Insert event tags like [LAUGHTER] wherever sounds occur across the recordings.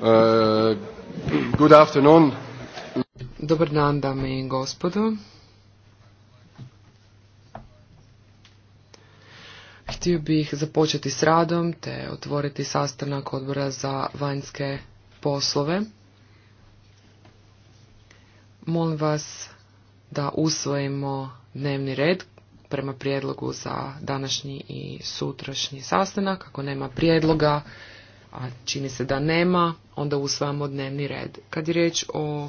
Uh, Dobar dan, dame i gospodo. Htio bih započeti s radom te otvoriti sastanak odbora za vanjske poslove. Molim vas da usvojimo dnevni red prema prijedlogu za današnji i sutrašnji sastanak. Ako nema prijedloga, a čini se da nema, onda usvajamo dnevni red. Kad je riječ o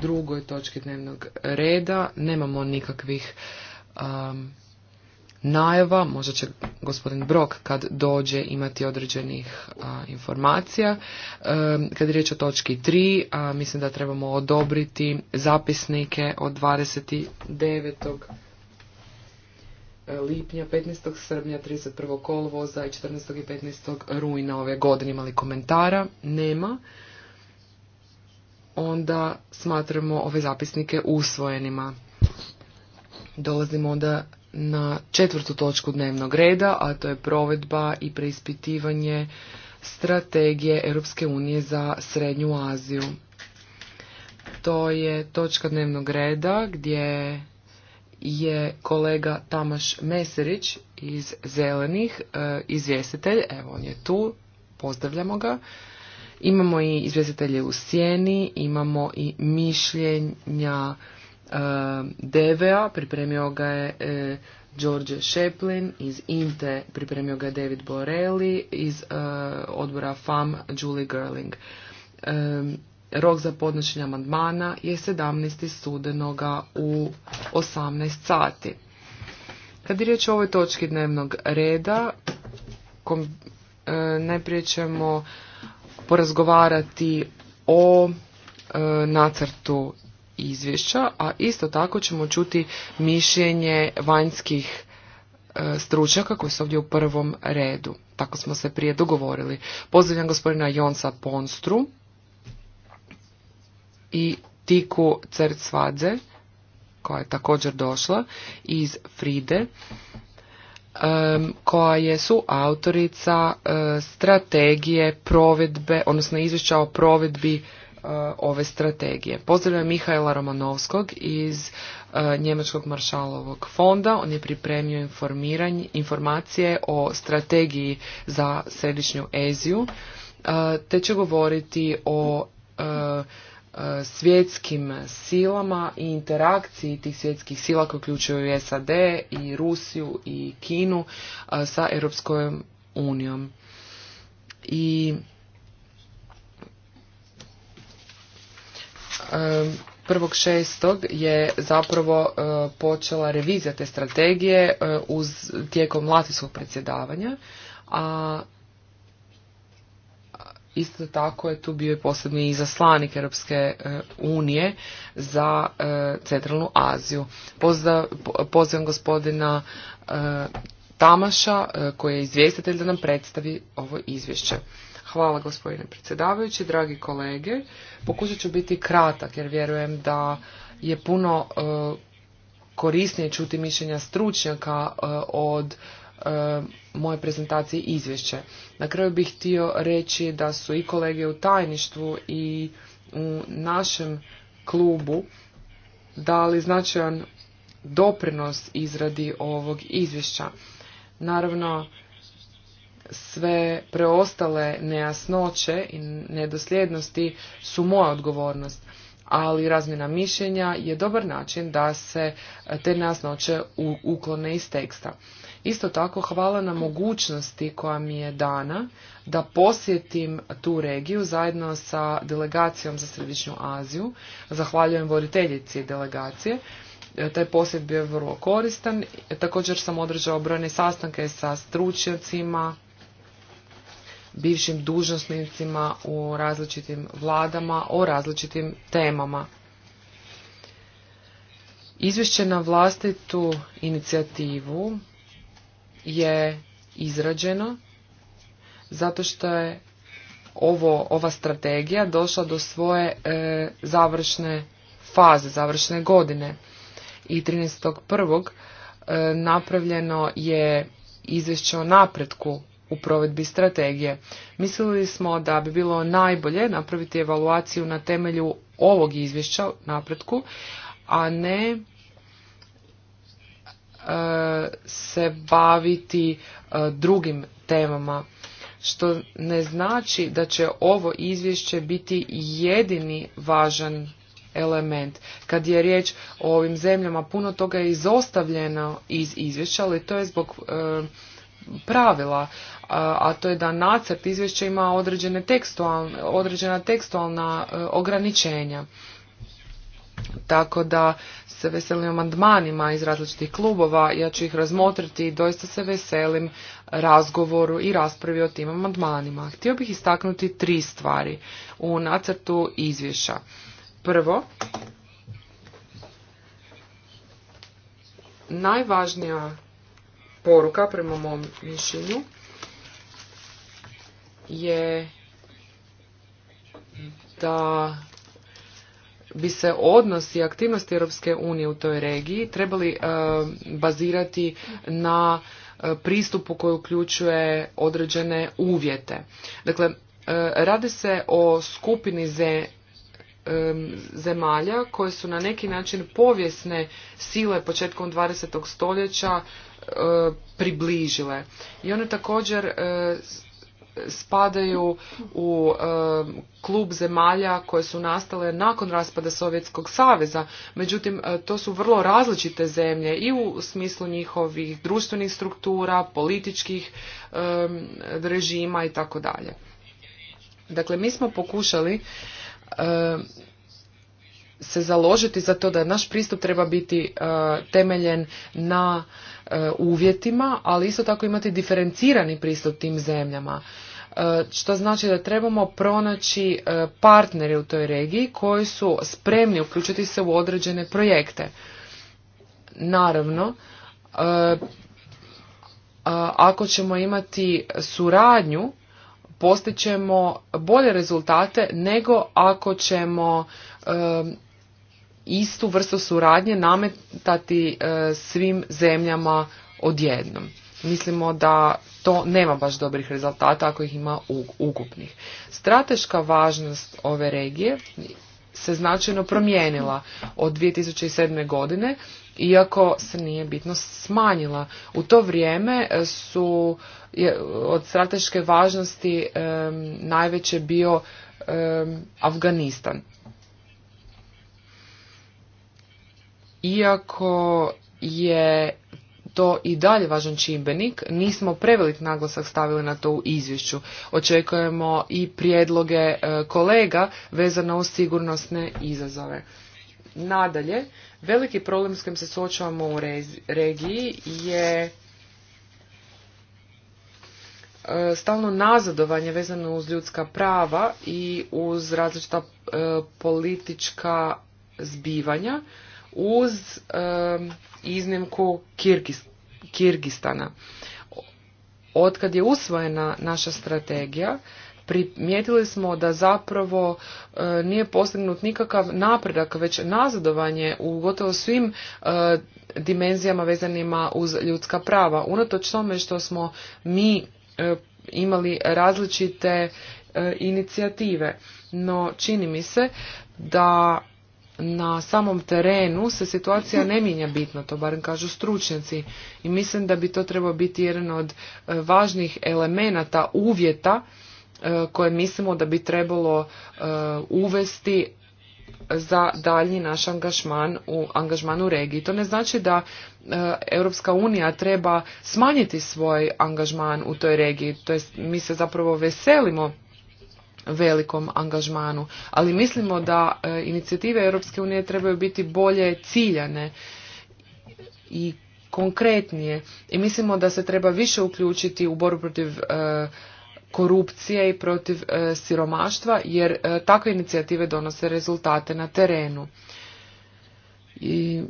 drugoj točki dnevnog reda, nemamo nikakvih um, najava, možda će gospodin Brok kad dođe imati određenih informacija. Um, kad je riječ o točki 3, a, mislim da trebamo odobriti zapisnike od 29. E, lipnja, 15. srbnja, 31. kolovoza i 14. i 15. rujna ove godine imali komentara? Nema. Onda smatramo ove zapisnike usvojenima. Dolazimo onda na četvrtu točku dnevnog reda, a to je provedba i preispitivanje strategije Europske unije za Srednju Aziju. To je točka dnevnog reda gdje je kolega Tamaš Meserić iz Zelenih, e, izvjestitelj, evo on je tu, pozdravljamo ga. Imamo i izvjestitelje u sjeni, imamo i mišljenja e, DVA pripremio ga je George Sheplin iz Inte, pripremio ga je David Borelli iz e, odbora FAM Julie Gerling. Rok za podnošenje amandmana je 17. studenoga u 18 sati. Kad je riječ o ovoj točki dnevnog reda, e, najprije ćemo porazgovarati o e, nacrtu izvješća, a isto tako ćemo čuti mišljenje vanjskih stručaka e, stručnjaka koji su ovdje u prvom redu. Tako smo se prije dogovorili. Pozdravljam gospodina Jonsa Ponstru i Tiku Cercvadze, koja je također došla, iz Fride, koja je su autorica e, strategije provedbe, odnosno izvješća o provedbi e, ove strategije. Pozdravljam Mihajla Romanovskog iz e, Njemačkog maršalovog fonda. On je pripremio informacije o strategiji za središnju Eziju, te će govoriti o E, svjetskim silama i interakciji tih svjetskih sila koje uključuju SAD i Rusiju i Kinu e, sa Europskom unijom. I e, prvog šestog je zapravo počela revizija te strategije uz tijekom latvijskog predsjedavanja, a Isto tako je tu bio i posebni izaslanik Europske e, unije za e, centralnu Aziju. pozivam gospodina e, Tamaša koji je izvjestitelj da nam predstavi ovo izvješće. Hvala gospodine predsjedavajući, dragi kolege. Pokušat ću biti kratak jer vjerujem da je puno korisnije čuti mišljenja stručnjaka od moje prezentacije izvješće. Na kraju bih htio reći da su i kolege u tajništvu i u našem klubu dali značajan doprinos izradi ovog izvješća. Naravno, sve preostale nejasnoće i nedosljednosti su moja odgovornost, ali razmjena mišljenja je dobar način da se te nejasnoće uklone iz teksta. Isto tako hvala na mogućnosti koja mi je dana da posjetim tu regiju zajedno sa delegacijom za Središnju Aziju. Zahvaljujem voditeljici delegacije. E, taj posjet bio vrlo koristan. E, također sam održao brojne sastanke sa stručnjacima, bivšim dužnosnicima u različitim vladama o različitim temama. Izvješće na vlastitu inicijativu je izrađeno zato što je ovo, ova strategija došla do svoje e, završne faze, završne godine. I 13.1. E, napravljeno je izvješće o napretku u provedbi strategije. Mislili smo da bi bilo najbolje napraviti evaluaciju na temelju ovog izvješća napretku, a ne se baviti e, drugim temama što ne znači da će ovo izvješće biti jedini važan element. Kad je riječ o ovim zemljama, puno toga je izostavljeno iz izvješća, ali to je zbog e, pravila, a, to je da nacrt izvješća ima određene određena tekstualna e, ograničenja. Tako da se veselim amandmanima iz različitih klubova, ja ću ih razmotriti i doista se veselim razgovoru i raspravi o tim amandmanima. Htio bih istaknuti tri stvari u nacrtu izvješća. Prvo, najvažnija poruka prema mom mišljenju je da bi se odnos i aktivnosti Europske unije u toj regiji trebali e, bazirati na e, pristupu koji uključuje određene uvjete. Dakle, e, radi se o skupini ze, zemalja koje su na neki način povijesne sile početkom 20. stoljeća približile. I one također spadaju u klub zemalja koje su nastale nakon raspada Sovjetskog saveza. Međutim, e, to su vrlo različite zemlje i u smislu njihovih društvenih struktura, političkih režima i tako dalje. Dakle, mi smo pokušali se založiti za to da naš pristup treba biti e, temeljen na e, uvjetima, ali isto tako imati diferencirani pristup tim zemljama e, što znači da trebamo pronaći partnere u toj regiji koji su spremni uključiti se u određene projekte. Naravno, ako ćemo imati suradnju, postićemo bolje rezultate nego ako ćemo istu vrstu suradnje nametati e, svim zemljama odjednom. Mislimo da to nema baš dobrih rezultata ako ih ima ukupnih. Strateška važnost ove regije se značajno promijenila od 2007. godine, iako se nije bitno smanjila. U to vrijeme e, su je, od strateške važnosti najveće bio Afganistan. iako je to i dalje važan čimbenik, nismo prevelik naglasak stavili na to u izvješću. Očekujemo i prijedloge e, kolega vezano uz sigurnosne izazove. Nadalje, veliki problem s kojim se suočavamo u regiji je e, stalno nazadovanje vezano uz ljudska prava i uz različita e, politička zbivanja uz iznimku Kirgistana. Otkad je usvojena naša strategija, primijetili smo da zapravo e, nije postignut nikakav napredak, već nazadovanje u gotovo svim e, dimenzijama vezanima uz ljudska prava. Unatoč tome što smo mi e, imali različite inicijative, no čini mi se da na samom terenu se situacija ne mijenja bitno, to barem kažu stručnjaci i mislim da bi to trebao biti jedan od e, važnih elemenata uvjeta e, koje mislimo da bi trebalo e, uvesti za dalji naš angažman u, angažmanu regiji. To ne znači da Europska unija treba smanjiti svoj angažman u toj regiji. To jest, mi se zapravo veselimo velikom angažmanu. Ali mislimo da e, inicijative Europske unije trebaju biti bolje ciljane i konkretnije i mislimo da se treba više uključiti u borbu protiv e, korupcije i protiv e, siromaštva jer takve inicijative donose rezultate na terenu. I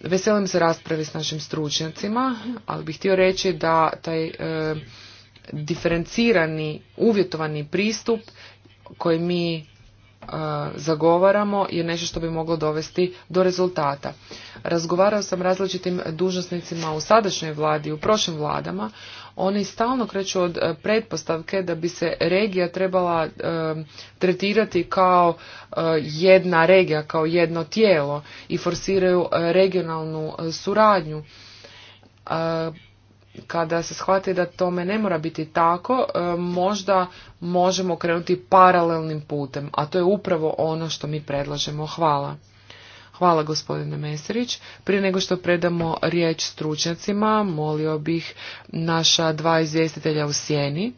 veselim se raspravi s našim stručnjacima, ali bih htio reći da taj diferencirani, uvjetovani pristup koji mi e, zagovaramo je nešto što bi moglo dovesti do rezultata. Razgovarao sam različitim dužnosnicima u sadašnjoj vladi, u prošlim vladama. Oni stalno kreću od e, pretpostavke da bi se regija trebala e, tretirati kao jedna regija, kao jedno tijelo i forsiraju regionalnu suradnju kada se shvati da tome ne mora biti tako, e, možda možemo krenuti paralelnim putem, a to je upravo ono što mi predlažemo. Hvala. Hvala gospodine Meserić. Prije nego što predamo riječ stručnjacima, molio bih naša dva izvjestitelja u sjeni,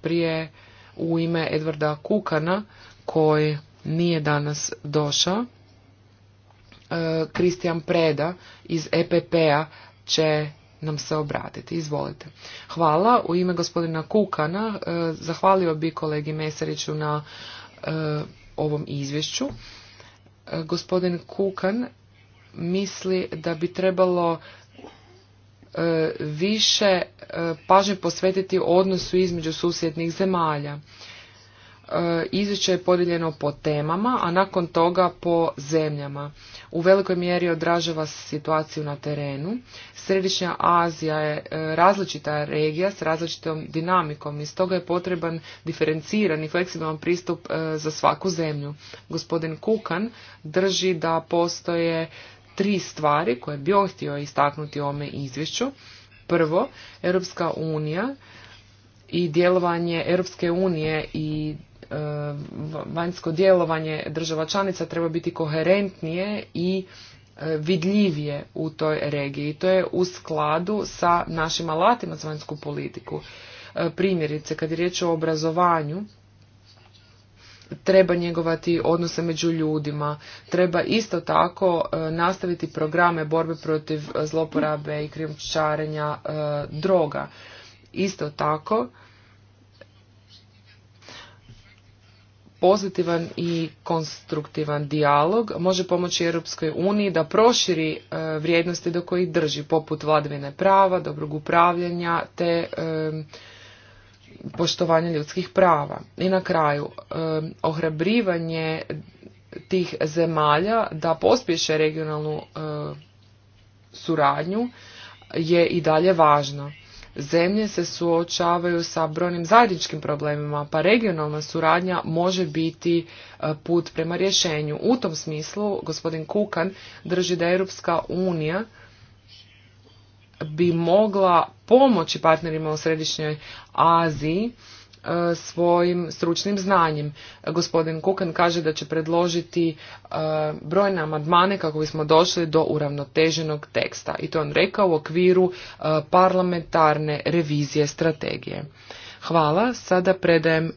prije u ime Edvarda Kukana, koji nije danas došao. E, Kristijan Preda iz EPP-a će nam se obratiti. Izvolite. Hvala. U ime gospodina Kukana e, zahvalio bi kolegi Mesariću na e, ovom izvješću. E, gospodin Kukan misli da bi trebalo više pažnje posvetiti odnosu između susjednih zemalja. E, izvješće je podijeljeno po temama, a nakon toga po zemljama. U velikoj mjeri odražava situaciju na terenu. Središnja Azija je e, različita regija s različitom dinamikom i stoga je potreban diferenciran i fleksibilan pristup e, za svaku zemlju. Gospodin Kukan drži da postoje tri stvari koje bi on htio istaknuti u ovome izvješću. Prvo, Europska unija i djelovanje Europske unije i Eh, vanjsko djelovanje država članica treba biti koherentnije i eh, vidljivije u toj regiji. To je u skladu sa našim alatima za vanjsku politiku. Eh, primjerice, kad je riječ o obrazovanju, treba njegovati odnose među ljudima, treba isto tako nastaviti programe borbe protiv zloporabe i krijumčarenja droga. Isto tako, pozitivan i konstruktivan dijalog može pomoći Europskoj uniji da proširi e, vrijednosti do kojih drži, poput vladavine prava, dobrog upravljanja te e, poštovanja ljudskih prava. I na kraju, e, ohrabrivanje tih zemalja da pospješe regionalnu suradnju je i dalje važno zemlje se suočavaju sa brojnim zajedničkim problemima, pa regionalna suradnja može biti e, put prema rješenju. U tom smislu gospodin Kukan drži da Europska unija bi mogla pomoći partnerima u Središnjoj Aziji E, svojim stručnim znanjem. Gospodin Kukan kaže da će predložiti e, brojne amandmane kako bismo došli do uravnoteženog teksta. I to on rekao u okviru e, parlamentarne revizije strategije. Hvala. Sada predajem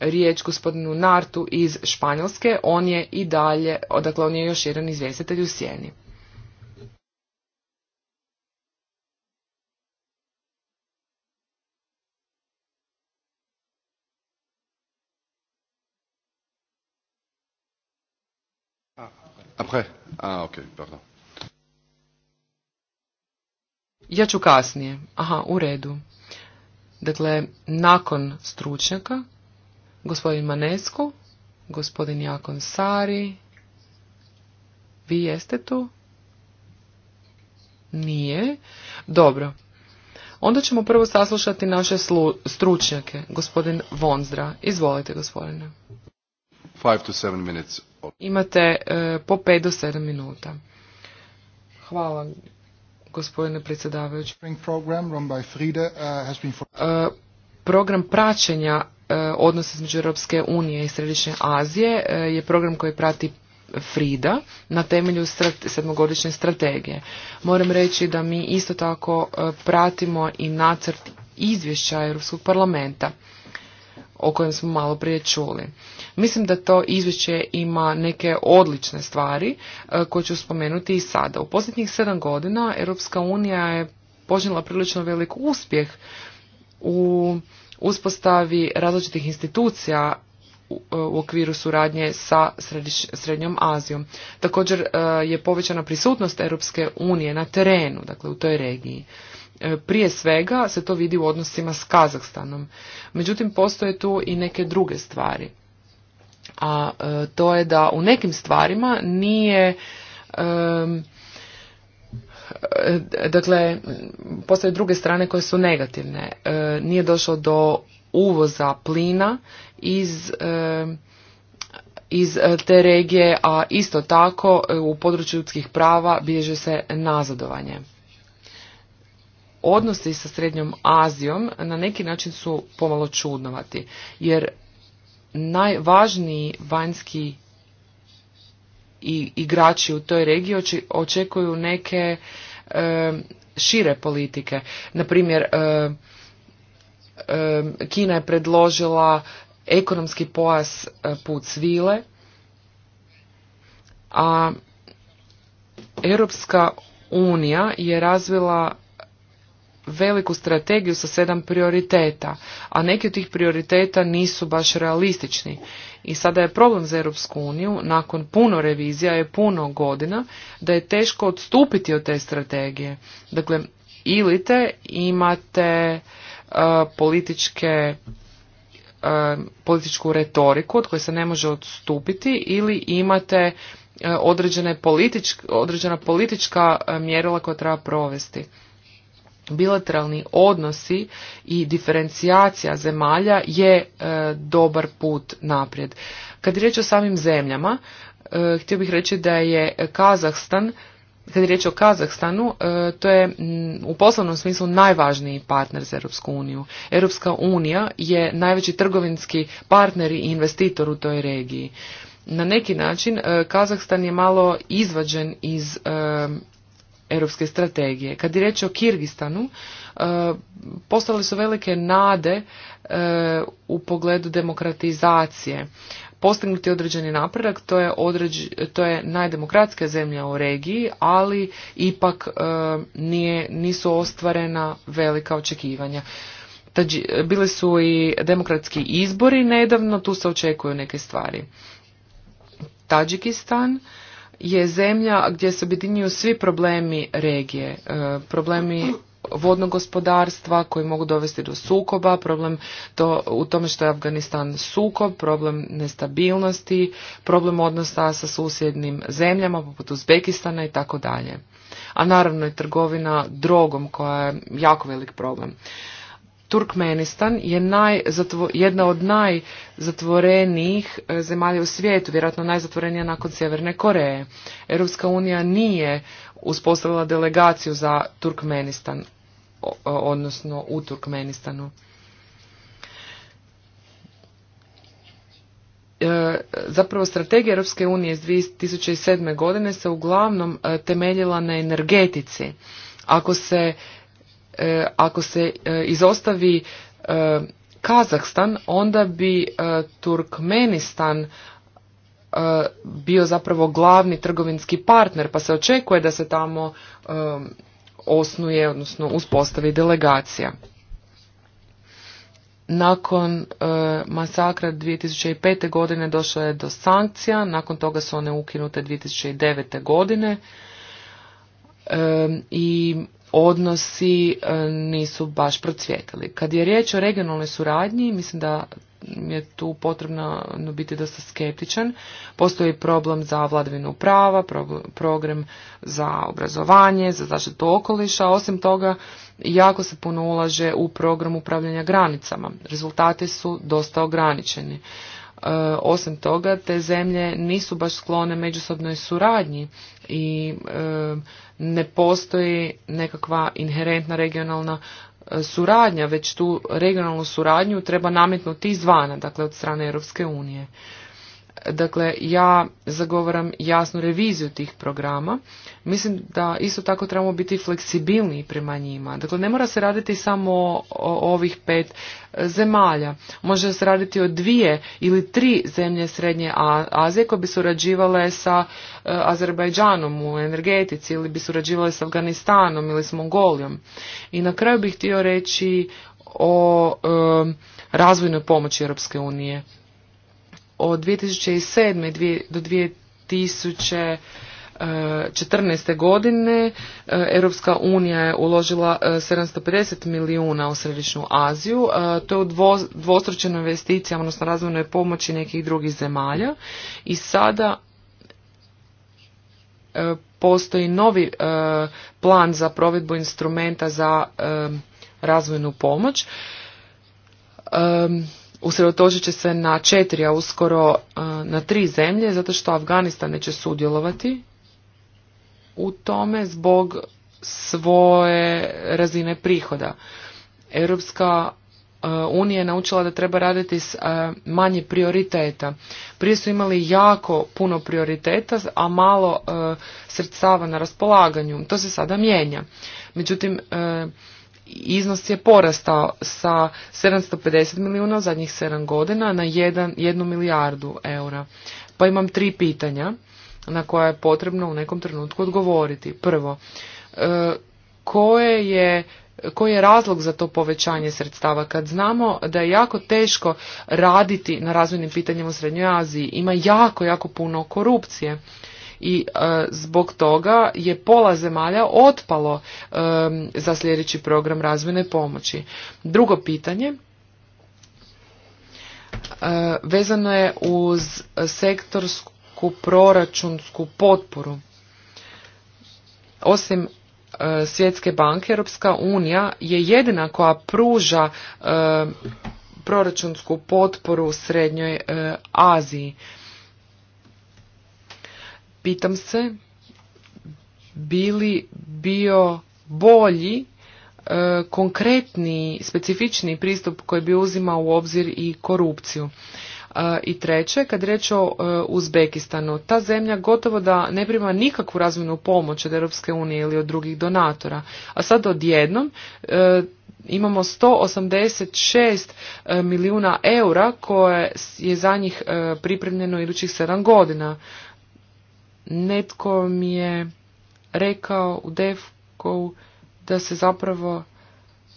riječ gospodinu Nartu iz Španjolske. On je i dalje, odakle on je još jedan izvjestitelj u Sjeni. Après. Ah, ok, pardon. Ja ću kasnije. Aha, u redu. Dakle, nakon stručnjaka, gospodin Manesku, gospodin Jakon Sari, vi jeste tu? Nije. Dobro. Onda ćemo prvo saslušati naše stručnjake, gospodin Vonzdra. Izvolite, gospodine. Five to seven minutes. Imate e, po 5 do 7 minuta. Hvala, gospodine predsjedavajući. Uh, e, program praćenja e, odnosa između Europske unije i Središnje Azije je program koji prati Frida na temelju sedmogodišnje strategije. Moram reći da mi isto tako pratimo i nacrt izvješća Europskog parlamenta o kojem smo malo prije čuli. Mislim da to izvješće ima neke odlične stvari e, koje ću spomenuti i sada. U posljednjih sedam godina Europska unija je požinjela prilično velik uspjeh u uspostavi različitih institucija u e, okviru suradnje sa Srednjom Azijom. Također e, je povećana prisutnost Europske unije na terenu, dakle u toj regiji. E, prije svega se to vidi u odnosima s Kazahstanom. Međutim, postoje tu i neke druge stvari. A e, to je da u nekim stvarima nije e, dakle, postoje druge strane koje su negativne. nije došlo do uvoza plina iz, iz te regije, a isto tako u području ljudskih prava bježe se nazadovanje odnosi sa Srednjom Azijom na neki način su pomalo čudnovati, jer najvažniji vanjski i igrači u toj regiji očekuju neke šire politike. Na primjer, Kina je predložila ekonomski pojas e, put svile, a Europska unija je razvila veliku strategiju sa sedam prioriteta, a neki od tih prioriteta nisu baš realistični. I sada je problem za Europsku uniju, nakon puno revizija je puno godina, da je teško odstupiti od te strategije. Dakle, ili te imate e, političke e, političku retoriku od koje se ne može odstupiti ili imate e, određene određena politička mjerila koja treba provesti bilateralni odnosi i diferencijacija zemalja je e, dobar put naprijed. Kad je riječ o samim zemljama, e, htio bih reći da je Kazahstan kad je riječ o Kazahstanu, e, to je u poslovnom smislu najvažniji partner za Europsku uniju. Europska unija je najveći trgovinski partner i investitor u toj regiji. Na neki način Kazahstan je malo izvađen iz europske strategije. Kad je reč o Kirgistanu, e, postale su velike nade e, u pogledu demokratizacije. Postignuti određeni napredak, to je, to je najdemokratska zemlja u regiji, ali ipak e, nije, nisu ostvarena velika očekivanja. bili su i demokratski izbori nedavno, tu se očekuju neke stvari. Tadžikistan je zemlja gdje se objedinjuju svi problemi regije, e, problemi vodnog gospodarstva koji mogu dovesti do sukoba, problem to, u tome što je Afganistan sukob, problem nestabilnosti, problem odnosa sa susjednim zemljama poput Uzbekistana i tako dalje. A naravno i trgovina drogom koja je jako velik problem. Turkmenistan je jedna od najzatvorenijih e, zemalja u svijetu, vjerojatno najzatvorenija nakon Sjeverne Koreje. Europska unija nije uspostavila delegaciju za Turkmenistan, odnosno u Turkmenistanu. E, zapravo strategija Europske unije iz 2007. godine se uglavnom e, temeljila na energetici. Ako se E, ako se e, izostavi e, Kazahstan, onda bi Turkmenistan bio zapravo glavni trgovinski partner, pa se očekuje da se tamo osnuje, odnosno uspostavi delegacija. Nakon masakra 2005. godine došlo je do sankcija, nakon toga su one ukinute 2009. godine i odnosi e, nisu baš procvjetili. Kad je riječ o regionalnoj suradnji, mislim da je tu potrebno biti dosta skeptičan. Postoji problem za vladavinu prava, program za obrazovanje, za zaštitu okoliša. Osim toga, jako se puno ulaže u program upravljanja granicama. Rezultati su dosta ograničeni. E, osim toga, te zemlje nisu baš sklone međusobnoj suradnji i e, ne postoji nekakva inherentna regionalna e, suradnja, već tu regionalnu suradnju treba nametnuti izvana, dakle od strane Europske unije. Dakle, ja zagovaram jasnu reviziju tih programa. Mislim da isto tako trebamo biti fleksibilni prema njima. Dakle, ne mora se raditi samo o ovih pet e, zemalja. Može se raditi o dvije ili tri zemlje Srednje Azije koje bi surađivale sa e, Azerbajdžanom u energetici ili bi surađivale s Afganistanom ili s Mongolijom. I na kraju bih htio reći o e, razvojnoj pomoći Europske unije od 2007. do 2014. E, godine e, Europska unija je uložila 750 e, milijuna u Središnju Aziju. To je u dvostručeno investicijama, odnosno razvojnoj pomoći nekih drugih zemalja. I sada postoji novi plan za provedbu instrumenta za razvojnu pomoć usredotočit će se na četiri, a uskoro e, na tri zemlje, zato što Afganistan neće sudjelovati u tome zbog svoje razine prihoda. Europska e, Unija je naučila da treba raditi s e, manje prioriteta. Prije su imali jako puno prioriteta, a malo sredstava na raspolaganju. To se sada mijenja. Međutim, iznos je porastao sa 750 milijuna u zadnjih 7 godina na 1, milijardu eura. Pa imam tri pitanja na koja je potrebno u nekom trenutku odgovoriti. Prvo, e, koje je koji je razlog za to povećanje sredstava kad znamo da je jako teško raditi na razvojnim pitanjima u Srednjoj Aziji ima jako jako puno korupcije i e, zbog toga je pola zemalja otpalo e, za sljedeći program razvojne pomoći. Drugo pitanje e, vezano je uz sektorsku proračunsku potporu. Osim Svjetske banke, Europska unija je jedina koja pruža proračunsku potporu Srednjoj Aziji pitam se bili bio bolji e, konkretni specifični pristup koji bi uzimao u obzir i korupciju e, i treće kad riječ o e, uzbekistanu ta zemlja gotovo da ne prima nikakvu razvojnu pomoć od europske unije ili od drugih donatora a sad odjednom imamo 186 milijuna eura koje je za njih pripremljeno idućih 7 godina netko mi je rekao u Defkovu da se zapravo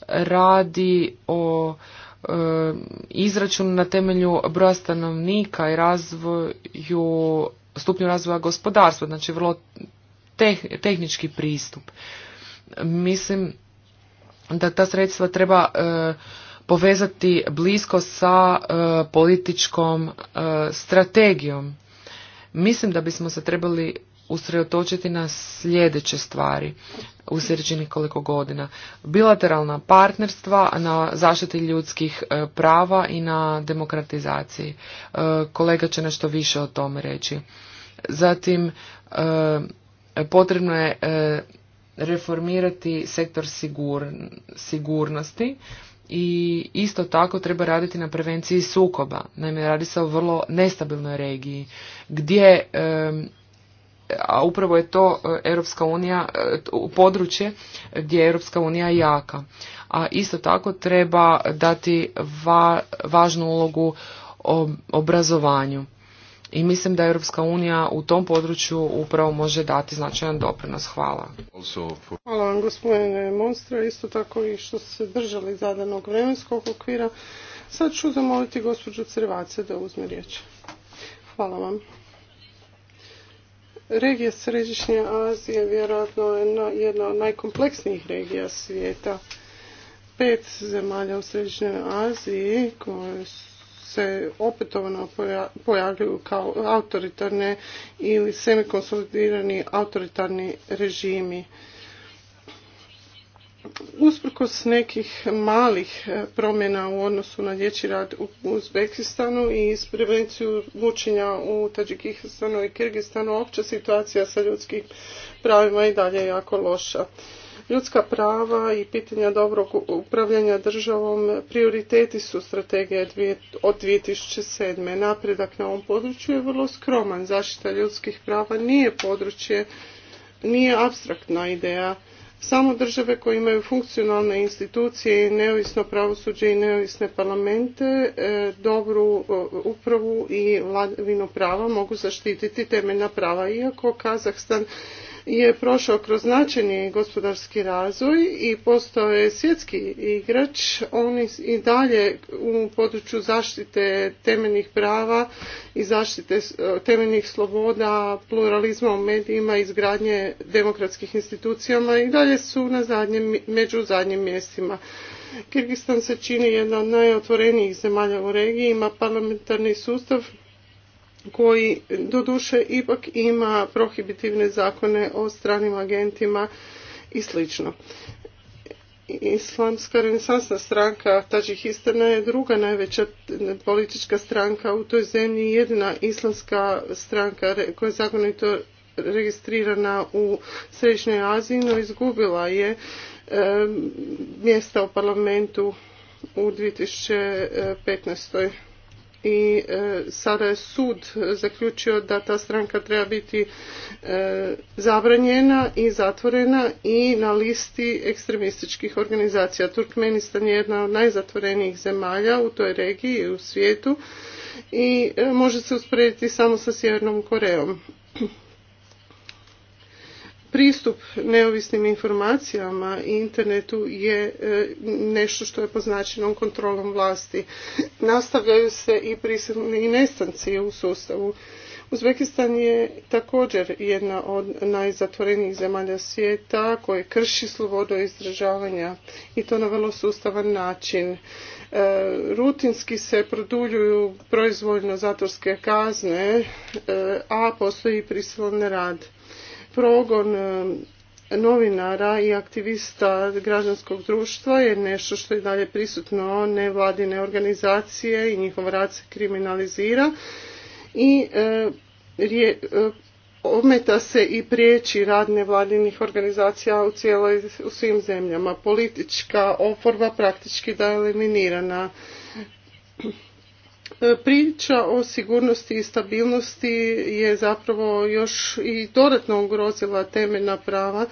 radi o e, izračunu na temelju broja stanovnika i razvoju, stupnju razvoja gospodarstva, znači vrlo tehnički pristup. Mislim da ta sredstva treba e, povezati blisko sa e, političkom strategijom Mislim da bismo se trebali usredotočiti na sljedeće stvari u sljedećih koliko godina. Bilateralna partnerstva na zaštiti ljudskih e, prava i na demokratizaciji. E, kolega će nešto više o tome reći. Zatim, e, potrebno je reformirati sektor sigurnosti i isto tako treba raditi na prevenciji sukoba. Naime, radi se o vrlo nestabilnoj regiji gdje a upravo je to eh, Europska unija eh, područje gdje je Europska unija jaka. A isto tako treba dati važnu ulogu o obrazovanju i mislim da Europska unija u tom području upravo može dati značajan doprinos. Hvala. Hvala vam gospodine Monstra, isto tako i što ste se držali zadanog vremenskog okvira. Sad ću zamoliti gospođu Crvace da uzme riječ. Hvala vam. Regija Središnje Azije vjerojatno je jedna od najkompleksnijih regija svijeta. Pet zemalja u Središnjoj Aziji koje su se opetovano pojavljuju kao autoritarne ili semikonsolidirani autoritarni režimi. Usprkos nekih malih e, promjena u odnosu na dječji rad u Uzbekistanu i prevenciju mučenja u Tadžikistanu i Kirgistanu, opća situacija sa ljudskim pravima i dalje jako loša. Ljudska prava i pitanja dobrog upravljanja državom prioriteti su strategije od 2007. Napredak na ovom području je vrlo skroman. Zaštita ljudskih prava nije područje, nije abstraktna ideja. Samo države koje imaju funkcionalne institucije i neovisno pravosuđe i neovisne parlamente, e, dobru e, upravu i vladavinu prava mogu zaštititi temeljna prava. Iako Kazahstan je prošao kroz značajni gospodarski razvoj i postao je svjetski igrač. On i dalje u području zaštite temeljnih prava i zaštite temeljnih sloboda, pluralizma u medijima, izgradnje demokratskih institucijama i dalje su na zadnjem, među zadnjim mjestima. Kirgistan se čini jedna od najotvorenijih zemalja u regiji, ima parlamentarni sustav koji doduše ipak ima prohibitivne zakone o stranim agentima i slično. Islamska renesansna stranka Tađihistana je druga najveća politička stranka u toj zemlji, jedina islamska stranka koja je zakonito registrirana u Središnjoj Aziji, no izgubila je mjesta u parlamentu u 2015 i e, sada je sud zaključio da ta stranka treba biti e, zabranjena i zatvorena i na listi ekstremističkih organizacija. Turkmenistan je jedna od najzatvorenijih zemalja u toj regiji i u svijetu i e, može se usporediti samo sa Sjevernom Korejom pristup neovisnim informacijama i internetu je e, nešto što je poznačeno kontrolom vlasti. Nastavljaju se i prisilni i nestanci u sustavu. Uzbekistan je također jedna od najzatvorenijih zemalja svijeta koje krši slobodu izražavanja i to na vrlo sustavan način. E, rutinski se produljuju proizvoljno zatvorske kazne, e, a postoji prisilan rad progon eh, novinara i aktivista građanskog društva je nešto što je dalje prisutno nevladine organizacije i njihov rad se kriminalizira i eh, eh, ometa se i priječi rad nevladinih organizacija u, cijeloj, u svim zemljama. Politička oporba praktički da je eliminirana. E, priča o sigurnosti i stabilnosti je zapravo još i dodatno ugrozila temeljna prava.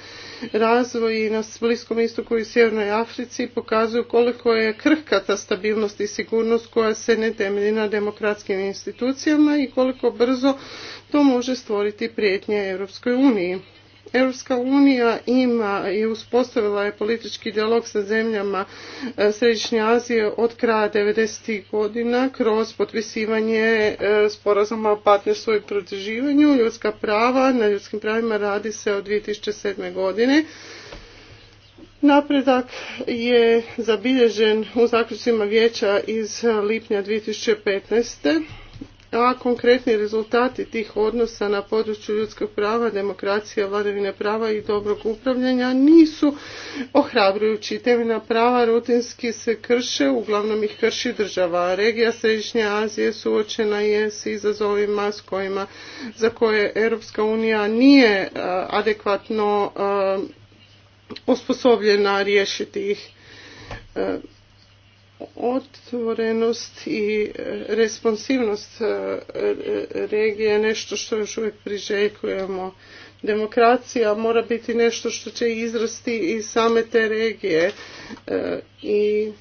Razvoj na Bliskom istoku i Sjevernoj Africi pokazuju koliko je krhka ta stabilnost i sigurnost koja se ne temelji na demokratskim institucijama i koliko brzo to može stvoriti prijetnje Europskoj uniji. Europska unija ima i uspostavila je politički dijalog sa zemljama e, Središnje Azije od kraja 90. godina kroz potpisivanje e, sporazuma o partnerstvu i protiživanju. ljudska prava. Na ljudskim pravima radi se od 2007. godine. Napredak je zabilježen u zaključcima vijeća iz lipnja 2015 a konkretni rezultati tih odnosa na području ljudskog prava, demokracija, vladavine prava i dobrog upravljanja nisu ohrabrujući. Temeljna prava rutinski se krše, uglavnom ih krši država. Regija Središnje Azije suočena je s izazovima s kojima, za koje Europska unija nije e, adekvatno e, osposobljena riješiti ih e, otvorenost i responsivnost e, regije je nešto što još uvijek priželjkujemo. Demokracija mora biti nešto što će izrasti iz same te regije e, i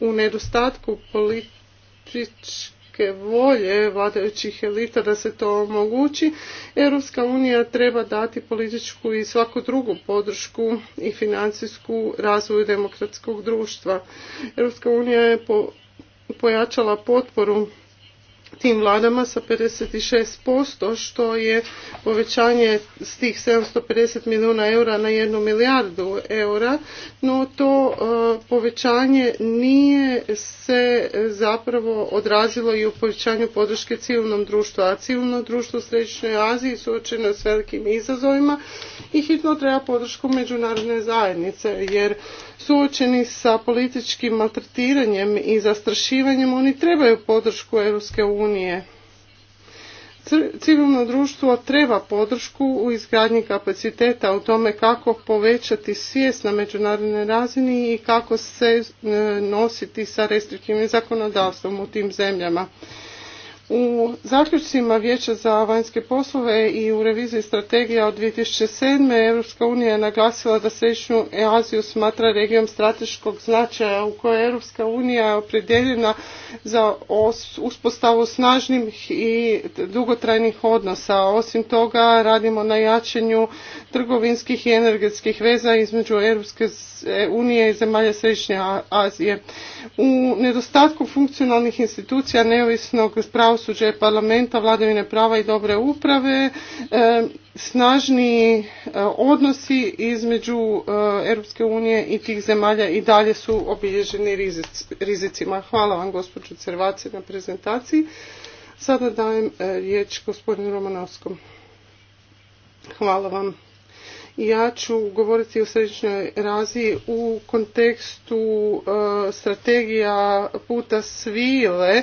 u nedostatku političke političke volje vladajućih elita da se to omogući, Europska unija treba dati političku i svaku drugu podršku i financijsku razvoju demokratskog društva. Europska unija je pojačala potporu tim vladama sa 56%, što je povećanje s tih 750 milijuna eura na jednu milijardu eura, no to e, povećanje nije se zapravo odrazilo i u povećanju podrške civilnom društvu, a civilno društvo u Središnjoj Aziji suočeno je s velikim izazovima i hitno treba podršku međunarodne zajednice, jer suočeni sa političkim maltretiranjem i zastrašivanjem oni trebaju podršku Europske unije. Civilno društvo treba podršku u izgradnji kapaciteta u tome kako povećati svijest na međunarodnoj razini i kako se e, nositi sa restriktivnim zakonodavstvom u tim zemljama. U zaključcima Vijeća za vanjske poslove i u reviziji strategija od 2007. Europska unija je naglasila da Središnju Aziju smatra regijom strateškog značaja u kojoj je Europska unija opredjeljena za uspostavu snažnih i dugotrajnih odnosa. Osim toga radimo na jačanju trgovinskih i energetskih veza između Europske unije i zemalja Središnje Azije. U nedostatku funkcionalnih institucija neovisnog prava i parlamenta, vladavine prava i dobre uprave, e, snažni e, odnosi između e, Europske unije i tih zemalja i dalje su obilježeni rizicima. Hvala vam gospođo Cervaci na prezentaciji. Sada dajem riječ gospodinu Romanovskom. Hvala vam. Ja ću govoriti o središnjoj razi u kontekstu strategija puta svile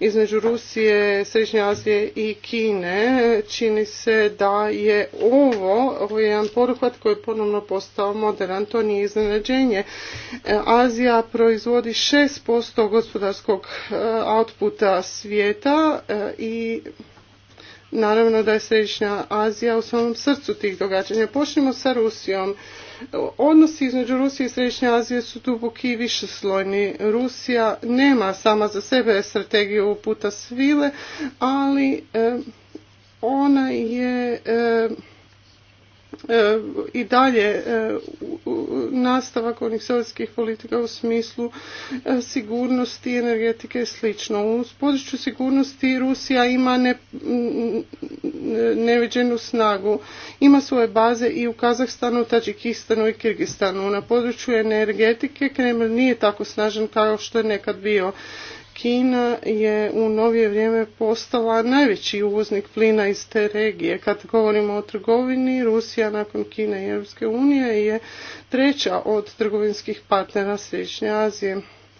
između Rusije, Središnje Azije i Kine, čini se da je ovo, ovo je jedan poruhvat koji je ponovno postao modern, to nije iznenađenje. E, Azija proizvodi 6% gospodarskog e, outputa svijeta e, i naravno da je Središnja Azija u samom srcu tih događanja. Počnemo sa Rusijom. Odnosi između Rusije i Središnje Azije su duboki i višeslojni. Rusija nema sama za sebe strategiju puta svile, ali eh, ona je eh, E, i dalje e, nastavak onih sovjetskih politika u smislu e, sigurnosti, energetike i slično. U području sigurnosti Rusija ima ne, neviđenu snagu. Ima svoje baze i u Kazahstanu, Tadžikistanu i Kirgistanu. Na području energetike Kreml nije tako snažan kao što je nekad bio. Kina je u novije vrijeme postala najveći uvoznik plina iz te regije. Kad govorimo o trgovini, Rusija nakon Kine i Europske unije je treća od trgovinskih partnera Središnje Azije.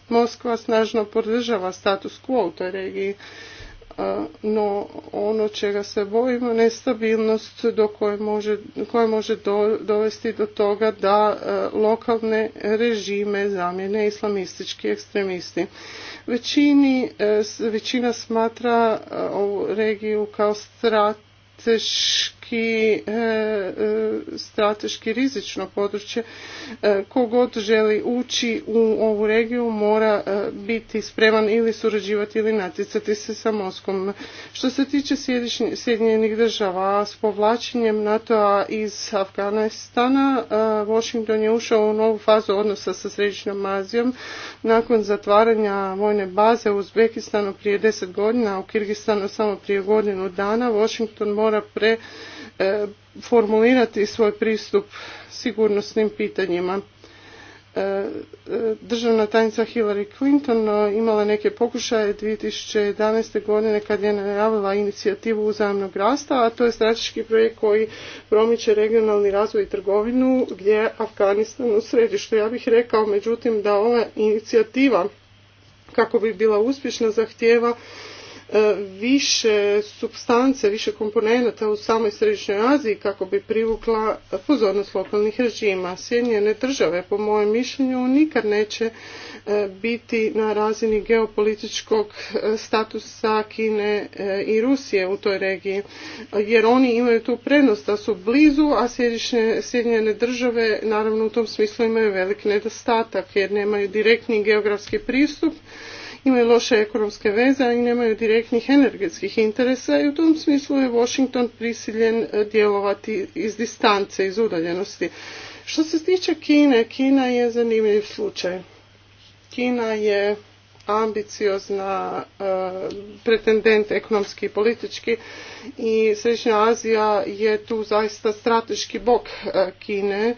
Moskva snažno podržava status quo u toj regiji no ono čega se bojimo nestabilnost do koje može, koja može dovesti do toga da lokalne režime zamjene islamistički ekstremisti. Većini, većina smatra ovu regiju kao strateški i e, e, strateški rizično područje. E, kogod želi ući u ovu regiju mora biti spreman ili surađivati ili natjecati se sa Moskom. Što se tiče Sjedinjenih država, s povlačenjem NATO-a iz Afganistana, Washington je ušao u novu fazu odnosa sa Središnjom Azijom nakon zatvaranja vojne baze u Uzbekistanu prije deset godina, a u Kirgistanu samo prije godinu dana, Washington mora pre E, formulirati svoj pristup sigurnosnim pitanjima. E, e, državna tajnica Hillary Clinton imala neke pokušaje 2011. godine kad je najavila inicijativu uzajamnog rasta, a to je strateški projekt koji promiče regionalni razvoj i trgovinu gdje je Afganistan u središtu. Ja bih rekao međutim da ova inicijativa kako bi bila uspješna zahtjeva E, više substance, više komponenata u samoj Središnjoj Aziji kako bi privukla pozornost lokalnih režima. Sjedinjene države, po mojem mišljenju, nikad neće e, biti na razini geopolitičkog e, statusa Kine i Rusije u toj regiji, jer oni imaju tu prednost da su blizu, a Sjedinjene države naravno u tom smislu imaju velik nedostatak jer nemaju direktni geografski pristup imaju loše ekonomske veze, ali nemaju direktnih energetskih interesa i u tom smislu je Washington prisiljen e, djelovati iz distance, iz udaljenosti. Što se tiče Kine, Kina je zanimljiv slučaj. Kina je ambiciozna e, pretendent ekonomski i politički i Središnja Azija je tu zaista strateški bok e, Kine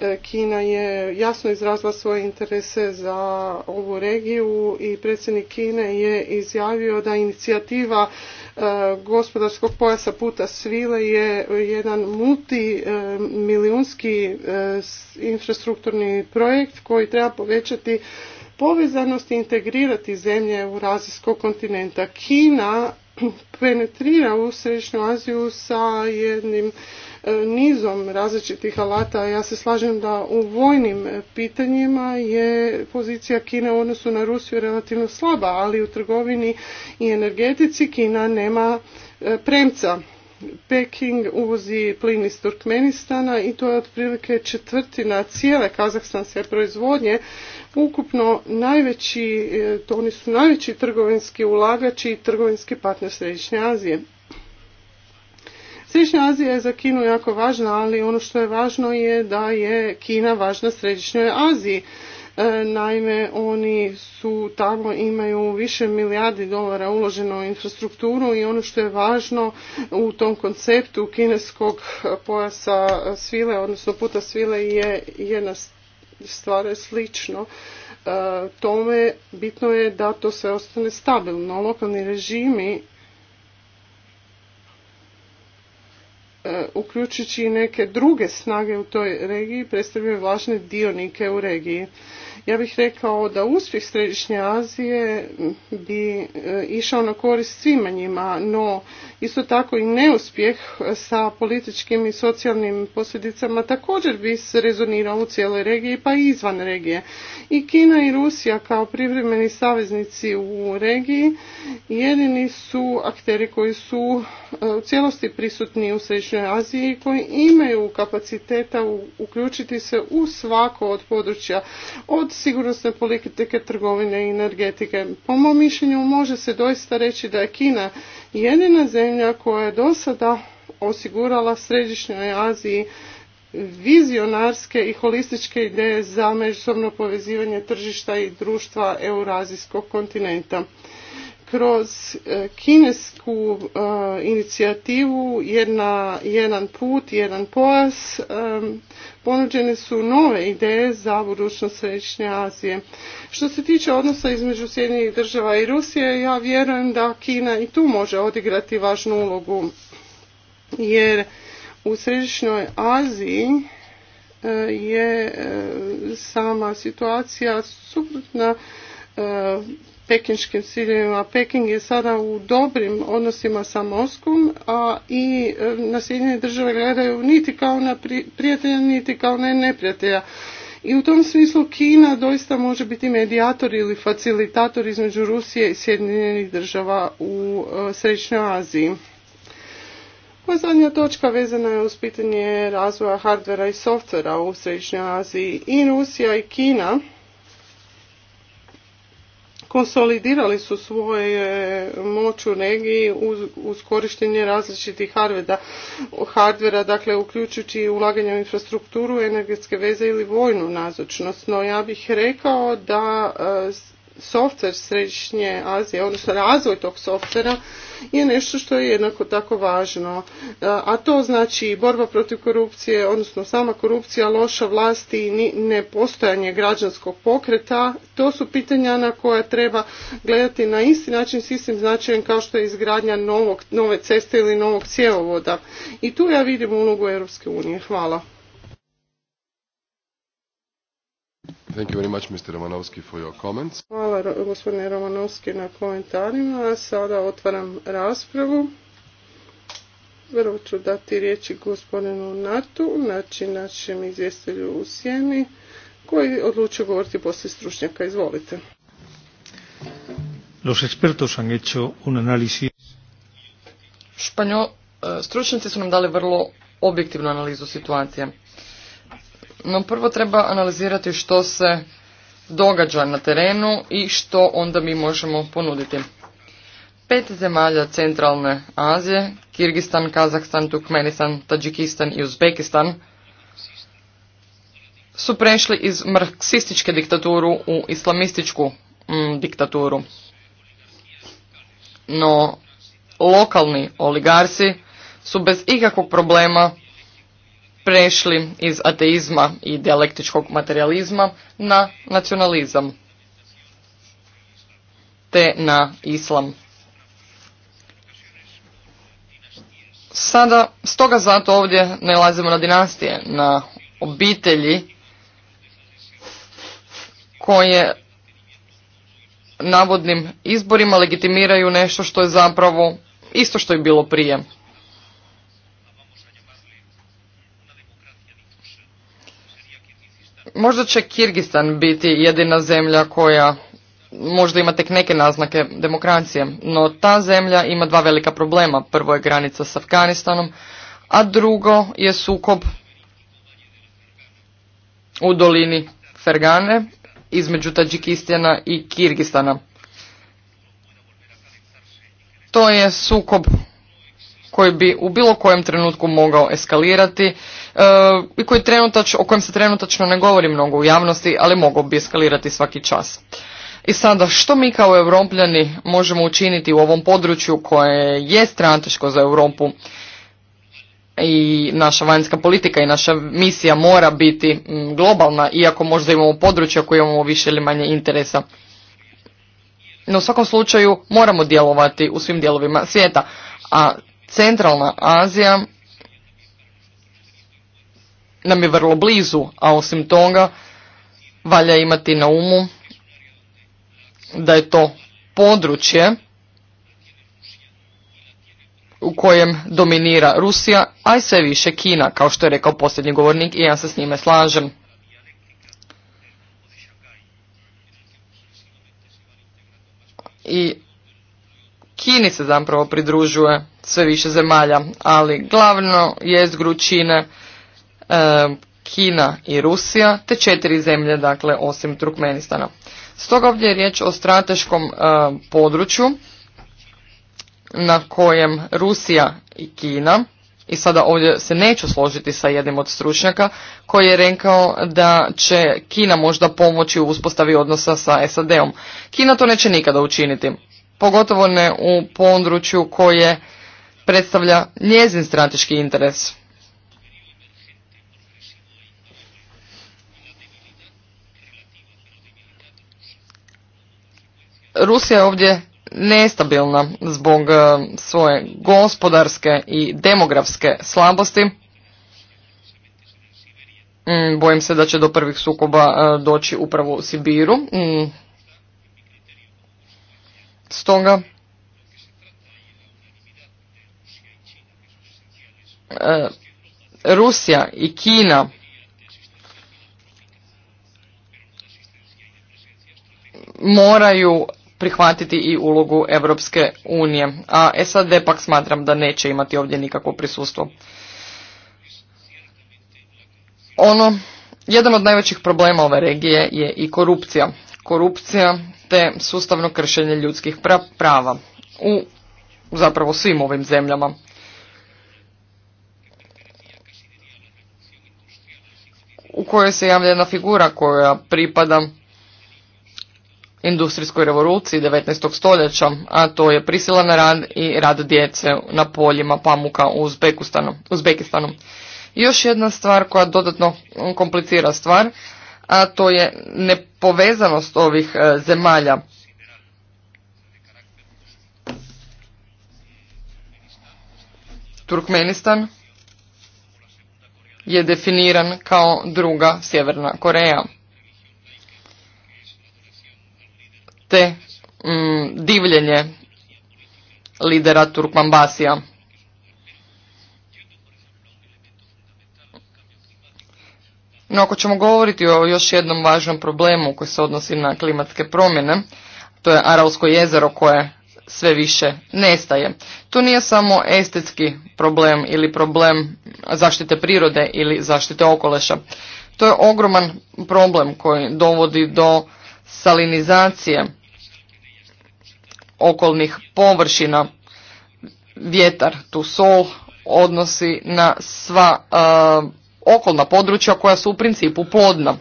E, Kina je jasno izrazila svoje interese za ovu regiju i predsjednik Kine je izjavio da inicijativa e, gospodarskog pojasa puta svile je jedan multimilijunski e, infrastrukturni projekt koji treba povećati povezanost i integrirati zemlje u Eurazijskog kontinenta. Kina [CLEARS THROAT] penetrira u Središnju Aziju sa jednim nizom različitih alata. Ja se slažem da u vojnim pitanjima je pozicija Kine u odnosu na Rusiju relativno slaba, ali u trgovini i energetici Kina nema e, premca. Peking uvozi plin iz Turkmenistana i to je otprilike četvrtina cijele kazahstanske proizvodnje. Ukupno najveći, e, to oni su najveći trgovinski ulagači i trgovinski partner Središnje Azije. Središnja Azija je za Kinu jako važna, ali ono što je važno je da je Kina važna Središnjoj Aziji. E, naime, oni su tamo imaju više milijardi dolara uloženo u infrastrukturu i ono što je važno u tom konceptu kineskog pojasa svile, odnosno puta svile je jedna stvar slično e, tome bitno je da to sve ostane stabilno. Lokalni režimi E, uključujući i neke druge snage u toj regiji, predstavljaju važne dionike u regiji. Ja bih rekao da uspjeh Središnje Azije bi e, išao na korist svima njima, no isto tako i neuspjeh sa političkim i socijalnim posljedicama također bi se rezonirao u cijeloj regiji pa i izvan regije. I Kina i Rusija kao privremeni saveznici u regiji jedini su akteri koji su e, u cijelosti prisutni u Središnjoj Aziji i koji imaju kapaciteta uključiti se u svako od područja od sigurnosne politike trgovine i energetike. Po mom mišljenju može se doista reći da je Kina jedina zemlja koja je do sada osigurala Središnjoj Aziji vizionarske i holističke ideje za međusobno povezivanje tržišta i društva Eurazijskog kontinenta kroz e, kinesku e, inicijativu jedna, jedan put, jedan pojas e, ponuđene su nove ideje za budućnost Središnje Azije. Što se tiče odnosa između Sjedinjenih država i Rusije, ja vjerujem da Kina i tu može odigrati važnu ulogu. Jer u Središnjoj Aziji je sama situacija suprotna pekinškim ciljevima. Peking je sada u dobrim odnosima sa Moskom, a i e, na Sjedinjene države gledaju niti kao na prijatelja, niti kao na neprijatelja. I u tom smislu Kina doista može biti medijator ili facilitator između Rusije i Sjedinjenih država u e, Središnjoj Aziji. Moja zadnja točka vezana je uz pitanje razvoja hardvera i softvera u Središnjoj Aziji. I Rusija i Kina konsolidirali su svoje moć u regiji uz, uz korištenje različitih hardvera, dakle uključujući i ulaganje u infrastrukturu, energetske veze ili vojnu nazočnost. No ja bih rekao da e, softver središnje Azije, odnosno razvoj tog softvera je nešto što je jednako tako važno. E, a to znači borba protiv korupcije, odnosno sama korupcija, loša vlasti i nepostojanje građanskog pokreta, to su pitanja na koja treba gledati na isti način s istim značajem kao što je izgradnja nove ceste ili novog cjevovoda. I tu ja vidim ulogu Europske unije. Hvala. Thank you very Romanovski, for Hvala gospodine Romanovski na komentarima. Sada otvaram raspravu. Vrlo ću dati riječi gospodinu Natu, znači našem izvjestelju u Sjeni, koji odlučio govoriti poslije stručnjaka. Izvolite. Los expertos han hecho un Španjo, e, stručnjaci su nam dali vrlo objektivnu analizu situacije. No prvo treba analizirati što se događa na terenu i što onda mi možemo ponuditi. Pet zemalja centralne Azije, Kirgistan, Kazahstan, Turkmenistan, Tadžikistan i Uzbekistan, su prešli iz marksističke diktaturu u islamističku mm, diktaturu. No, lokalni oligarsi su bez ikakvog problema prešli iz ateizma i dialektičkog materializma na nacionalizam te na islam. Sada, stoga zato ovdje lazimo na dinastije, na obitelji koje navodnim izborima legitimiraju nešto što je zapravo isto što je bilo prije. Možda će Kirgistan biti jedina zemlja koja možda ima tek neke naznake demokracije, no ta zemlja ima dva velika problema. Prvo je granica s Afganistanom, a drugo je sukob u dolini Fergane između Tadžikistana i Kirgistana. To je sukob koji bi u bilo kojem trenutku mogao eskalirati e, i koji trenutač, o kojem se trenutačno ne govori mnogo u javnosti, ali mogao bi eskalirati svaki čas. I sada, što mi kao europljani možemo učiniti u ovom području koje je strateško za Europu i naša vanjska politika i naša misija mora biti mm, globalna, iako možda imamo područja koje imamo više ili manje interesa. No u svakom slučaju moramo djelovati u svim dijelovima svijeta, a Centralna Azija nam je vrlo blizu, a osim toga valja imati na umu da je to područje u kojem dominira Rusija, a i sve više Kina, kao što je rekao posljednji govornik i ja se s njime slažem. I Kini se zapravo pridružuje sve više zemalja, ali glavno je gručine e, Kina i Rusija, te četiri zemlje, dakle, osim Turkmenistana. Stoga ovdje je riječ o strateškom e, području na kojem Rusija i Kina, i sada ovdje se neću složiti sa jednim od stručnjaka, koji je rekao da će Kina možda pomoći u uspostavi odnosa sa SAD-om. Kina to neće nikada učiniti pogotovo ne u području koje predstavlja njezin strateški interes. Rusija je ovdje nestabilna zbog e, svoje gospodarske i demografske slabosti. Mm, bojim se da će do prvih sukoba e, doći upravo u Sibiru. Mm, Stoga e, Rusija i Kina moraju prihvatiti i ulogu Europske unije, a SAD pak smatram da neće imati ovdje nikakvo prisustvo. Ono, jedan od najvećih problema ove regije je i korupcija korupcija te sustavno kršenje ljudskih prava u zapravo svim ovim zemljama. u kojoj se javlja jedna figura koja pripada industrijskoj revoluciji 19. stoljeća, a to je prisilan rad i rad djece na poljima pamuka u Uzbekistanu. još jedna stvar koja dodatno komplicira stvar, a to je nepovezanost ovih e, zemalja. Turkmenistan je definiran kao druga Sjeverna Koreja. Te mm, divljenje lidera Basija. No ako ćemo govoriti o još jednom važnom problemu koji se odnosi na klimatske promjene, to je Aralsko jezero koje sve više nestaje. To nije samo estetski problem ili problem zaštite prirode ili zaštite okoliša. To je ogroman problem koji dovodi do salinizacije okolnih površina. Vjetar, tu sol, odnosi na sva okolna područja koja su u principu plodna.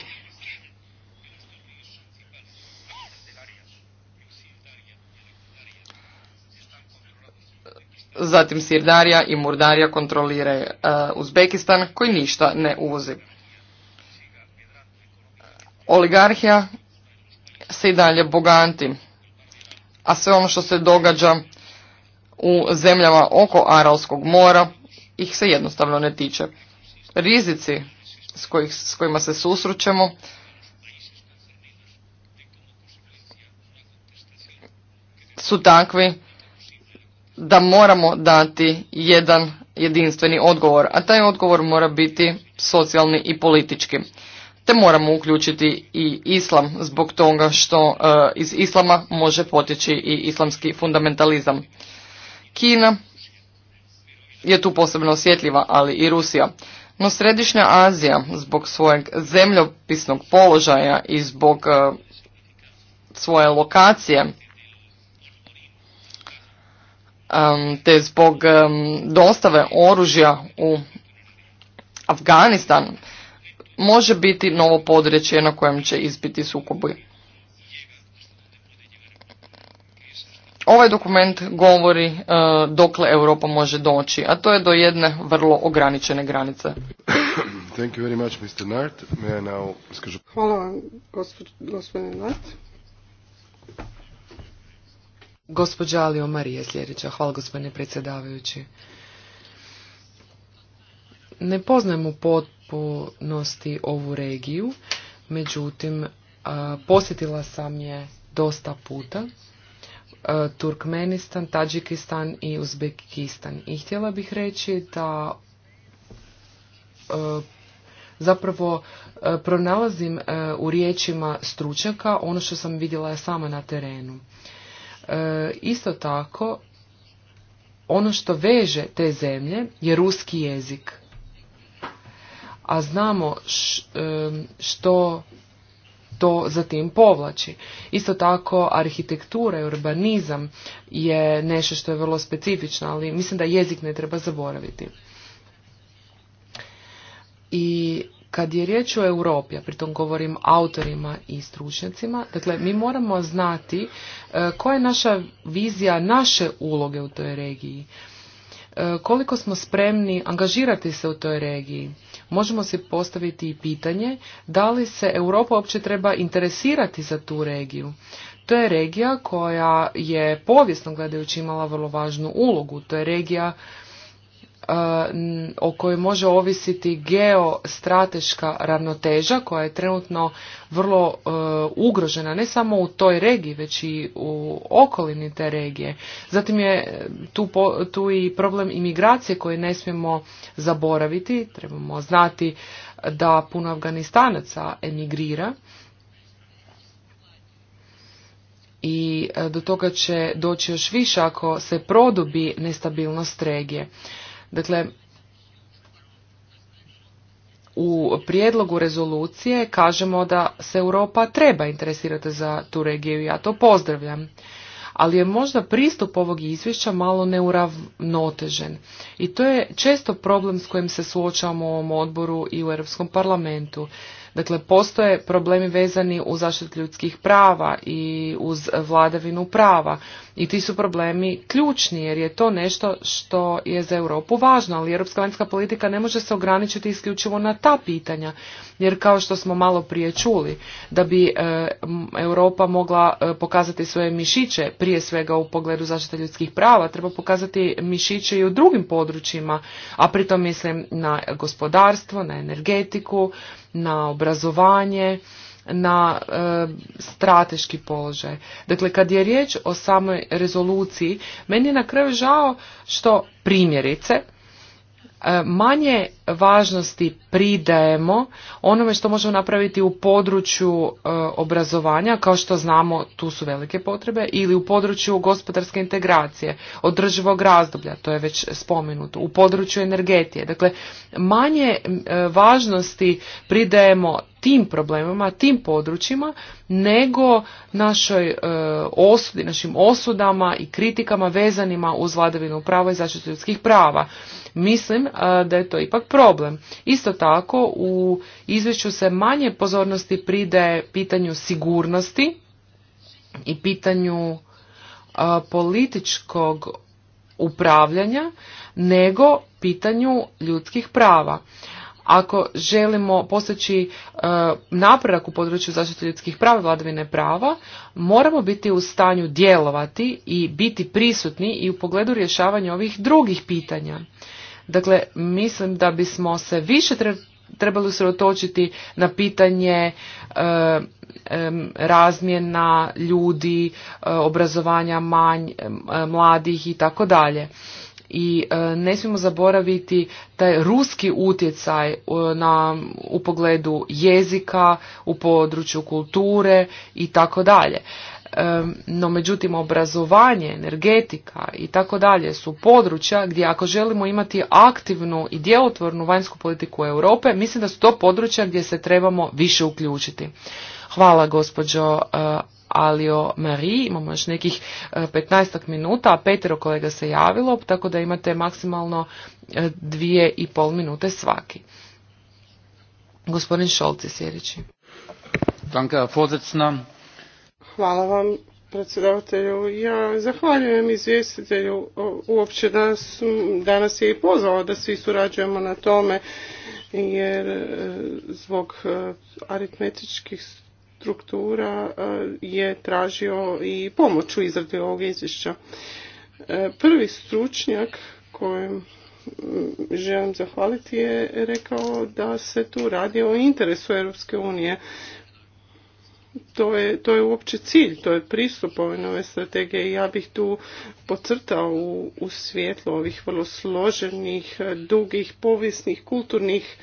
Zatim Sirdarija i Murdarija kontroliraju e, Uzbekistan koji ništa ne uvozi. Oligarhija se i dalje boganti, a sve ono što se događa u zemljama oko Aralskog mora ih se jednostavno ne tiče rizici s, s kojima se susrućemo su takvi da moramo dati jedan jedinstveni odgovor, a taj odgovor mora biti socijalni i politički. Te moramo uključiti i islam zbog toga što e, iz islama može potići i islamski fundamentalizam. Kina je tu posebno osjetljiva, ali i Rusija. No Središnja Azija zbog svojeg zemljopisnog položaja i zbog e, svoje lokacije te zbog dostave oružja u Afganistan može biti novo područje na kojem će izbiti sukobi. Ovaj dokument govori e, dokle Europa može doći, a to je do jedne vrlo ograničene granice. [COUGHS] Thank you very much, Mr. Nart. May I now... Hvala vam, gospodine Nart. Gospođa Alio Marije sljedeća. Hvala, gospodine predsjedavajući. Ne poznajem u potpunosti ovu regiju, međutim, uh, posjetila sam je dosta puta E, Turkmenistan, Tadžikistan i Uzbekistan. I htjela bih reći da e, zapravo e, pronalazim u riječima stručnjaka ono što sam vidjela ja sama na terenu. Isto tako, ono što veže te zemlje je ruski jezik. A znamo što to za tim povlači. Isto tako arhitektura i urbanizam je nešto što je vrlo specifično, ali mislim da jezik ne treba zaboraviti. I kad je riječ o Europi, a pritom govorim autorima i stručnjacima, dakle mi moramo znati e, koja je naša vizija naše uloge u toj regiji. E, koliko smo spremni angažirati se u toj regiji. Možemo se postaviti i pitanje da li se Europa uopće treba interesirati za tu regiju. To je regija koja je povijesno gledajući imala vrlo važnu ulogu. To je regija o kojoj može ovisiti geostrateška ravnoteža koja je trenutno vrlo e, ugrožena ne samo u toj regiji već i u okolini te regije. Zatim je tu, tu i problem imigracije koji ne smijemo zaboraviti, trebamo znati da puno Afganistanaca emigrira i e, do toga će doći još više ako se produbi nestabilnost regije. Dakle, u prijedlogu rezolucije kažemo da se Europa treba interesirati za tu regiju i ja to pozdravljam. Ali je možda pristup ovog izvješća malo neuravnotežen. I to je često problem s kojim se suočavamo u ovom odboru i u Europskom parlamentu. Dakle, postoje problemi vezani uz zaštitu ljudskih prava i uz vladavinu prava. I ti su problemi ključni jer je to nešto što je za Europu važno, ali europska vanjska politika ne može se ograničiti isključivo na ta pitanja. Jer kao što smo malo prije čuli, da bi e, Europa mogla e, pokazati svoje mišiće, prije svega u pogledu zaštite ljudskih prava, treba pokazati mišiće i u drugim područjima, a pritom mislim na gospodarstvo, na energetiku, na obrazovanje, na e, strateški položaj. Dakle, kad je riječ o samoj rezoluciji, meni je na kraju žao što primjerice e, manje važnosti pridajemo onome što možemo napraviti u području e, obrazovanja, kao što znamo tu su velike potrebe, ili u području gospodarske integracije, održivog razdoblja, to je već spomenuto, u području energetije. Dakle, manje e, važnosti pridajemo tim problemima, tim područjima, nego našoj e, osudi, našim osudama i kritikama vezanima uz vladavinu prava i zaštitu ljudskih prava. Mislim da je to ipak problem. Isto tako u izvješću se manje pozornosti pride pitanju sigurnosti i pitanju političkog upravljanja nego pitanju ljudskih prava. Ako želimo postići e, napredak u području zaštite ljudskih prava i vladavine prava, moramo biti u stanju djelovati i biti prisutni i u pogledu rješavanja ovih drugih pitanja. Dakle, mislim da bismo se više trebali usredotočiti na pitanje e, razmjena ljudi, e, obrazovanja manj, e, mladih i tako dalje. I ne smijemo zaboraviti taj ruski utjecaj na, u pogledu jezika, u području kulture i tako dalje no međutim obrazovanje, energetika i tako dalje su područja gdje ako želimo imati aktivnu i djelotvornu vanjsku politiku Europe, mislim da su to područja gdje se trebamo više uključiti. Hvala gospođo eh, Alio Marie, imamo još nekih 15 eh, minuta, a petero kolega se javilo, tako da imate maksimalno eh, dvije i pol minute svaki. Gospodin Šolci, sljedeći. Danke, Herr Hvala vam predsjedavatelju. Ja zahvaljujem izvjestitelju uopće da danas je i pozvao da svi surađujemo na tome jer e, zbog e, aritmetičkih struktura e, je tražio i pomoć u izradi ovog izvješća. Prvi stručnjak kojem želim zahvaliti je rekao da se tu radi o interesu Europske unije to je, to je uopće cilj, to je pristup ove nove strategije i ja bih tu pocrtao u, u svjetlu ovih vrlo složenih, dugih, povijesnih, kulturnih,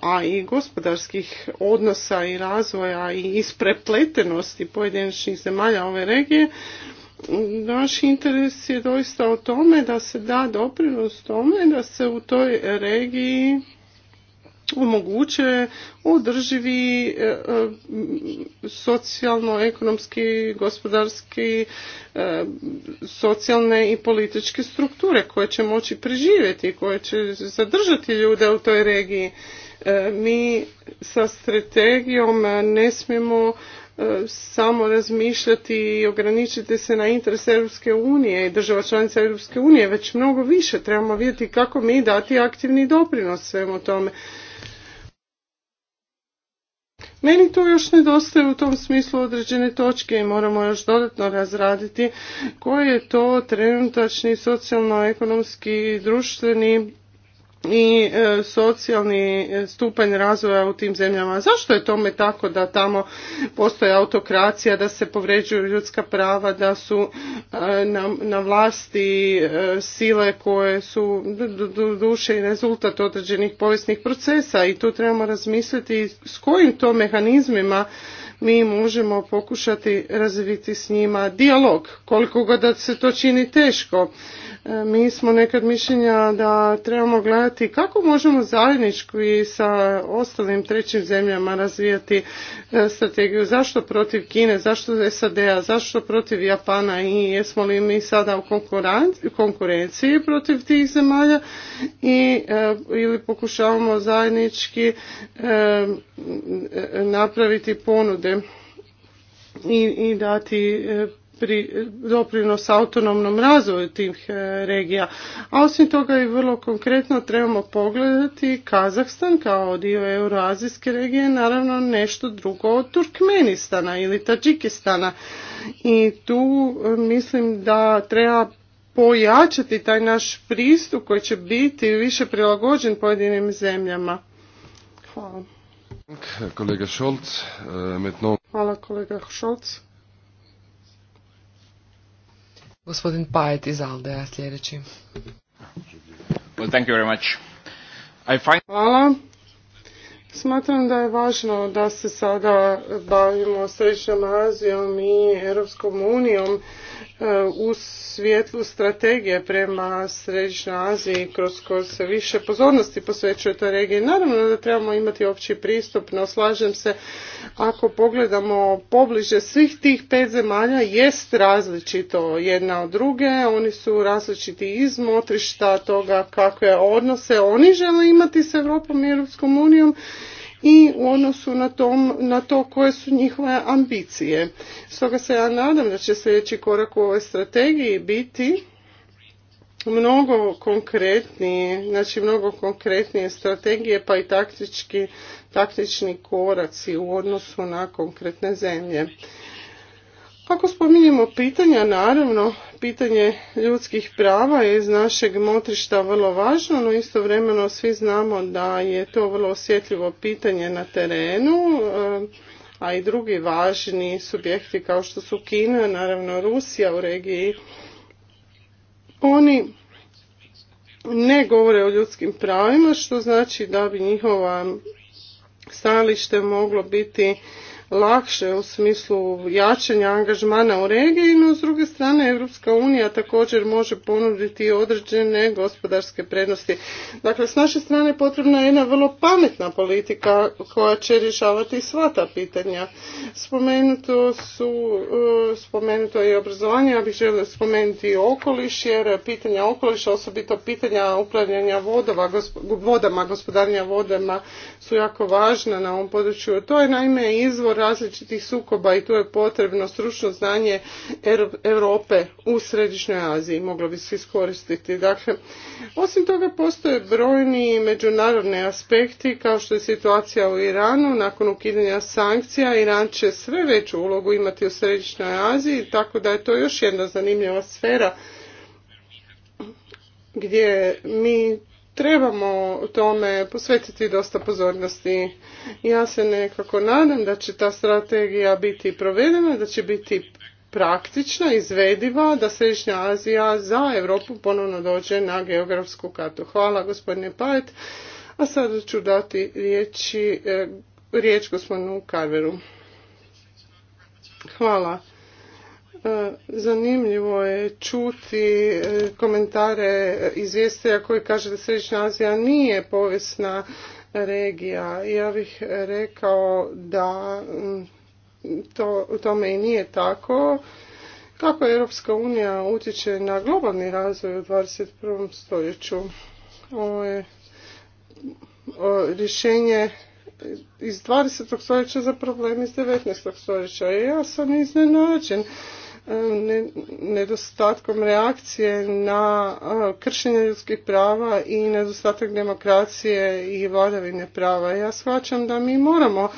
a i gospodarskih odnosa i razvoja i isprepletenosti pojedinačnih zemalja ove regije. Naš interes je doista o tome da se da doprinos tome da se u toj regiji omogućuje održivi e, e, socijalno-ekonomski, gospodarski, e, socijalne i političke strukture koje će moći preživjeti, koje će zadržati ljude u toj regiji. Mi sa strategijom ne smijemo samo razmišljati i ograničiti se na interes Europske unije i država članica Europske unije, već mnogo više trebamo vidjeti kako mi dati aktivni doprinos svemu tome. Meni to još nedostaje u tom smislu određene točke i moramo još dodatno razraditi koji je to trenutačni socijalno-ekonomski društveni i e, socijalni stupanj razvoja u tim zemljama. Zašto je tome tako da tamo postoje autokracija, da se povređuju ljudska prava, da su e, na, na vlasti e, sile koje su duše i rezultat određenih povijesnih procesa i tu trebamo razmisliti s kojim to mehanizmima mi možemo pokušati razviti s njima dijalog, koliko god da se to čini teško mi smo nekad mišljenja da trebamo gledati kako možemo zajednički i sa ostalim trećim zemljama razvijati e, strategiju. Zašto protiv Kine, zašto SAD-a, zašto protiv Japana i jesmo li mi sada u konkurenciji protiv tih zemalja i, e, ili pokušavamo zajednički e, napraviti ponude i, i dati pri, doprinos autonomnom razvoju tih e, regija. A osim toga i vrlo konkretno trebamo pogledati Kazahstan kao dio euroazijske regije, naravno nešto drugo od Turkmenistana ili Tadžikistana. I tu e, mislim da treba pojačati taj naš pristup koji će biti više prilagođen pojedinim zemljama. Hvala. Kolega Šolc, e, metno... Hvala kolega Šolc. Gospodin Pajet iz Aldeja sljedeći. Well, thank you very much. I find... Hvala. Smatram da je važno da se sada bavimo Središnjom Azijom i Europskom unijom e, u svijetlu strategije prema Središnjoj Aziji kroz koju se više pozornosti posvećuje toj regiji. Naravno da trebamo imati opći pristup, no slažem se ako pogledamo pobliže svih tih pet zemalja jest različito jedna od druge, oni su različiti iz motrišta toga kakve odnose oni žele imati s Europom i Europskom unijom i u odnosu na, tom, na to koje su njihove ambicije. Stoga se ja nadam da će sljedeći korak u ovoj strategiji biti mnogo konkretnije, znači mnogo konkretnije strategije pa i taktički taktični koraci u odnosu na konkretne zemlje. Ako spominjemo pitanja, naravno, pitanje ljudskih prava je iz našeg motrišta vrlo važno, no istovremeno svi znamo da je to vrlo osjetljivo pitanje na terenu, a i drugi važni subjekti kao što su Kina, naravno Rusija u regiji, oni ne govore o ljudskim pravima, što znači da bi njihova stajalište moglo biti lakše u smislu jačanja angažmana u regiji, no s druge strane Europska unija također može ponuditi određene gospodarske prednosti. Dakle, s naše strane potrebna je jedna vrlo pametna politika koja će rješavati sva ta pitanja. Spomenuto su, e, spomenuto je i obrazovanje, ja bih želio spomenuti i okoliš, jer pitanja okoliša, osobito pitanja upravljanja vodova, vodama, gospodarenja vodama su jako važna na ovom području. To je naime izvor različitih sukoba i tu je potrebno stručno znanje Europe u Središnjoj Aziji, moglo bi se iskoristiti. Dakle, osim toga postoje brojni međunarodni aspekti kao što je situacija u Iranu, nakon ukidanja sankcija Iran će sve veću ulogu imati u Središnjoj Aziji, tako da je to još jedna zanimljiva sfera gdje mi trebamo tome posvetiti dosta pozornosti. Ja se nekako nadam da će ta strategija biti provedena, da će biti praktična, izvediva, da Središnja Azija za Europu ponovno dođe na geografsku kartu. Hvala gospodine Pajet. A sada ću dati riječi, eh, riječ gospodinu Karveru. Hvala. Pa, zanimljivo je čuti e, komentare izvjestitelja koji kaže da Središnja Azija nije povijesna regija. Ja bih rekao da to, tome i nije tako. Kako Europska unija utječe na globalni razvoj u 21. stoljeću? Ovo je rješenje iz 20. stoljeća za problem iz 19. stoljeća. ja sam iznenađen E, nedostatkom reakcije na e, kršenje ljudskih prava i nedostatak demokracije i vladavine prava. Ja shvaćam da mi moramo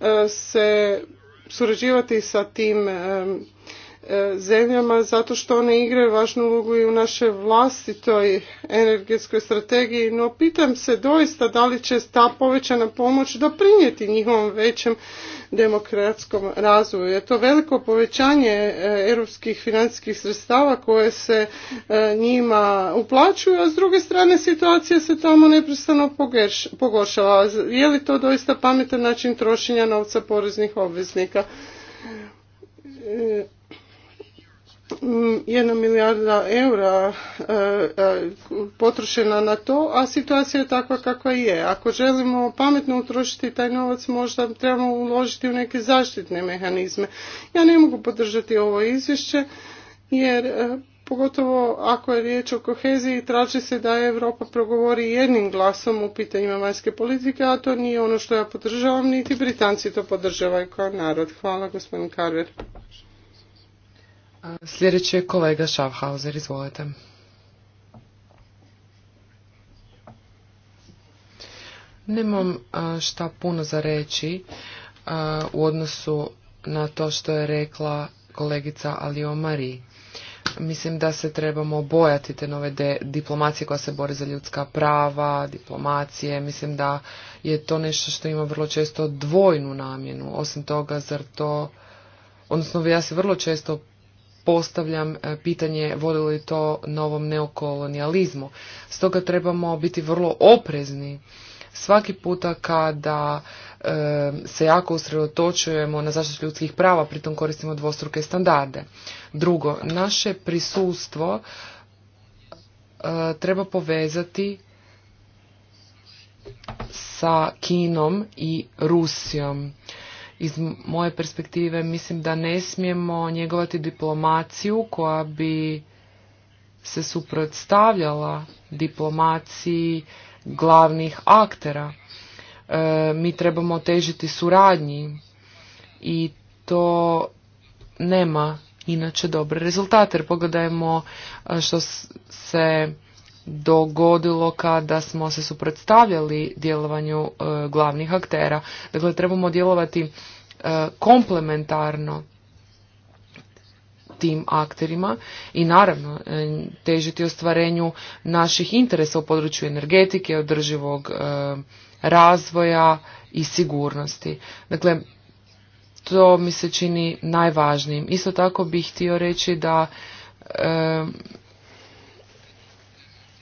e, se surađivati sa tim E, zemljama zato što one igraju važnu ulogu i u našoj vlastitoj energetskoj strategiji, no pitam se doista da li će ta povećana pomoć doprinijeti njihovom većem demokratskom razvoju. Je to veliko povećanje e, europskih financijskih sredstava koje se e, njima uplaćuju, a s druge strane situacija se tamo neprestano pogoršava. Je li to doista pametan način trošenja novca poreznih obveznika? Mm, jedna milijarda eura e, e, potrošena na to, a situacija je takva kakva je. Ako želimo pametno utrošiti taj novac, možda trebamo uložiti u neke zaštitne mehanizme. Ja ne mogu podržati ovo izvješće, jer e, pogotovo ako je riječ o koheziji, traži se da Europa progovori jednim glasom u pitanjima vanjske politike, a to nije ono što ja podržavam, niti Britanci to podržavaju kao narod. Hvala, gospodin Carver. Sljedeći je kolega Schaffhauser, izvolite. Nemam šta puno za reći u odnosu na to što je rekla kolegica Alio Mari. Mislim da se trebamo bojati te nove diplomacije koja se bori za ljudska prava, diplomacije. Mislim da je to nešto što ima vrlo često dvojnu namjenu. Osim toga, zar to... Odnosno, ja se vrlo često postavljam e, pitanje vodilo li to novom neokolonijalizmu. Stoga trebamo biti vrlo oprezni. Svaki puta kada e, se jako usredotočujemo na zaštitu ljudskih prava, pritom koristimo dvostruke standarde. Drugo, naše prisustvo e, treba povezati sa Kinom i Rusijom iz moje perspektive mislim da ne smijemo njegovati diplomaciju koja bi se suprotstavljala diplomaciji glavnih aktera. E, mi trebamo težiti suradnji i to nema inače dobre rezultate. Jer pogledajmo e, što se dogodilo kada smo se suprotstavljali djelovanju e, glavnih aktera. Dakle, trebamo djelovati e, komplementarno tim akterima i naravno e, težiti ostvarenju naših interesa u području energetike, održivog razvoja i sigurnosti. Dakle, to mi se čini najvažnijim. Isto tako bih htio reći da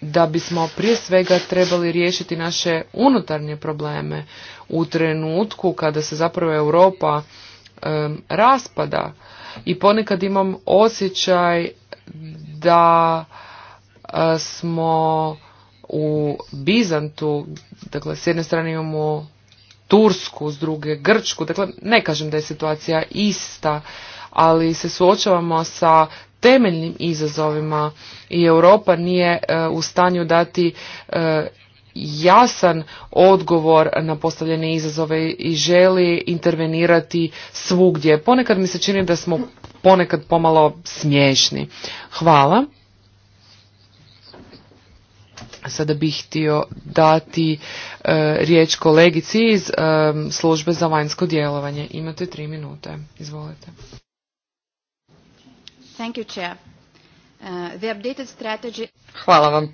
da bismo prije svega trebali riješiti naše unutarnje probleme u trenutku kada se zapravo Europa raspada i ponekad imam osjećaj da e, smo u Bizantu, dakle s jedne strane imamo Tursku, s druge Grčku, dakle ne kažem da je situacija ista, ali se suočavamo sa temeljnim izazovima i Europa nije e, u stanju dati e, jasan odgovor na postavljene izazove i želi intervenirati svugdje. Ponekad mi se čini da smo ponekad pomalo smiješni. Hvala. Sada bih htio dati e, riječ kolegici iz službe za vanjsko djelovanje. Imate tri minute. Izvolite. Thank you, Chair. Uh, Hvala vam.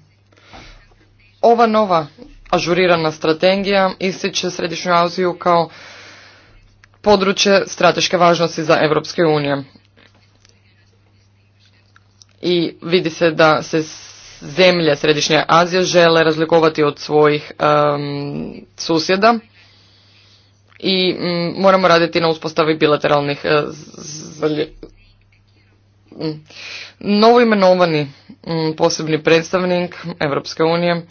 Ova nova ažurirana strategija ističe Središnju Aziju kao područje strateške važnosti za Europske unije. I vidi se da se zemlje Središnje Azije žele razlikovati od svojih um, susjeda i mm, moramo raditi na uspostavi bilateralnih uh, imenovani mm, posebni predstavnik Europske unije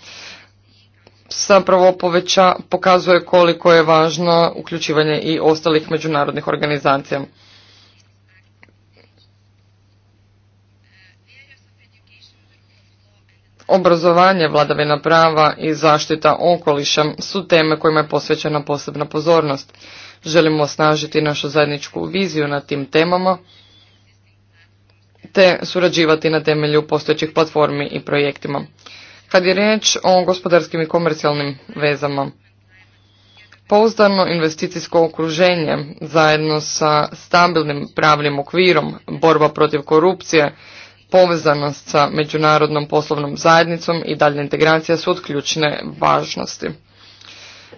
zapravo poveća, pokazuje koliko je važno uključivanje i ostalih međunarodnih organizacija. Obrazovanje, vladavina prava i zaštita okoliša su teme kojima je posvećena posebna pozornost. Želimo osnažiti našu zajedničku viziju na tim temama te surađivati na temelju postojećih platformi i projektima. Kad je riječ o gospodarskim i komercijalnim vezama, pouzdano investicijsko okruženje zajedno sa stabilnim pravnim okvirom, borba protiv korupcije, povezanost sa međunarodnom poslovnom zajednicom i daljnja integracija su od ključne važnosti.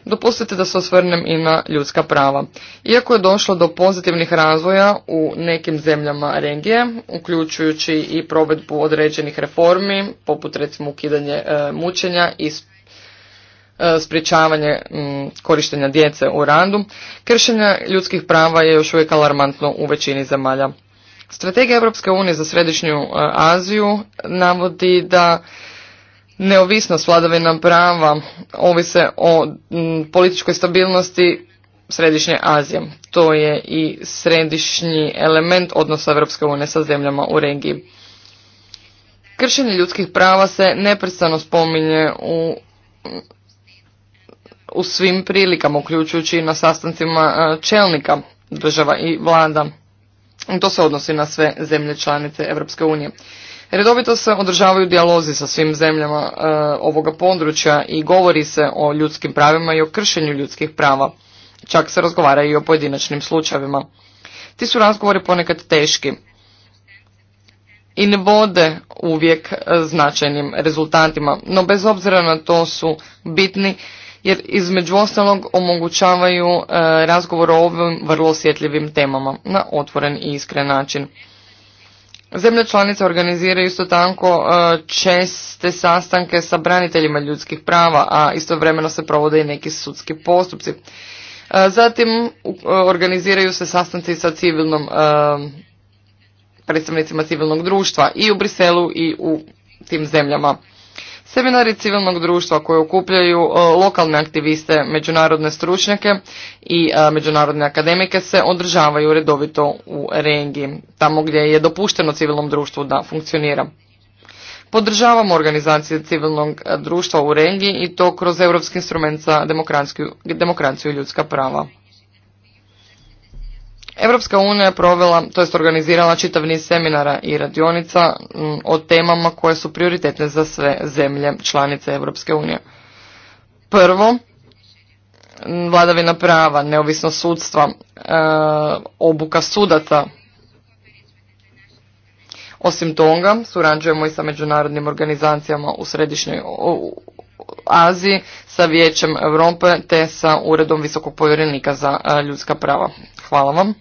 Dopustite da se osvrnem i na ljudska prava. Iako je došlo do pozitivnih razvoja u nekim zemljama regije, uključujući i provedbu određenih reformi, poput recimo ukidanje e, mučenja i e, sprječavanje korištenja djece u randu, kršenja ljudskih prava je još uvijek alarmantno u većini zemalja. Strategija Europske unije za središnju e, Aziju navodi da neovisnost vladavina prava ovise o mm, političkoj stabilnosti Središnje Azije. To je i središnji element odnosa Europske unije sa zemljama u regiji. Kršenje ljudskih prava se neprestano spominje u, u svim prilikama, uključujući na sastancima e, čelnika država i vlada. To se odnosi na sve zemlje članice Europske unije. Redovito se održavaju dijalozi sa svim zemljama e, ovoga područja i govori se o ljudskim pravima i o kršenju ljudskih prava. Čak se razgovara i o pojedinačnim slučajevima. Ti su razgovori ponekad teški i ne vode uvijek e, značajnim rezultatima, no bez obzira na to su bitni jer između ostalog omogućavaju e, razgovor o ovim vrlo osjetljivim temama na otvoren i iskren način. Zemlje članice organiziraju isto tako e, česte sastanke sa braniteljima ljudskih prava, a istovremeno se provode i neki sudski postupci. E, zatim e, organiziraju se sastanci sa civilnom predstavnicima civilnog društva i u Briselu i u tim zemljama. Seminari civilnog društva koje okupljaju e, lokalne aktiviste, međunarodne stručnjake i e, međunarodne akademike se održavaju redovito u rengi. tamo gdje je dopušteno civilnom društvu da funkcionira. Podržavamo organizacije civilnog e, društva u rengi i to kroz Europski instrument za demokraciju i ljudska prava. Europska unija je provela, to jest organizirala čitav niz seminara i radionica o temama koje su prioritetne za sve zemlje članice Europske unije. Prvo, vladavina prava, neovisno sudstva, e, obuka sudaca. Osim toga, surađujemo i sa međunarodnim organizacijama u središnjoj Aziji, sa Vijećem Europe te sa Uredom visokog povjerenika za e, ljudska prava. Hvala vam.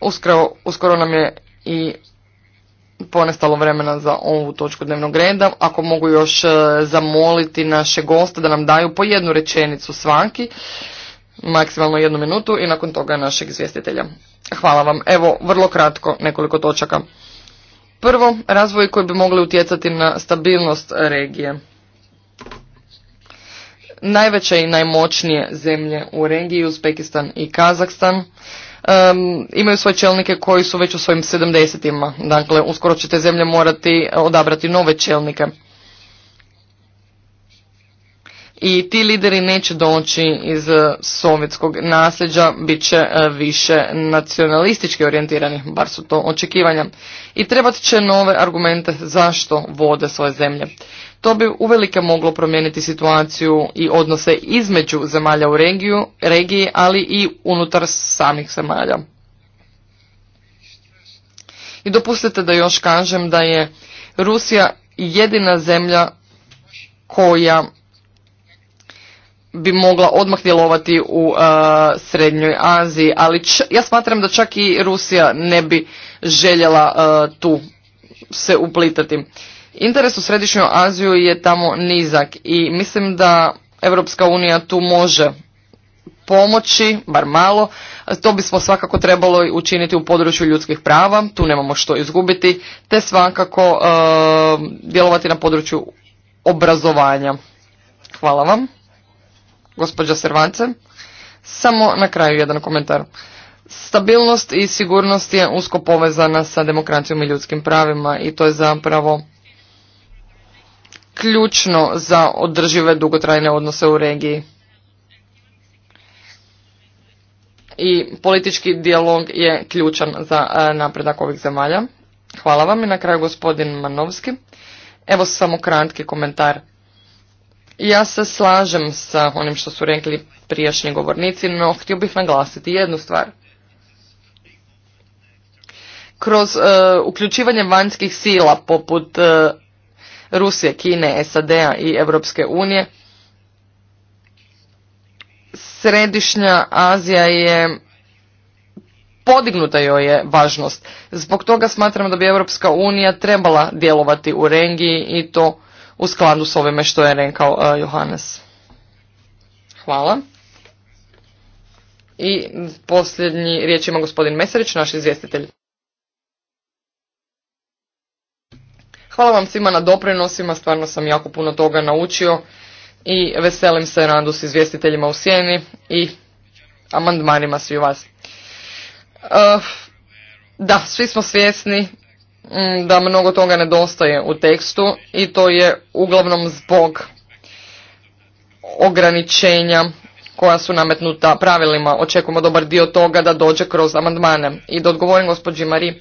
Uskoro, uskoro nam je i ponestalo vremena za ovu točku dnevnog reda. Ako mogu još e, zamoliti naše goste da nam daju po jednu rečenicu svaki, maksimalno jednu minutu i nakon toga našeg izvjestitelja. Hvala vam. Evo, vrlo kratko, nekoliko točaka. Prvo, razvoj koji bi mogli utjecati na stabilnost regije. Najveće i najmoćnije zemlje u regiji, Uzbekistan i Kazakstan, imaju svoje čelnike koji su već u svojim 70 Dakle, uskoro će te zemlje morati e, odabrati nove čelnike. I ti lideri neće doći iz e, sovjetskog nasljeđa, bit će e, više nacionalistički orijentirani, bar su to očekivanja. I trebat će nove argumente zašto vode svoje zemlje. To bi uvelike moglo promijeniti situaciju i odnose između zemalja u regiju, regiji, ali i unutar samih zemalja. I dopustite da još kažem da je Rusija jedina zemlja koja bi mogla odmah djelovati u e, Srednjoj Aziji, ali ja smatram da čak i Rusija ne bi željela e, tu se uplitati. Interes u Središnju Aziju je tamo nizak i mislim da Europska unija tu može pomoći, bar malo. To bismo svakako trebalo učiniti u području ljudskih prava, tu nemamo što izgubiti, te svakako e, djelovati na području obrazovanja. Hvala vam. Gospođa Servance, samo na kraju jedan komentar. Stabilnost i sigurnost je usko povezana sa demokracijom i ljudskim pravima i to je zapravo ključno za održive dugotrajne odnose u regiji. I politički dijalog je ključan za e, napredak ovih zemalja. Hvala vam i na kraju gospodin Manovski. Evo samo kratki komentar. Ja se slažem sa onim što su rekli prijašnji govornici, no htio bih naglasiti jednu stvar. Kroz e, uključivanje vanjskih sila poput e, Rusije, Kine, SAD-a i Europske unije. Središnja Azija je podignuta joj je važnost. Zbog toga smatram da bi Europska unija trebala djelovati u rengiji i to u skladu s ovime što je rekao e, Johannes. Hvala. I posljednji riječ ima gospodin Mesarić, naš izvjestitelj. Hvala vam svima na doprinosima, stvarno sam jako puno toga naučio i veselim se radu s izvjestiteljima u sjeni i amandmanima svi vas. E, da, svi smo svjesni mm, da mnogo toga nedostaje u tekstu i to je uglavnom zbog ograničenja koja su nametnuta pravilima. Očekujemo dobar dio toga da dođe kroz amandmane. I da odgovorim gospođi Mari,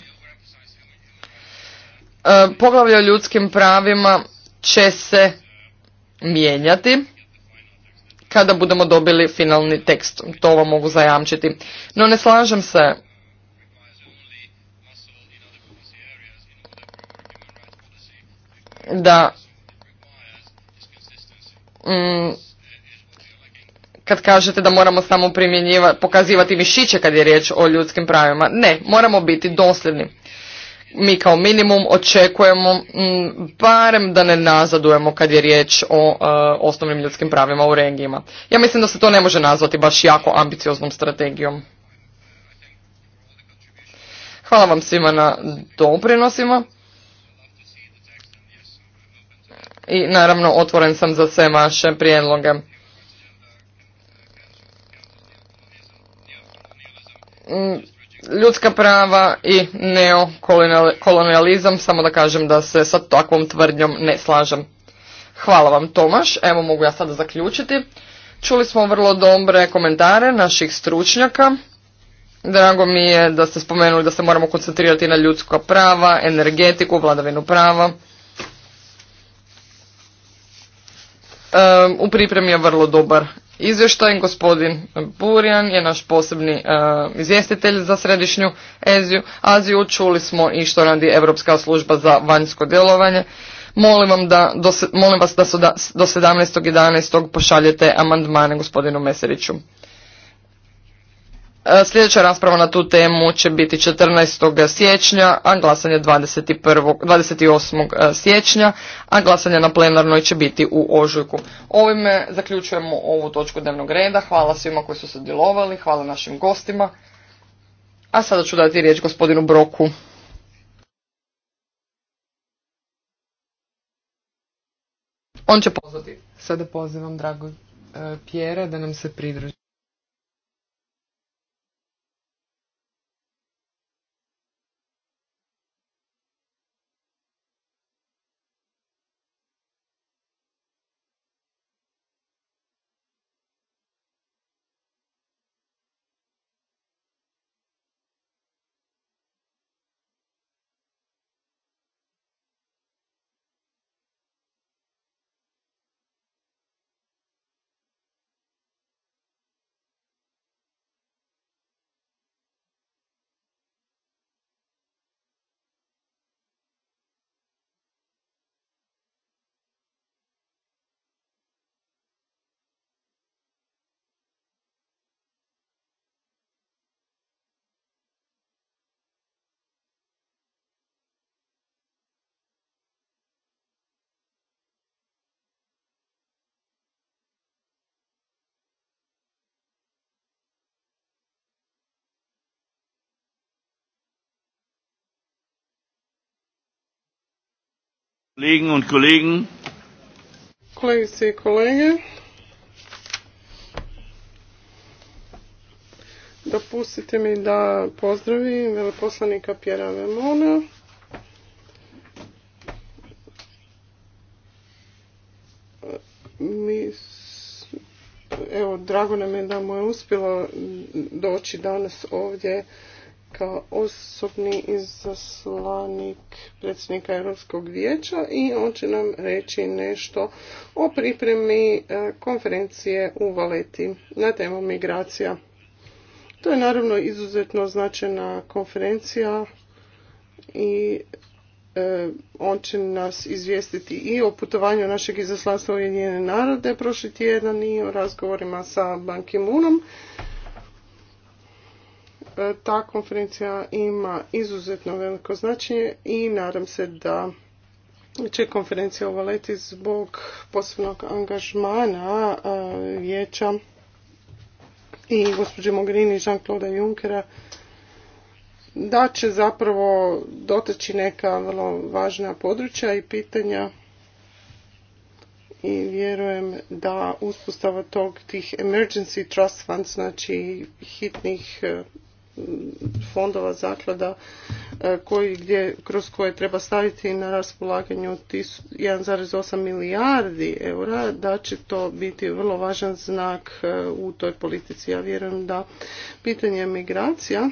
E, poglavlje o ljudskim pravima će se mijenjati kada budemo dobili finalni tekst. To vam mogu zajamčiti. No ne slažem se da mm, kad kažete da moramo samo primjenjivati, pokazivati mišiće kad je riječ o ljudskim pravima. Ne, moramo biti dosljedni mi kao minimum očekujemo mm, barem da ne nazadujemo kad je riječ o e, osnovnim ljudskim pravima u regijima. Ja mislim da se to ne može nazvati baš jako ambicioznom strategijom. Hvala vam svima na doprinosima. I naravno otvoren sam za sve vaše prijedloge. Mm, ljudska prava i neokolonializam, samo da kažem da se sa takvom tvrdnjom ne slažem. Hvala vam Tomaš, evo mogu ja sada zaključiti. Čuli smo vrlo dobre komentare naših stručnjaka. Drago mi je da ste spomenuli da se moramo koncentrirati na ljudska prava, energetiku, vladavinu prava. u pripremi je vrlo dobar izvještajem. Gospodin Burjan je naš posebni e, izvjestitelj za središnju Eziju, Aziju. Čuli smo i što radi Europska služba za vanjsko djelovanje. Molim, vam da, do, molim vas da, su da do 17.11. pošaljete amandmane gospodinu Meseriću. E, sljedeća rasprava na tu temu će biti 14. siječnja, a glasanje 21. 28. E, siječnja, a glasanje na plenarnoj će biti u ožujku. Ovime zaključujemo ovu točku dnevnog reda. Hvala svima koji su sudjelovali, hvala našim gostima. A sada ću dati riječ gospodinu Broku. On će pozvati. Sada pozivam drago e, Pjera da nam se pridruži. Kolegice i kolege. Dopustite mi da pozdravim veleposlanika Pjera Vemona. evo, drago nam je da mu je uspjelo doći danas ovdje kao osobni izaslanik predsjednika Europskog vijeća i on će nam reći nešto o pripremi e, konferencije u Valeti na temu migracija. To je naravno izuzetno značajna konferencija i e, on će nas izvijestiti i o putovanju našeg izaslanstva u Ujedinjene narode prošli tjedan i o razgovorima sa Ban ki E, ta konferencija ima izuzetno veliko značenje i nadam se da će konferencija ovaleti zbog posebnog angažmana e, vijeća i gospođe Mogrini i Jean-Claude Junckera da će zapravo doteći neka vrlo važna područja i pitanja i vjerujem da uspostava tog tih emergency trust funds, znači hitnih e, fondova, zaklada e, koji, gdje, kroz koje treba staviti na raspolaganju 1,8 milijardi eura, da će to biti vrlo važan znak e, u toj politici. Ja vjerujem da pitanje migracija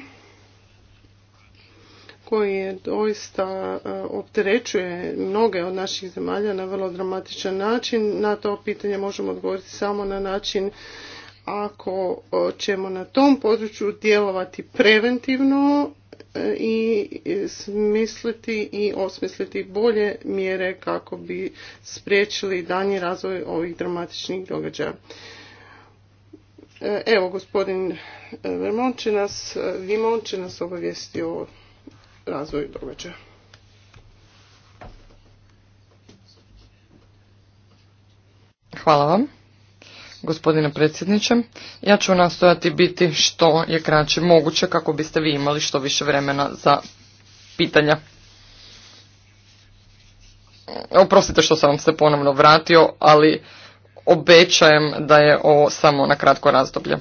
koji je doista e, opterećuje mnoge od naših zemalja na vrlo dramatičan način. Na to pitanje možemo odgovoriti samo na način ako e, ćemo na tom području djelovati preventivno e, i smisliti i osmisliti bolje mjere kako bi spriječili danji razvoj ovih dramatičnih događaja. E, evo, gospodin Vermon će nas, Vimon će nas obavijesti o razvoju događaja. Hvala vam gospodine predsjedniče. Ja ću nastojati biti što je kraće moguće kako biste vi imali što više vremena za pitanja. Oprostite što sam vam se ponovno vratio, ali obećajem da je ovo samo na kratko razdoblje.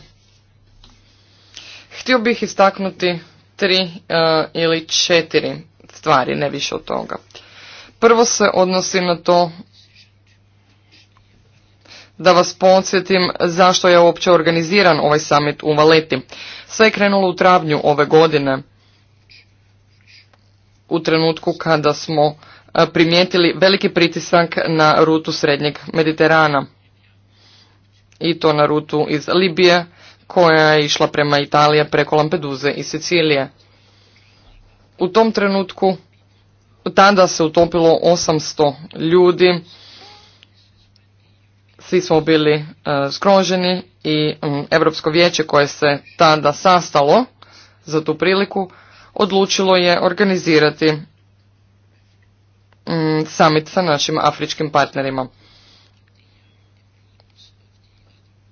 Htio bih istaknuti tri e, ili četiri stvari, ne više od toga. Prvo se odnosi na to da vas podsjetim zašto je uopće organiziran ovaj summit u Valeti. Sve je krenulo u travnju ove godine, u trenutku kada smo e, primijetili veliki pritisak na rutu Srednjeg Mediterana. I to na rutu iz Libije, koja je išla prema Italije preko Lampeduze i Sicilije. U tom trenutku tada se utopilo 800 ljudi, svi smo bili e, skroženi i mm, Europsko vijeće koje se tada sastalo za tu priliku odlučilo je organizirati mm, summit sa našim afričkim partnerima.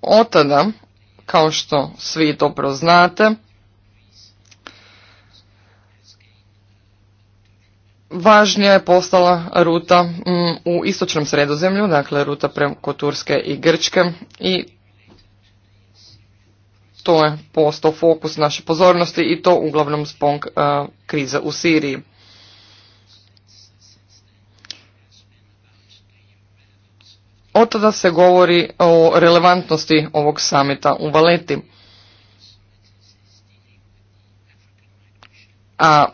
Od kao što svi dobro znate, Važnija je postala ruta mm, u istočnom sredozemlju, dakle ruta preko Turske i Grčke i to je postao fokus naše pozornosti i to uglavnom spong e, krize u Siriji. Od tada se govori o relevantnosti ovog samita u Valeti. A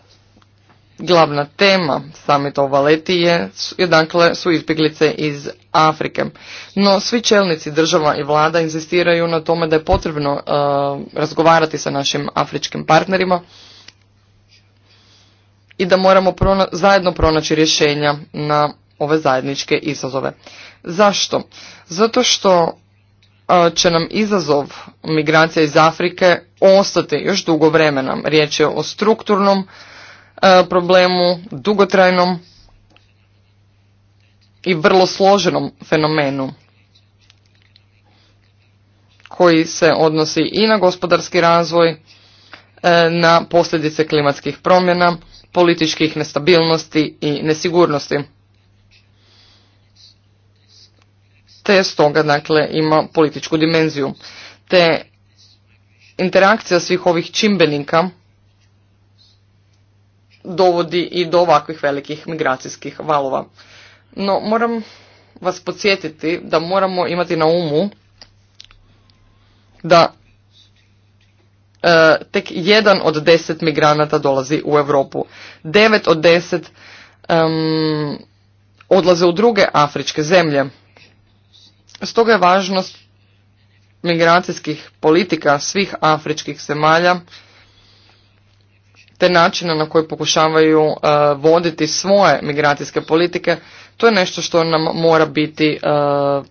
glavna tema samita u Valeti je, dakle, su izbjeglice iz Afrike. No svi čelnici država i vlada insistiraju na tome da je potrebno uh, razgovarati sa našim afričkim partnerima i da moramo zajedno pronaći rješenja na ove zajedničke izazove. Zašto? Zato što uh, će nam izazov migracija iz Afrike ostati još dugo vremena. Riječ je o strukturnom E, problemu, dugotrajnom i vrlo složenom fenomenu koji se odnosi i na gospodarski razvoj, e, na posljedice klimatskih promjena, političkih nestabilnosti i nesigurnosti. Te stoga dakle ima političku dimenziju. Te interakcija svih ovih čimbenika dovodi i do ovakvih velikih migracijskih valova. No moram vas podsjetiti da moramo imati na umu da e, tek jedan od deset migranata dolazi u Europu. Devet od deset odlaze u druge afričke zemlje. Stoga je važnost migracijskih politika svih afričkih zemalja te načina na koji pokušavaju uh, voditi svoje migracijske politike, to je nešto što nam mora biti, uh,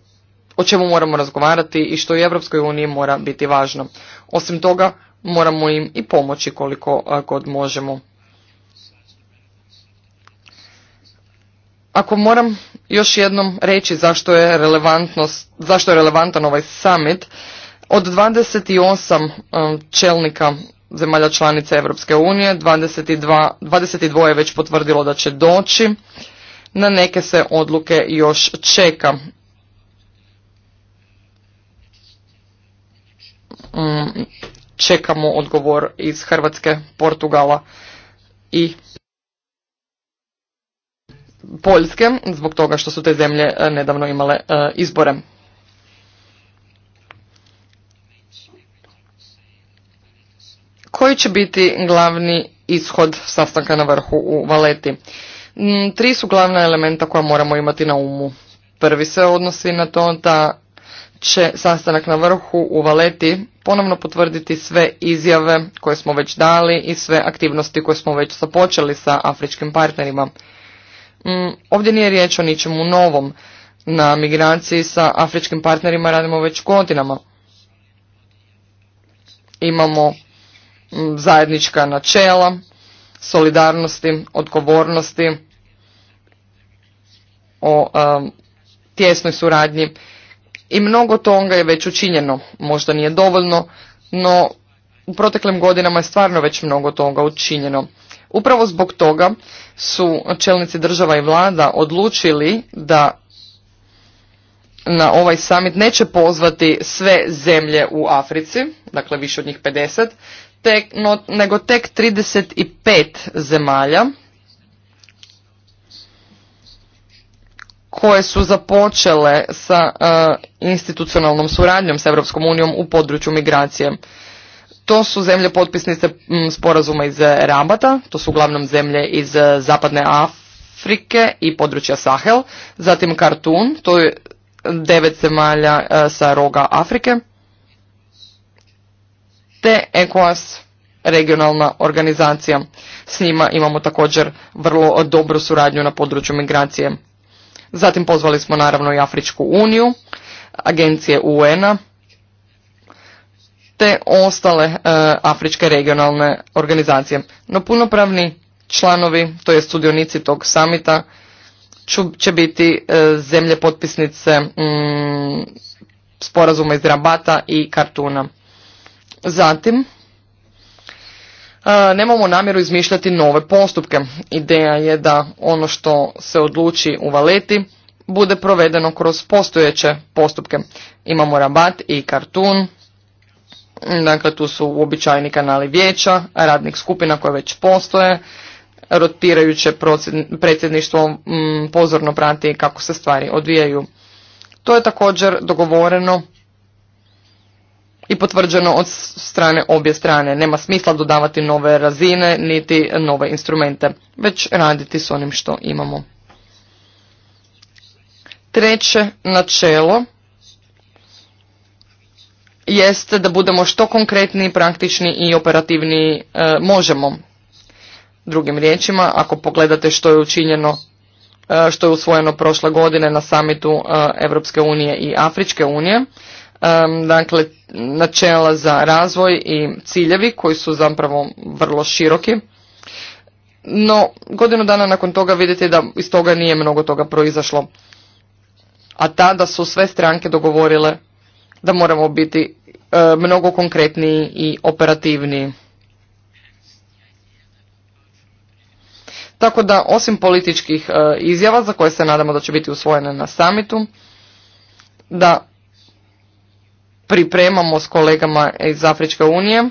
o čemu moramo razgovarati i što i Europskoj uniji mora biti važno. Osim toga, moramo im i pomoći koliko uh, god možemo. Ako moram još jednom reći zašto je, zašto je relevantan ovaj summit, od 28 um, čelnika zemalja članica Europske unije, 22, 22 je već potvrdilo da će doći, na neke se odluke još čeka. Mm, čekamo odgovor iz Hrvatske, Portugala i Poljske, zbog toga što su te zemlje eh, nedavno imale eh, izbore. koji će biti glavni ishod sastanka na vrhu u Valeti. Mm, tri su glavna elementa koja moramo imati na umu. Prvi se odnosi na to da će sastanak na vrhu u Valeti ponovno potvrditi sve izjave koje smo već dali i sve aktivnosti koje smo već započeli sa afričkim partnerima. Mm, ovdje nije riječ o ničemu novom. Na migraciji sa afričkim partnerima radimo već godinama. Imamo zajednička načela, solidarnosti, odgovornosti, o um, tjesnoj suradnji i mnogo toga je već učinjeno. Možda nije dovoljno, no u proteklim godinama je stvarno već mnogo toga učinjeno. Upravo zbog toga su čelnici država i vlada odlučili da na ovaj summit neće pozvati sve zemlje u Africi, dakle više od njih 50, tek, nego tek 35 zemalja koje su započele sa e, institucionalnom suradnjom s Europskom unijom u području migracije. To su zemlje potpisnice sporazuma iz e, Rabata, to su uglavnom zemlje iz e, Zapadne Afrike i područja Sahel, zatim Kartun, to je devet zemalja sa roga Afrike, te ECOAS regionalna organizacija. S njima imamo također vrlo dobru suradnju na području migracije. Zatim pozvali smo naravno i Afričku uniju, agencije UN-a, te ostale e, afričke regionalne organizacije. No punopravni članovi, to je studionici tog samita, će biti e, zemlje potpisnice m, mm, sporazuma iz Rabata i Kartuna. Zatim, nemamo namjeru izmišljati nove postupke. Ideja je da ono što se odluči u valeti bude provedeno kroz postojeće postupke. Imamo rabat i kartun, dakle tu su uobičajeni kanali vijeća, radnih skupina koje već postoje, rotirajuće predsjedništvo mm, pozorno prati kako se stvari odvijaju. To je također dogovoreno i potvrđeno od strane obje strane. Nema smisla dodavati nove razine niti nove instrumente, već raditi s onim što imamo. Treće načelo jeste da budemo što konkretniji, praktični i operativniji e, možemo. Drugim riječima, ako pogledate što je učinjeno, e, što je usvojeno prošle godine na samitu e, Europske unije i Afričke unije, dakle načela za razvoj i ciljevi koji su zapravo vrlo široki. No, godinu dana nakon toga vidite da iz toga nije mnogo toga proizašlo. A tada su sve stranke dogovorile da moramo biti e, mnogo konkretniji i operativniji. Tako da, osim političkih e, izjava za koje se nadamo da će biti usvojene na samitu, da pripremamo s kolegama iz Afričke unije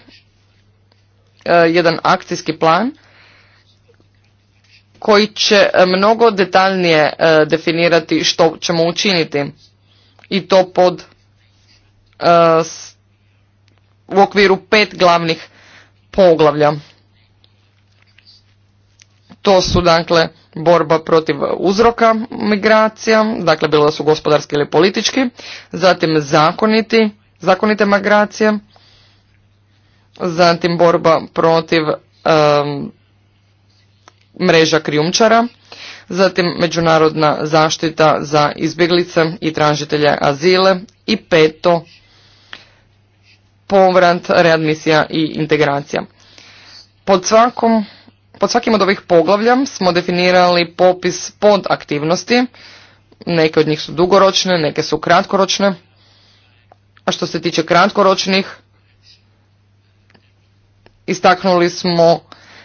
e, jedan akcijski plan koji će e, mnogo detaljnije e, definirati što ćemo učiniti i to pod u okviru pet glavnih poglavlja. To su dakle borba protiv uzroka migracija, dakle bilo da su gospodarski ili politički, zatim zakoniti zakonite migracije, zatim borba protiv mreža krijumčara, zatim međunarodna zaštita za izbjeglice i tražitelje azile i peto povrat, readmisija i integracija. Pod, svakom, pod svakim od ovih poglavlja smo definirali popis pod aktivnosti, neke od njih su dugoročne, neke su kratkoročne, a što se tiče kratkoročnih, istaknuli smo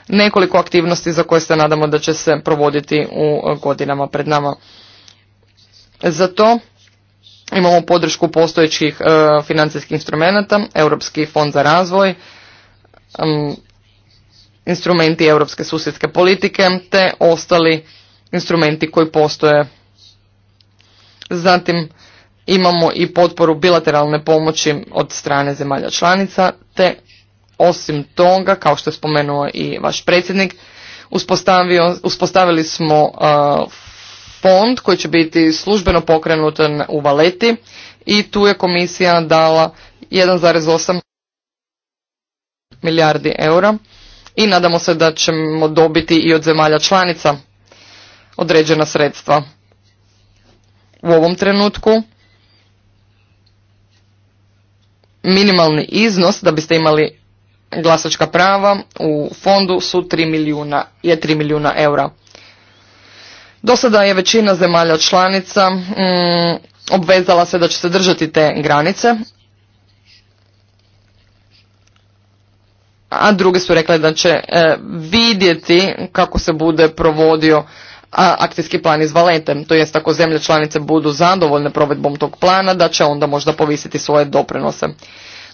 nekoliko aktivnosti za koje se nadamo da će se provoditi u e, godinama pred nama. Za to imamo podršku postojećih e, financijskih instrumenata, Europski fond za razvoj, instrumenti europske susjedske politike te ostali instrumenti koji postoje. Zatim Imamo i potporu bilateralne pomoći od strane zemalja članica, te osim toga, kao što je spomenuo i vaš predsjednik, uspostavili smo uh, fond koji će biti službeno pokrenut u Valeti i tu je komisija dala 1,8 milijardi eura i nadamo se da ćemo dobiti i od zemalja članica određena sredstva. U ovom trenutku minimalni iznos da biste imali glasačka prava u fondu su 3 milijuna, je 3 milijuna eura. Do sada je većina zemalja članica mm, obvezala se da će se držati te granice, a druge su rekle da će e, vidjeti kako se bude provodio akcijski plan iz Valete, to jest ako zemlje članice budu zadovoljne provedbom tog plana, da će onda možda povisiti svoje doprinose.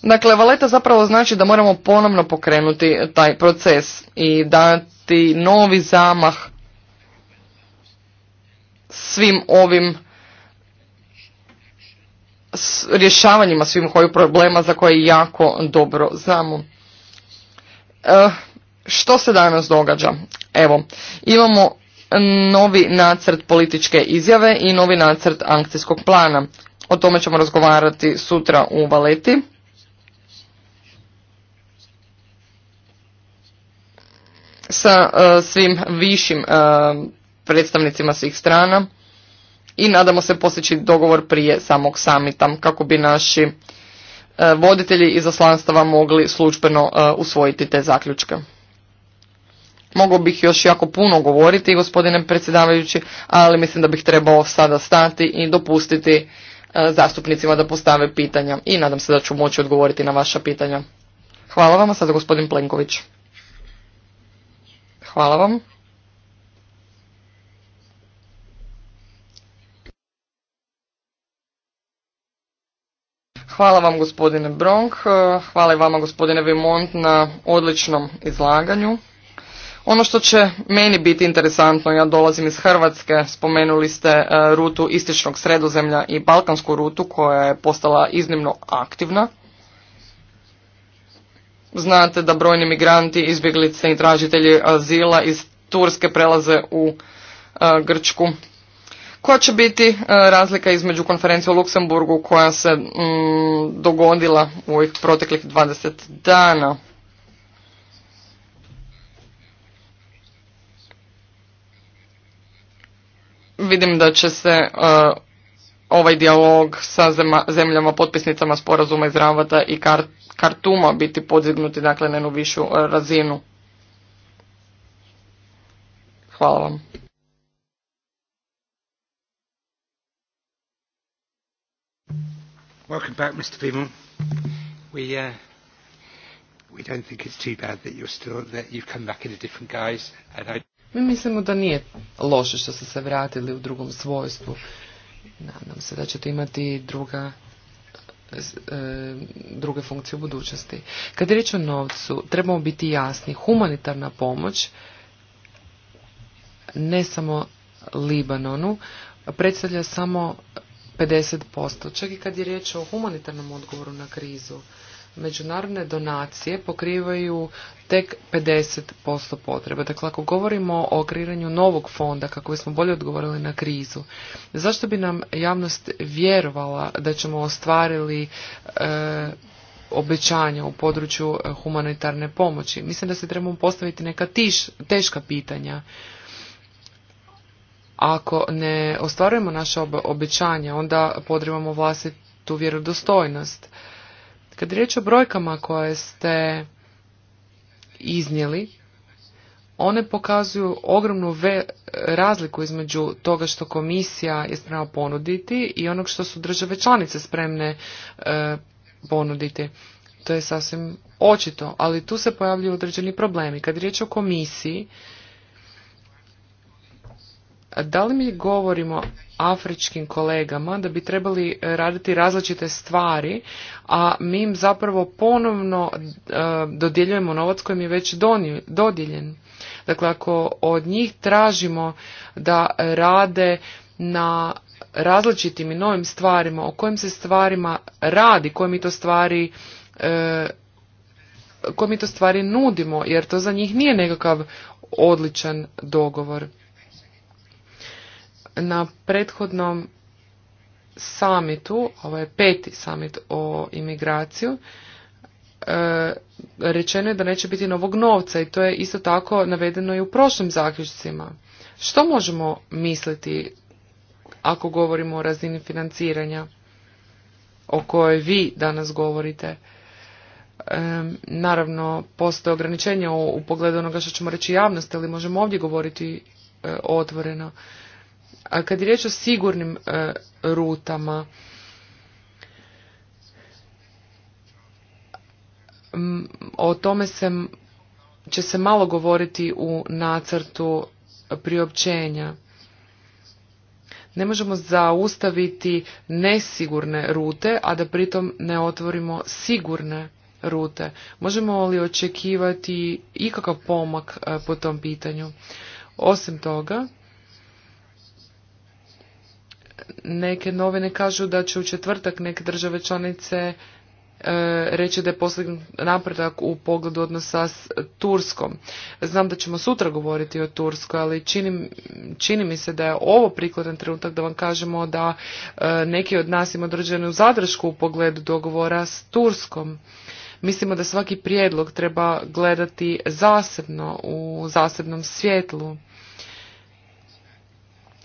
Dakle, Valeta zapravo znači da moramo ponovno pokrenuti taj proces i dati novi zamah svim ovim rješavanjima svim ovih problema za koje jako dobro znamo. Eh, što se danas događa? Evo, imamo novi nacrt političke izjave i novi nacrt akcijskog plana. O tome ćemo razgovarati sutra u Valeti. sa e, svim višim e, predstavnicima svih strana i nadamo se postići dogovor prije samog samita kako bi naši voditelji voditelji izaslanstava mogli službeno e, usvojiti te zaključke. Mogao bih još jako puno govoriti, gospodine predsjedavajući, ali mislim da bih trebao sada stati i dopustiti e, zastupnicima da postave pitanja i nadam se da ću moći odgovoriti na vaša pitanja. Hvala vam, a sada gospodin Plenković. Hvala vam. Hvala vam gospodine Bronk, hvala i vama gospodine Vimont na odličnom izlaganju. Ono što će meni biti interesantno, ja dolazim iz Hrvatske, spomenuli ste e, rutu istočnog sredozemlja i balkansku rutu koja je postala iznimno aktivna. Znate da brojni migranti, izbjeglice i tražitelji azila iz Turske prelaze u e, Grčku. Koja će biti e, razlika između konferencije u Luksemburgu koja se mm, dogodila u ovih proteklih 20 dana? Vidim da će se uh, ovaj dijalog sa zemljama potpisnicama sporazuma iz Ravata i kart, Kartuma biti podzignuti dakle, na jednu višu uh, razinu. Hvala vam. Welcome back, Mr. Beamon. We, uh, we don't think it's too bad that you're still, that you've come back in a different guise. And I... Mi mislimo da nije loše što ste se vratili u drugom svojstvu. Nadam se da ćete imati druga e, druge funkcije u budućnosti. Kad je riječ o novcu, trebamo biti jasni. Humanitarna pomoć ne samo Libanonu predstavlja samo 50%. Čak i kad je riječ o humanitarnom odgovoru na krizu međunarodne donacije pokrivaju tek 50% potreba. Dakle, ako govorimo o kreiranju novog fonda kako bismo bolje odgovorili na krizu, zašto bi nam javnost vjerovala da ćemo ostvarili e, obećanja u području e, humanitarne pomoći? Mislim da se trebamo postaviti neka tiš, teška pitanja. Ako ne ostvarujemo naše obećanja, onda podrivamo vlastitu vjerodostojnost kad je riječ o brojkama koje ste iznijeli, one pokazuju ogromnu razliku između toga što komisija je spremna ponuditi i onog što su države članice spremne e, ponuditi. To je sasvim očito, ali tu se pojavljuju određeni problemi. Kad riječ o komisiji, da li mi govorimo afričkim kolegama da bi trebali e, raditi različite stvari, a mi im zapravo ponovno e, dodjeljujemo novac im je već dodijeljen? Dakle, ako od njih tražimo da rade na različitim i novim stvarima, o kojim se stvarima radi, koje to stvari e, koje mi to stvari nudimo, jer to za njih nije nekakav odličan dogovor na prethodnom samitu, ovo je peti samit o imigraciju, e, rečeno je da neće biti novog novca i to je isto tako navedeno i u prošlim zaključcima. Što možemo misliti ako govorimo o razini financiranja o kojoj vi danas govorite? E, naravno, postoje ograničenja u pogledu onoga što ćemo reći javnosti, ali možemo ovdje govoriti e, otvoreno. Kad je riječ o sigurnim e, rutama, o tome se, će se malo govoriti u nacrtu priopćenja. Ne možemo zaustaviti nesigurne rute, a da pritom ne otvorimo sigurne rute. Možemo li očekivati ikakav pomak e, po tom pitanju? Osim toga, Neke novine kažu da će u četvrtak neke države članice e, reći da je postignut napredak u pogledu odnosa s Turskom. Znam da ćemo sutra govoriti o Turskoj, ali čini, čini mi se da je ovo prikladan trenutak da vam kažemo da e, neki od nas ima određenu zadršku u pogledu dogovora s Turskom. Mislimo da svaki prijedlog treba gledati zasebno u zasebnom svjetlu.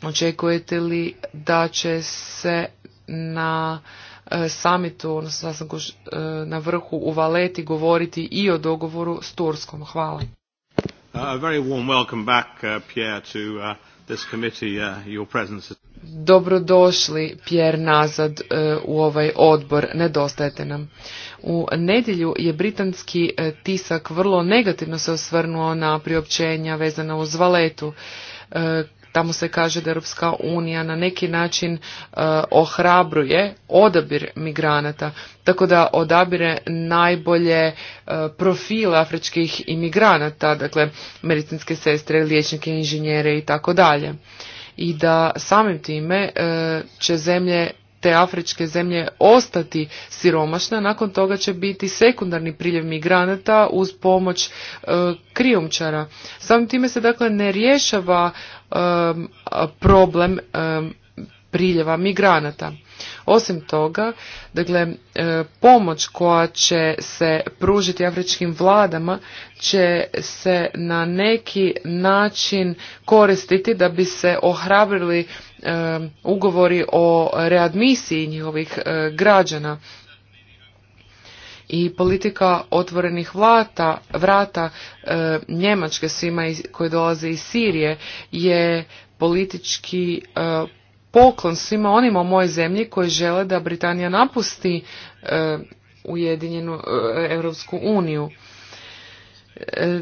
Očekujete li da će se na e, samitu, odnosno e, na vrhu u Valeti govoriti i o dogovoru s Turskom? Hvala. Dobrodošli, Pierre, nazad e, u ovaj odbor. Nedostajete nam. U nedjelju je britanski tisak vrlo negativno se osvrnuo na priopćenja vezana uz Valetu Tamo se kaže da Europska unija na neki način e, ohrabruje odabir migranata, tako da odabire najbolje uh, profile afričkih imigranata, dakle medicinske sestre, liječnike, inženjere i tako dalje. I da samim time e, će zemlje te afričke zemlje ostati siromašne, nakon toga će biti sekundarni priljev migranata uz pomoć e, krijumčara. Samim time se dakle ne rješava e, problem e, priljeva migranata. Osim toga, dakle, e, pomoć koja će se pružiti afričkim vladama će se na neki način koristiti da bi se ohrabrili e, ugovori o readmisiji njihovih e, građana i politika otvorenih vlata, vrata Njemačke svima iz, koji dolaze iz Sirije je politički poklon svima onima u mojoj zemlji koji žele da Britanija napusti e, Ujedinjenu Evropsku uniju. E,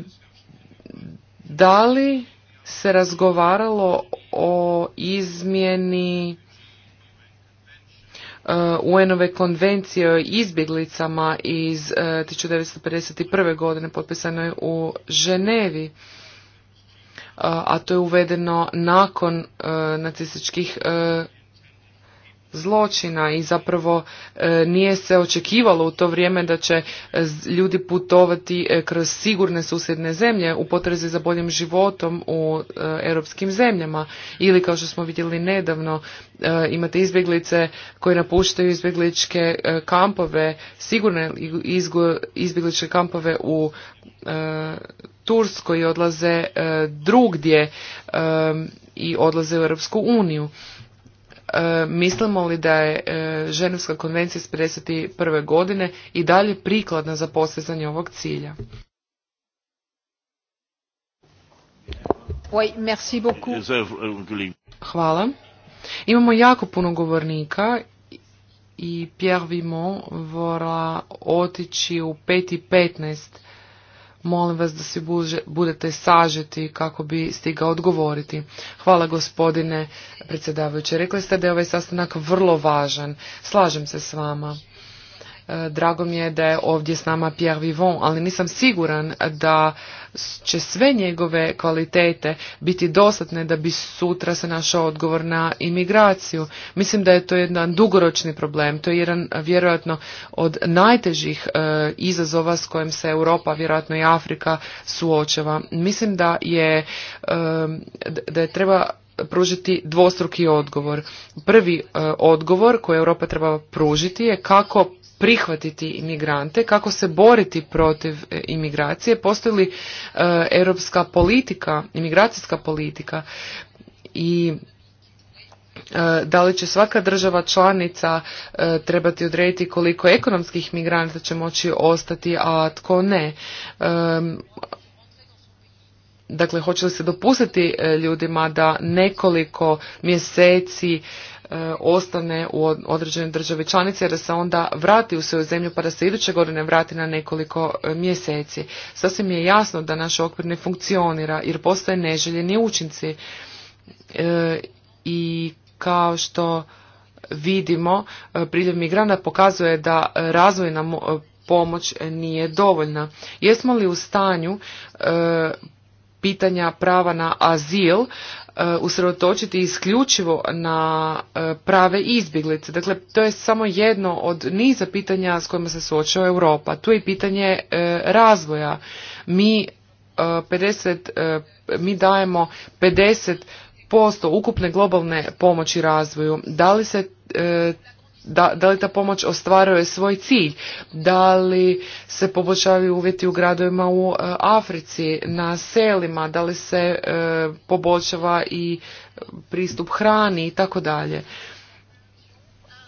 da li se razgovaralo o izmjeni e, UN-ove konvencije o izbjeglicama iz 1951. godine potpisanoj u Ženevi? a to je uvedeno nakon e, nacističkih e, zločina i zapravo e, nije se očekivalo u to vrijeme da će ljudi putovati kroz sigurne susjedne zemlje u potrezi za boljim životom u europskim zemljama ili kao što smo vidjeli nedavno imate izbjeglice koje napuštaju izbjegličke kampove sigurne izbjegličke kampove u Turskoj odlaze e, drugdje e, i odlaze u Europsku uniju. E, mislimo li da je Ženevska konvencija iz 51. godine i dalje prikladna za postizanje ovog cilja? Euh, Hvala. Imamo jako puno govornika i Pierre Vimon vora otići u 5.15. Molim vas da si budete sažeti kako bi stigao odgovoriti. Hvala gospodine predsjedavajući. Rekli ste da je ovaj sastanak vrlo važan. Slažem se s vama. E, drago mi je da je ovdje s nama Pierre Vivon, ali nisam siguran da će sve njegove kvalitete biti dostatne da bi sutra se našao odgovor na imigraciju. Mislim da je to jedan dugoročni problem, to je jedan vjerojatno od najtežih e, izazova s kojim se Europa, vjerojatno i Afrika suočava. Mislim da je, e, da je treba pružiti dvostruki odgovor. Prvi odgovor koji Europa treba pružiti je kako prihvatiti imigrante, kako se boriti protiv e, imigracije, postoji li e, europska politika, imigracijska politika i e, da li će svaka država članica trebati odrediti koliko ekonomskih migranata će moći ostati, a tko ne. Dakle, hoće li se dopustiti ljudima da nekoliko mjeseci E, ostane u određenoj državi članici jer da se onda vrati u svoju zemlju pa da se iduće godine vrati na nekoliko e, mjeseci. Sasvim je jasno da naš okvir ne funkcionira jer postoje neželjeni učinci e, i kao što vidimo priljev migrana pokazuje da razvojna pomoć nije dovoljna. Jesmo li u stanju pitanja prava na azil E, usredotočiti isključivo na e, prave izbjeglice. Dakle, to je samo jedno od niza pitanja s kojima se suočava Europa. Tu je i pitanje e, razvoja. Mi 50, mi dajemo 50% ukupne globalne pomoći razvoju. Da li se da, da li ta pomoć ostvaruje svoj cilj, da li se poboljšavaju uvjeti u gradovima u e, Africi, na selima, da li se e, poboljšava i pristup hrani i tako dalje.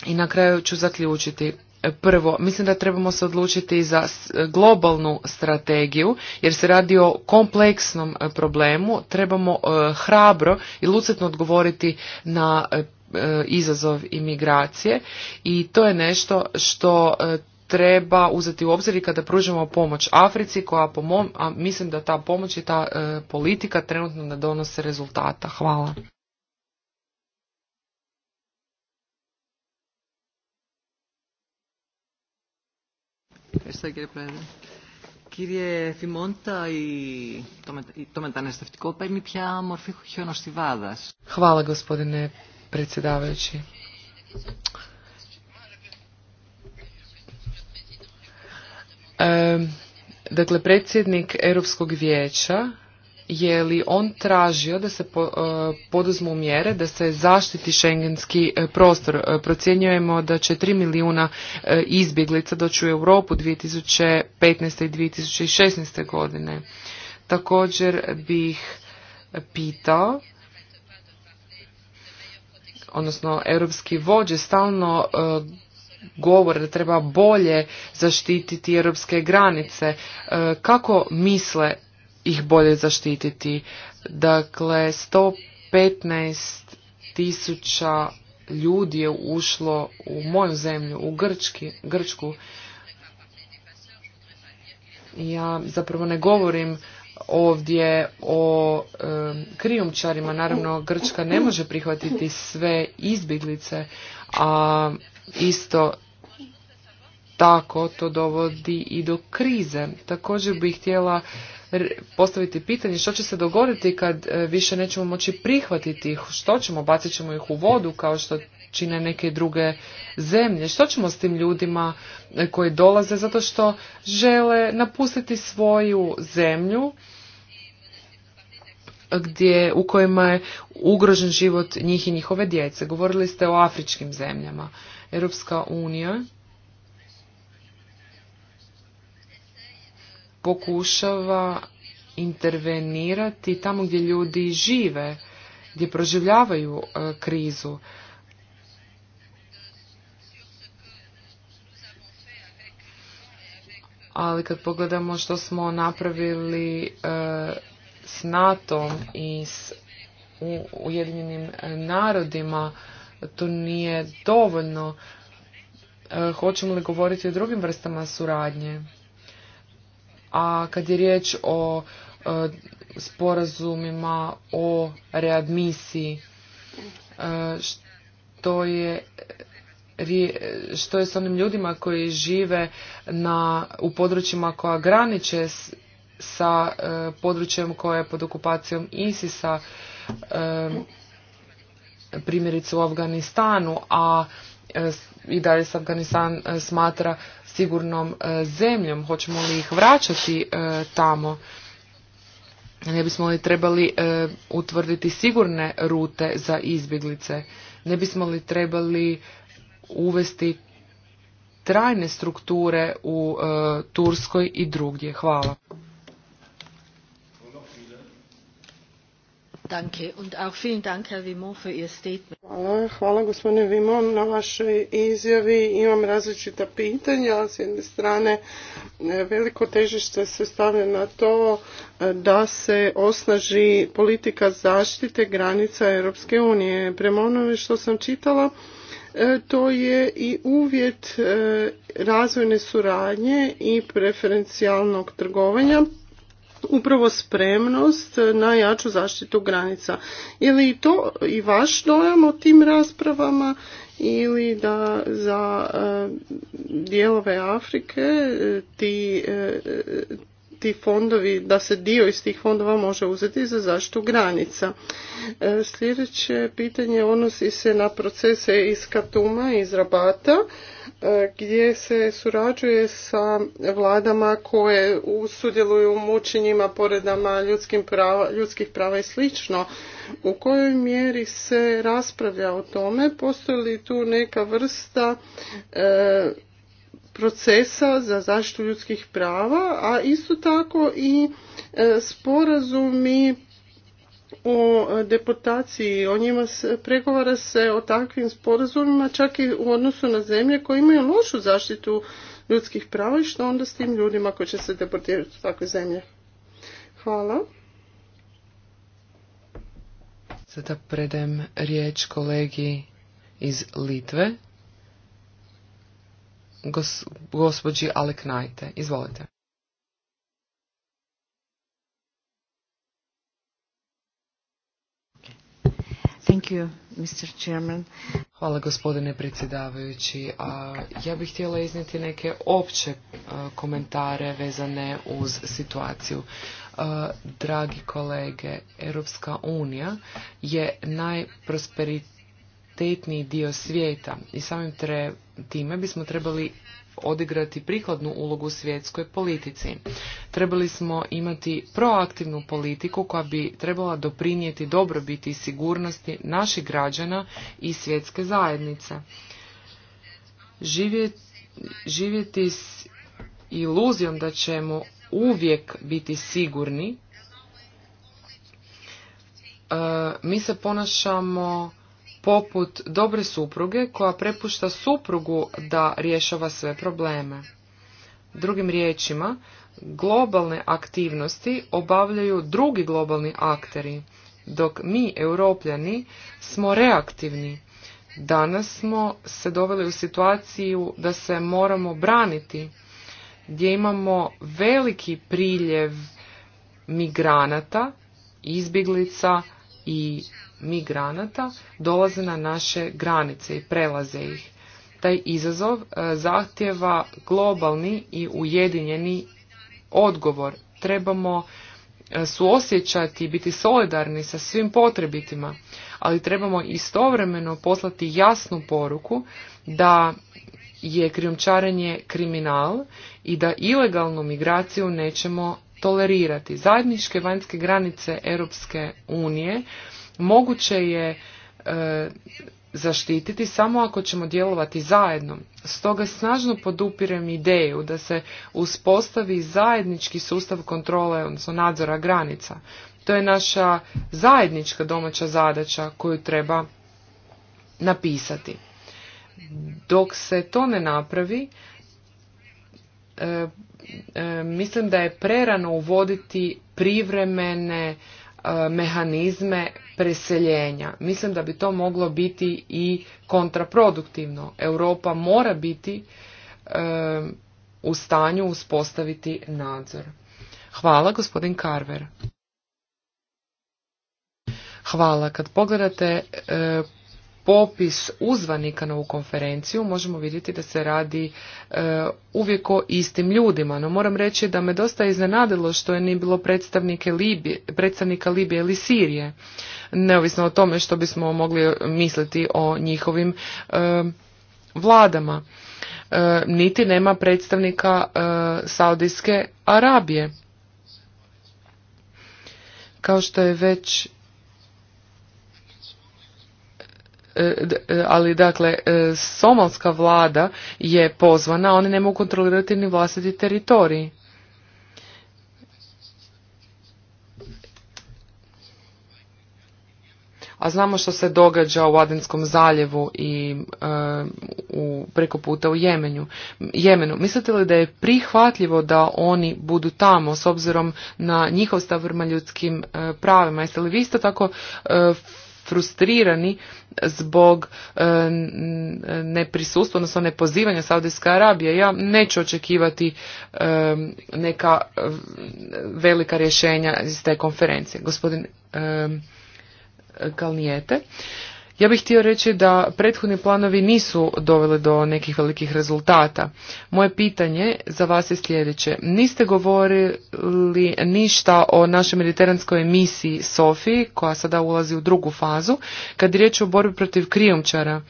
I na kraju ću zaključiti. E, prvo, mislim da trebamo se odlučiti za globalnu strategiju jer se radi o kompleksnom problemu, trebamo hrabro i lucetno odgovoriti na E, izazov imigracije i to je nešto što e, treba uzeti u obzir i kada pružamo pomoć Africi koja po mom, a mislim da ta pomoć i ta e, politika trenutno ne donose rezultata. Hvala. κύριε Πρόεδρε. Φιμόντα, η... το, μετα... το μεταναστευτικό παίρνει πια μορφή χιονοστιβάδας. господине predsjedavajući. E, dakle, predsjednik Europskog vijeća je li on tražio da se e, poduzmu mjere da se zaštiti šengenski e, prostor. Procjenjujemo da će 3 milijuna izbjeglica doći u Europu 2015. i 2016. godine. Također bih pitao odnosno europski vođe stalno e, govore da treba bolje zaštititi europske granice. E, kako misle ih bolje zaštititi? Dakle, 115 tisuća ljudi je ušlo u moju zemlju, u Grčki, Grčku. Ja zapravo ne govorim ovdje o e, krijumčarima. Naravno, Grčka ne može prihvatiti sve izbjeglice, a isto tako to dovodi i do krize. Također bih htjela postaviti pitanje što će se dogoditi kad e, više nećemo moći prihvatiti ih, što ćemo, bacit ćemo ih u vodu kao što čine neke druge zemlje. Što ćemo s tim ljudima koji dolaze zato što žele napustiti svoju zemlju gdje, u kojima je ugrožen život njih i njihove djece. Govorili ste o afričkim zemljama. Europska unija pokušava intervenirati tamo gdje ljudi žive, gdje proživljavaju e, krizu. ali kad pogledamo što smo napravili e, s NATO i s Ujedinjenim e, narodima, to nije dovoljno. E, hoćemo li govoriti o drugim vrstama suradnje? A kad je riječ o sporazumima o readmisiji, što je što je s onim ljudima koji žive na, u područjima koja graniče s, sa e, područjem koje je pod okupacijom ISIS-a, e, primjerice u Afganistanu, a e, i dalje se Afganistan e, smatra sigurnom zemljom. Hoćemo li ih vraćati tamo? Ne bismo li trebali utvrditi sigurne rute za izbjeglice? Ne bismo li trebali uvesti trajne strukture u e, Turskoj i drugdje. Hvala. Hvala, hvala gospodine Vimon na vašoj izjavi. Imam različita pitanja. S jedne strane, e, veliko težište se stavlja na to e, da se osnaži politika zaštite granica Europske unije. Prema onome što sam čitala, E, to je i uvjet e, razvojne suradnje i preferencijalnog trgovanja upravo spremnost na jaču zaštitu granica. Je li to i vaš dojam o tim raspravama ili da za e, dijelove Afrike ti, ti fondovi, da se dio iz tih fondova može uzeti za zaštitu granica. E, sljedeće pitanje odnosi se na procese iz Katuma, iz Rabata, e, gdje se surađuje sa vladama koje sudjeluju u mučenjima, poredama prava, ljudskih prava i slično. U kojoj mjeri se raspravlja o tome? Postoji li tu neka vrsta e, procesa za zaštitu ljudskih prava, a isto tako i e, sporazumi o deportaciji, o njima pregovara se o takvim sporazumima čak i u odnosu na zemlje koje imaju lošu zaštitu ljudskih prava i što onda s tim ljudima koji će se deportirati u takve zemlje. Hvala. Sada predajem riječ kolegi iz Litve, gos, gospođi Alek Izvolite. Thank you, Mr. Chairman. Hvala gospodine predsjedavajući. ja bih htjela iznijeti neke opće komentare vezane uz situaciju. dragi kolege, Europska unija je najprosperitetnija dio svijeta i samim time bismo trebali odigrati prikladnu ulogu svjetskoj politici. Trebali smo imati proaktivnu politiku koja bi trebala doprinijeti dobrobiti i sigurnosti naših građana i svjetske zajednice. Živjeti, živjeti s iluzijom da ćemo uvijek biti sigurni, e, mi se ponašamo poput dobre supruge koja prepušta suprugu da rješava sve probleme. Drugim riječima, globalne aktivnosti obavljaju drugi globalni akteri, dok mi, europljani, smo reaktivni. Danas smo se doveli u situaciju da se moramo braniti, gdje imamo veliki priljev migranata, izbjeglica i migranata dolaze na naše granice i prelaze ih. Taj izazov e, zahtjeva globalni i ujedinjeni odgovor. Trebamo e, suosjećati i biti solidarni sa svim potrebitima, ali trebamo istovremeno poslati jasnu poruku da je krijumčarenje kriminal i da ilegalnu migraciju nećemo tolerirati. Zajedničke vanjske granice Europske unije moguće je e, zaštititi samo ako ćemo djelovati zajedno. Stoga snažno podupirem ideju da se uspostavi zajednički sustav kontrole, odnosno nadzora granica. To je naša zajednička domaća zadaća koju treba napisati. Dok se to ne napravi, e, e, mislim da je prerano uvoditi privremene E, mehanizme preseljenja. Mislim da bi to moglo biti i kontraproduktivno. Europa mora biti e, u stanju uspostaviti nadzor. Hvala, gospodin Carver. Hvala. Kad pogledate e, popis uzvanika na ovu konferenciju možemo vidjeti da se radi e, uvijek o istim ljudima. No moram reći da me dosta iznenadilo što je ni bilo predstavnike Libije, predstavnika Libije ili Sirije, neovisno o tome što bismo mogli misliti o njihovim e, vladama. E, niti nema predstavnika Saudijske Arabije. Kao što je već E, e, ali dakle e, somalska vlada je pozvana, oni ne mogu kontrolirati ni vlastiti teritoriji. A znamo što se događa u Adenskom zaljevu i u, preko puta u Jemenju. Jemenu. Mislite li da je prihvatljivo da oni budu tamo s obzirom na njihov stav ljudskim pravima? Jeste li vi isto tako frustrirani zbog e, neprisustva, odnosno nepozivanja Saudijske Arabije. Ja neću očekivati e, neka velika rješenja iz te konferencije. Gospodin e, Kalnijete. Ja bih htio reći da prethodni planovi nisu doveli do nekih velikih rezultata. Moje pitanje za vas je sljedeće. Niste govorili ništa o našoj mediteranskoj misiji Sofiji, koja sada ulazi u drugu fazu. Kad je riječ o borbi protiv krijumčara,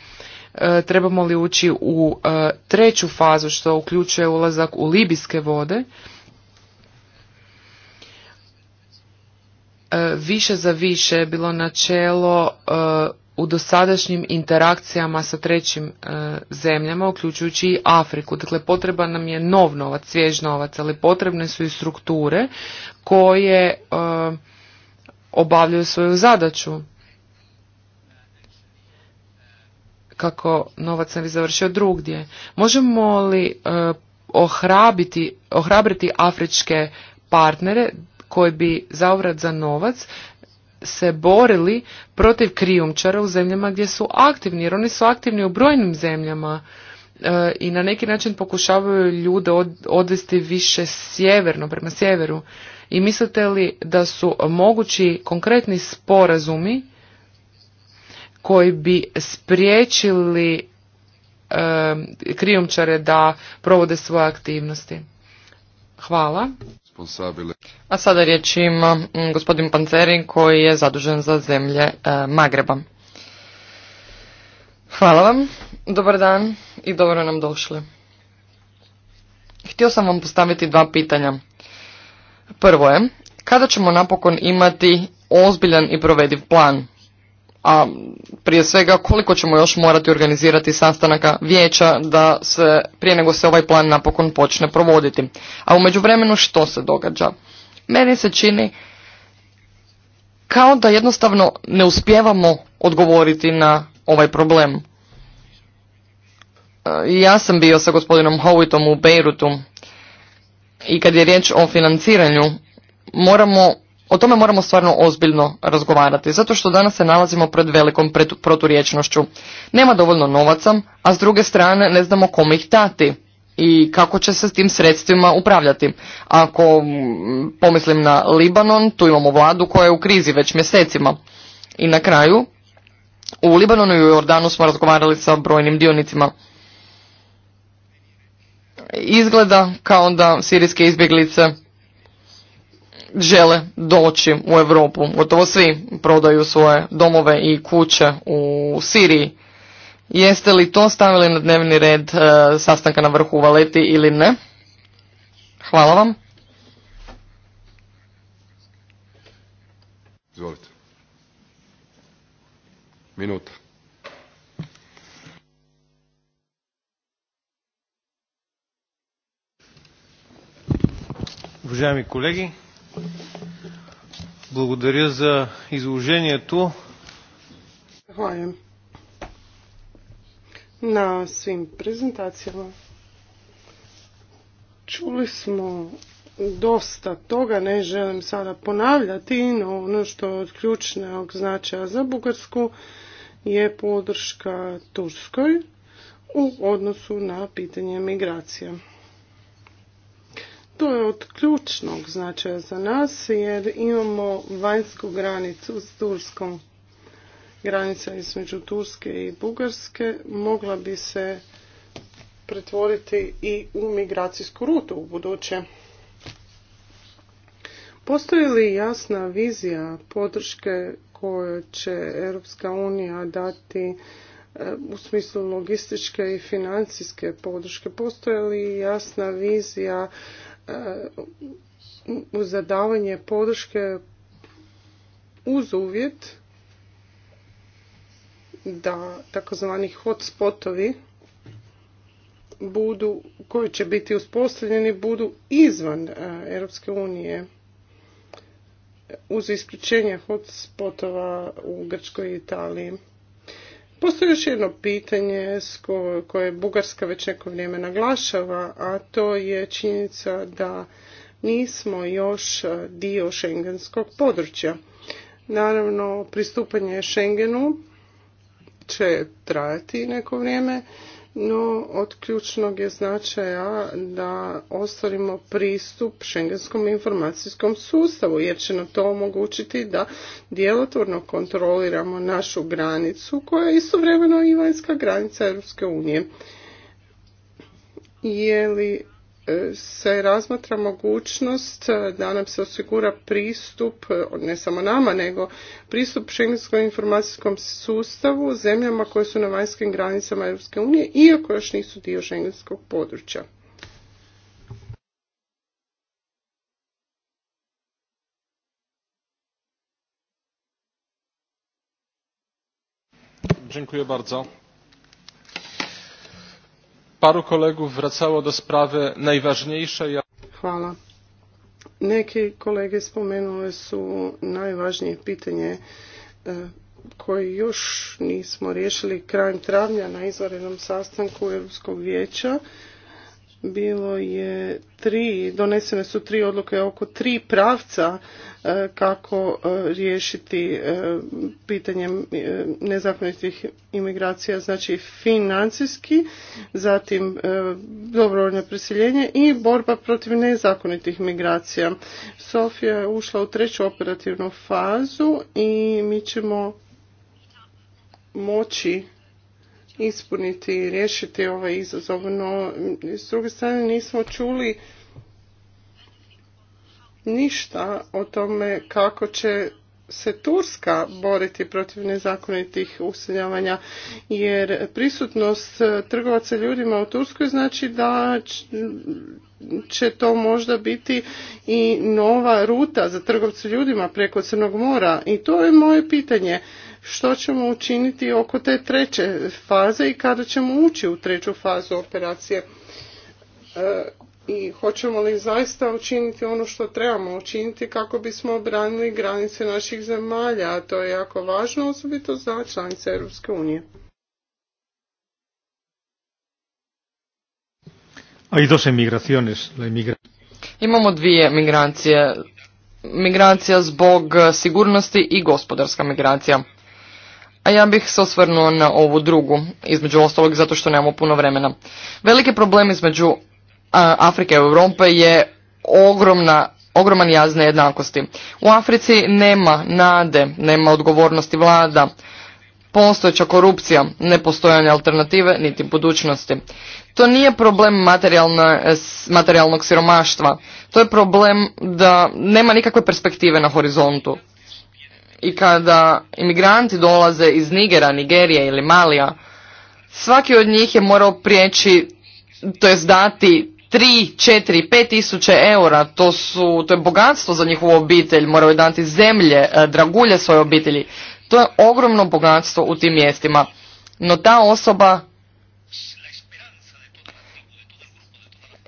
e, trebamo li ući u e, treću fazu, što uključuje ulazak u libijske vode, e, više za više je bilo načelo u dosadašnjim interakcijama sa trećim e, zemljama, uključujući i Afriku. Dakle, potreban nam je nov novac, svjež novac, ali potrebne su i strukture koje e, obavljaju svoju zadaću kako novac ne bi završio drugdje. Možemo li e, ohrabiti, ohrabriti afričke partnere koji bi zaurad za novac se borili protiv krijumčara u zemljama gdje su aktivni, jer oni su aktivni u brojnim zemljama e, i na neki način pokušavaju ljude odvesti više sjeverno, prema sjeveru. I mislite li da su mogući konkretni sporazumi koji bi spriječili e, krijumčare da provode svoje aktivnosti? Hvala. A sada riječ ima mm, gospodin Panceri koji je zadužen za zemlje e, Magreba. Hvala vam, dobar dan i dobro nam došli. Htio sam vam postaviti dva pitanja. Prvo je, kada ćemo napokon imati ozbiljan i provediv plan? a prije svega koliko ćemo još morati organizirati sastanaka vijeća da se prije nego se ovaj plan napokon počne provoditi. A u međuvremenu što se događa? Meni se čini kao da jednostavno ne uspijevamo odgovoriti na ovaj problem. E, ja sam bio sa gospodinom Howitom u Beirutu i kad je riječ o financiranju moramo o tome moramo stvarno ozbiljno razgovarati, zato što danas se nalazimo pred velikom proturječnošću. Nema dovoljno novaca, a s druge strane ne znamo kome ih dati i kako će se s tim sredstvima upravljati. Ako pomislim na Libanon, tu imamo vladu koja je u krizi već mjesecima. I na kraju, u Libanonu i u Jordanu smo razgovarali sa brojnim dionicima. Izgleda kao da sirijske izbjeglice žele doći u Europu. Gotovo svi prodaju svoje domove i kuće u Siriji. Jeste li to stavili na dnevni red e, sastanka na vrhu Valeti ili ne? Hvala vam. Izvolite. Minuta. Уважаеми колеги, Благодаря за изложението. Zahvaljujem na svim prezentacijama. Čuli smo dosta toga, ne želim sada ponavljati, no ono što je od ključnog značaja za Bugarsku je podrška Turskoj u odnosu na pitanje migracija. To je od ključnog značaja za nas jer imamo vanjsku granicu s Turskom. Granica između Turske i Bugarske mogla bi se pretvoriti i u migracijsku rutu u buduće. Postoji li jasna vizija podrške koju će Europska unija dati e, u smislu logističke i financijske podrške? Postoji li jasna vizija za davanje podrške uz uvjet da takozvani hotspotovi budu, koji će biti uspostavljeni, budu izvan e, Europske unije. Uz isključenje hotspotova u Grčkoj i Italiji. Postoji još jedno pitanje koje Bugarska već neko vrijeme naglašava, a to je činjenica da nismo još dio šengenskog područja. Naravno, pristupanje Schengenu će trajati neko vrijeme no od ključnog je značaja da ostvarimo pristup šengenskom informacijskom sustavu jer će nam to omogućiti da djelotvorno kontroliramo našu granicu koja je istovremeno i vanjska granica Europske unije. Je li se razmatra mogućnost da nam se osigura pristup, ne samo nama, nego pristup šengenskom informacijskom sustavu zemljama koje su na vanjskim granicama Europske unije, iako još nisu dio šengenskog područja. Dziękuję bardzo paru kolegów wracało do sprawy najważniejszej. Hvala. Neki kolege spomenule su najvažnije pitanje e, koje još nismo riješili krajem travnja na izvanrednom sastanku Europskog vijeća bilo je tri, donesene su tri odluke oko tri pravca e, kako e, riješiti e, pitanje nezakonitih imigracija, znači financijski, zatim dobrovoljno preseljenje i borba protiv nezakonitih migracija. Sofija je ušla u treću operativnu fazu i mi ćemo moći ispuniti i riješiti ovaj izazov, no s druge strane nismo čuli ništa o tome kako će se Turska boriti protiv nezakonitih useljavanja, jer prisutnost trgovaca ljudima u Turskoj znači da će to možda biti i nova ruta za trgovce ljudima preko Crnog mora. I to je moje pitanje što ćemo učiniti oko te treće faze i kada ćemo ući u treću fazu operacije e, i hoćemo li zaista učiniti ono što trebamo učiniti kako bismo obranili granice naših zemalja, a to je jako važno, osobito za članice Europske unije. Hay dos emigraciones. La Imamo dvije migracije. Migracija zbog sigurnosti i gospodarska migracija. A ja bih se osvrnuo na ovu drugu, između ostalog zato što nemamo puno vremena. Veliki problem između Afrike i Europe je ogromna ogroman jaz nejednakosti. U Africi nema nade, nema odgovornosti vlada, postojeća korupcija, nepostojanje alternative niti budućnosti. To nije problem materijalnog siromaštva, to je problem da nema nikakve perspektive na horizontu i kada imigranti dolaze iz Nigera, Nigerije ili Malija, svaki od njih je morao prijeći, to je dati 3, 4, 5 tisuće eura, to, su, to je bogatstvo za njihovu obitelj, moraju dati zemlje, e, dragulje svoje obitelji. To je ogromno bogatstvo u tim mjestima. No ta osoba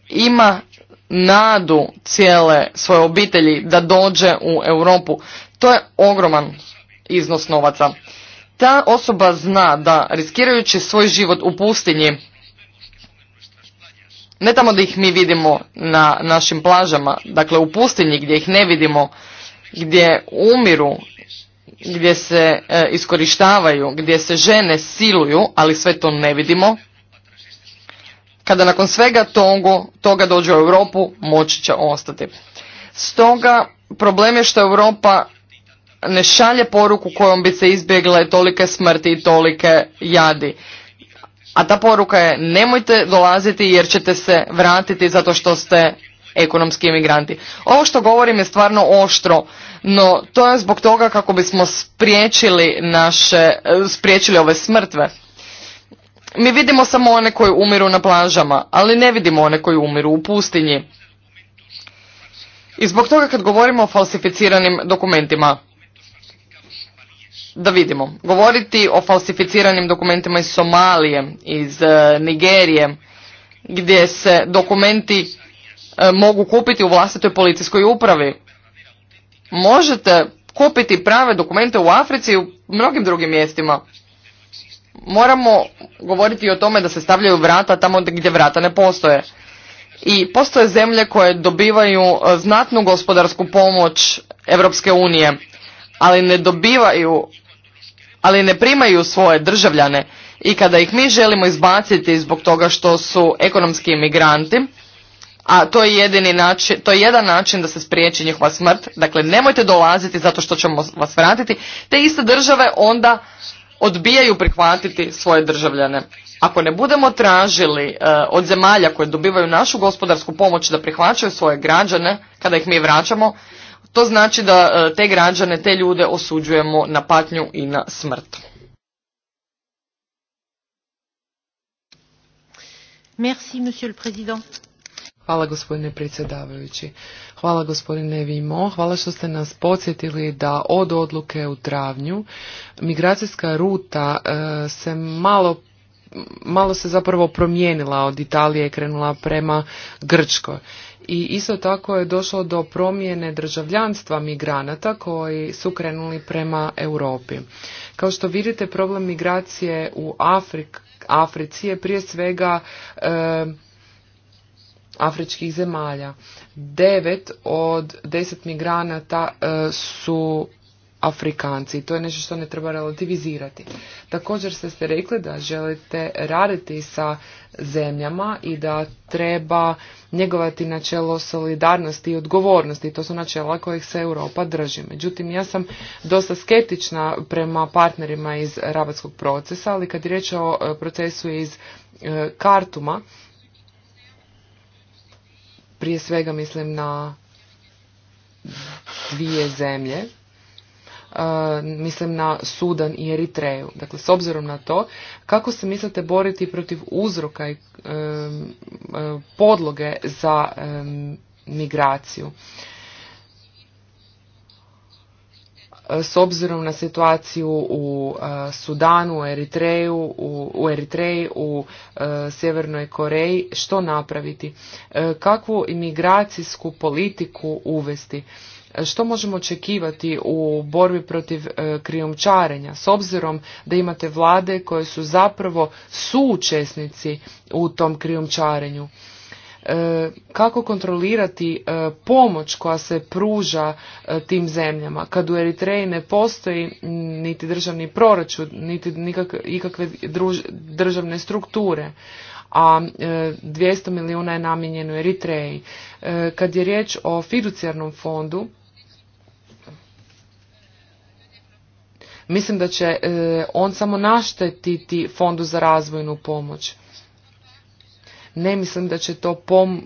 ima nadu cijele svoje obitelji da dođe u Europu. To je ogroman iznos novaca. Ta osoba zna da riskirajući svoj život u pustinji, ne tamo da ih mi vidimo na našim plažama, dakle u pustinji gdje ih ne vidimo, gdje umiru, gdje se e, iskorištavaju, gdje se žene siluju, ali sve to ne vidimo, kada nakon svega togo, toga dođe u Europu, moći će ostati. Stoga problem je što Europa ne šalje poruku kojom bi se izbjegle tolike smrti i tolike jadi. A ta poruka je nemojte dolaziti jer ćete se vratiti zato što ste ekonomski imigranti. Ovo što govorim je stvarno oštro, no to je zbog toga kako bismo spriječili, naše, spriječili ove smrtve. Mi vidimo samo one koji umiru na plažama, ali ne vidimo one koji umiru u pustinji. I zbog toga kad govorimo o falsificiranim dokumentima, da vidimo. Govoriti o falsificiranim dokumentima iz Somalije, iz e, Nigerije, gdje se dokumenti e, mogu kupiti u vlastitoj policijskoj upravi. Možete kupiti prave dokumente u Africi i u mnogim drugim mjestima. Moramo govoriti o tome da se stavljaju vrata tamo gdje vrata ne postoje. I postoje zemlje koje dobivaju e, znatnu gospodarsku pomoć Europske unije, ali ne dobivaju ali ne primaju svoje državljane i kada ih mi želimo izbaciti zbog toga što su ekonomski imigranti, a to je jedini način, to je jedan način da se spriječi njihova smrt. Dakle, nemojte dolaziti zato što ćemo vas vratiti. Te iste države onda odbijaju prihvatiti svoje državljane. Ako ne budemo tražili e, od zemalja koje dobivaju našu gospodarsku pomoć da prihvaćaju svoje građane kada ih mi vraćamo, to znači da e, te građane, te ljude osuđujemo na patnju i na smrt. Merci, monsieur le président. Hvala gospodine predsjedavajući. Hvala gospodine Vimo. Hvala što ste nas podsjetili da od odluke u travnju migracijska ruta e, se malo malo se zapravo promijenila od Italije i krenula prema Grčkoj i isto tako je došlo do promjene državljanstva migranata koji su krenuli prema Europi. Kao što vidite, problem migracije u Afrik, Africi je prije svega afričkih zemalja. Devet od deset migranata e, su Afrikanci. To je nešto što ne treba relativizirati. Također ste ste rekli da želite raditi sa zemljama i da treba njegovati načelo solidarnosti i odgovornosti. To su načela kojih se Europa drži. Međutim, ja sam dosta skeptična prema partnerima iz rabatskog procesa, ali kad je riječ o e, procesu iz e, kartuma, prije svega mislim na dvije zemlje mislim na Sudan i Eritreju. Dakle, s obzirom na to, kako se mislite boriti protiv uzroka i e, podloge za migraciju? E, s obzirom na situaciju u e, Sudanu, u Eritreju, u, Eritreji, u Sjevernoj Koreji, što napraviti? kakvu imigracijsku politiku uvesti? što možemo očekivati u borbi protiv krijomčarenja, krijumčarenja s obzirom da imate vlade koje su zapravo suučesnici u tom krijumčarenju e, kako kontrolirati e, pomoć koja se pruža e, tim zemljama kad u eritreji ne postoji niti državni proračun niti nikakve ikakve državne strukture a 200 milijuna je namijenjeno Eritreji. Kad je riječ o fiducijarnom fondu, Mislim da će e, on samo naštetiti fondu za razvojnu pomoć. Ne mislim da će to e,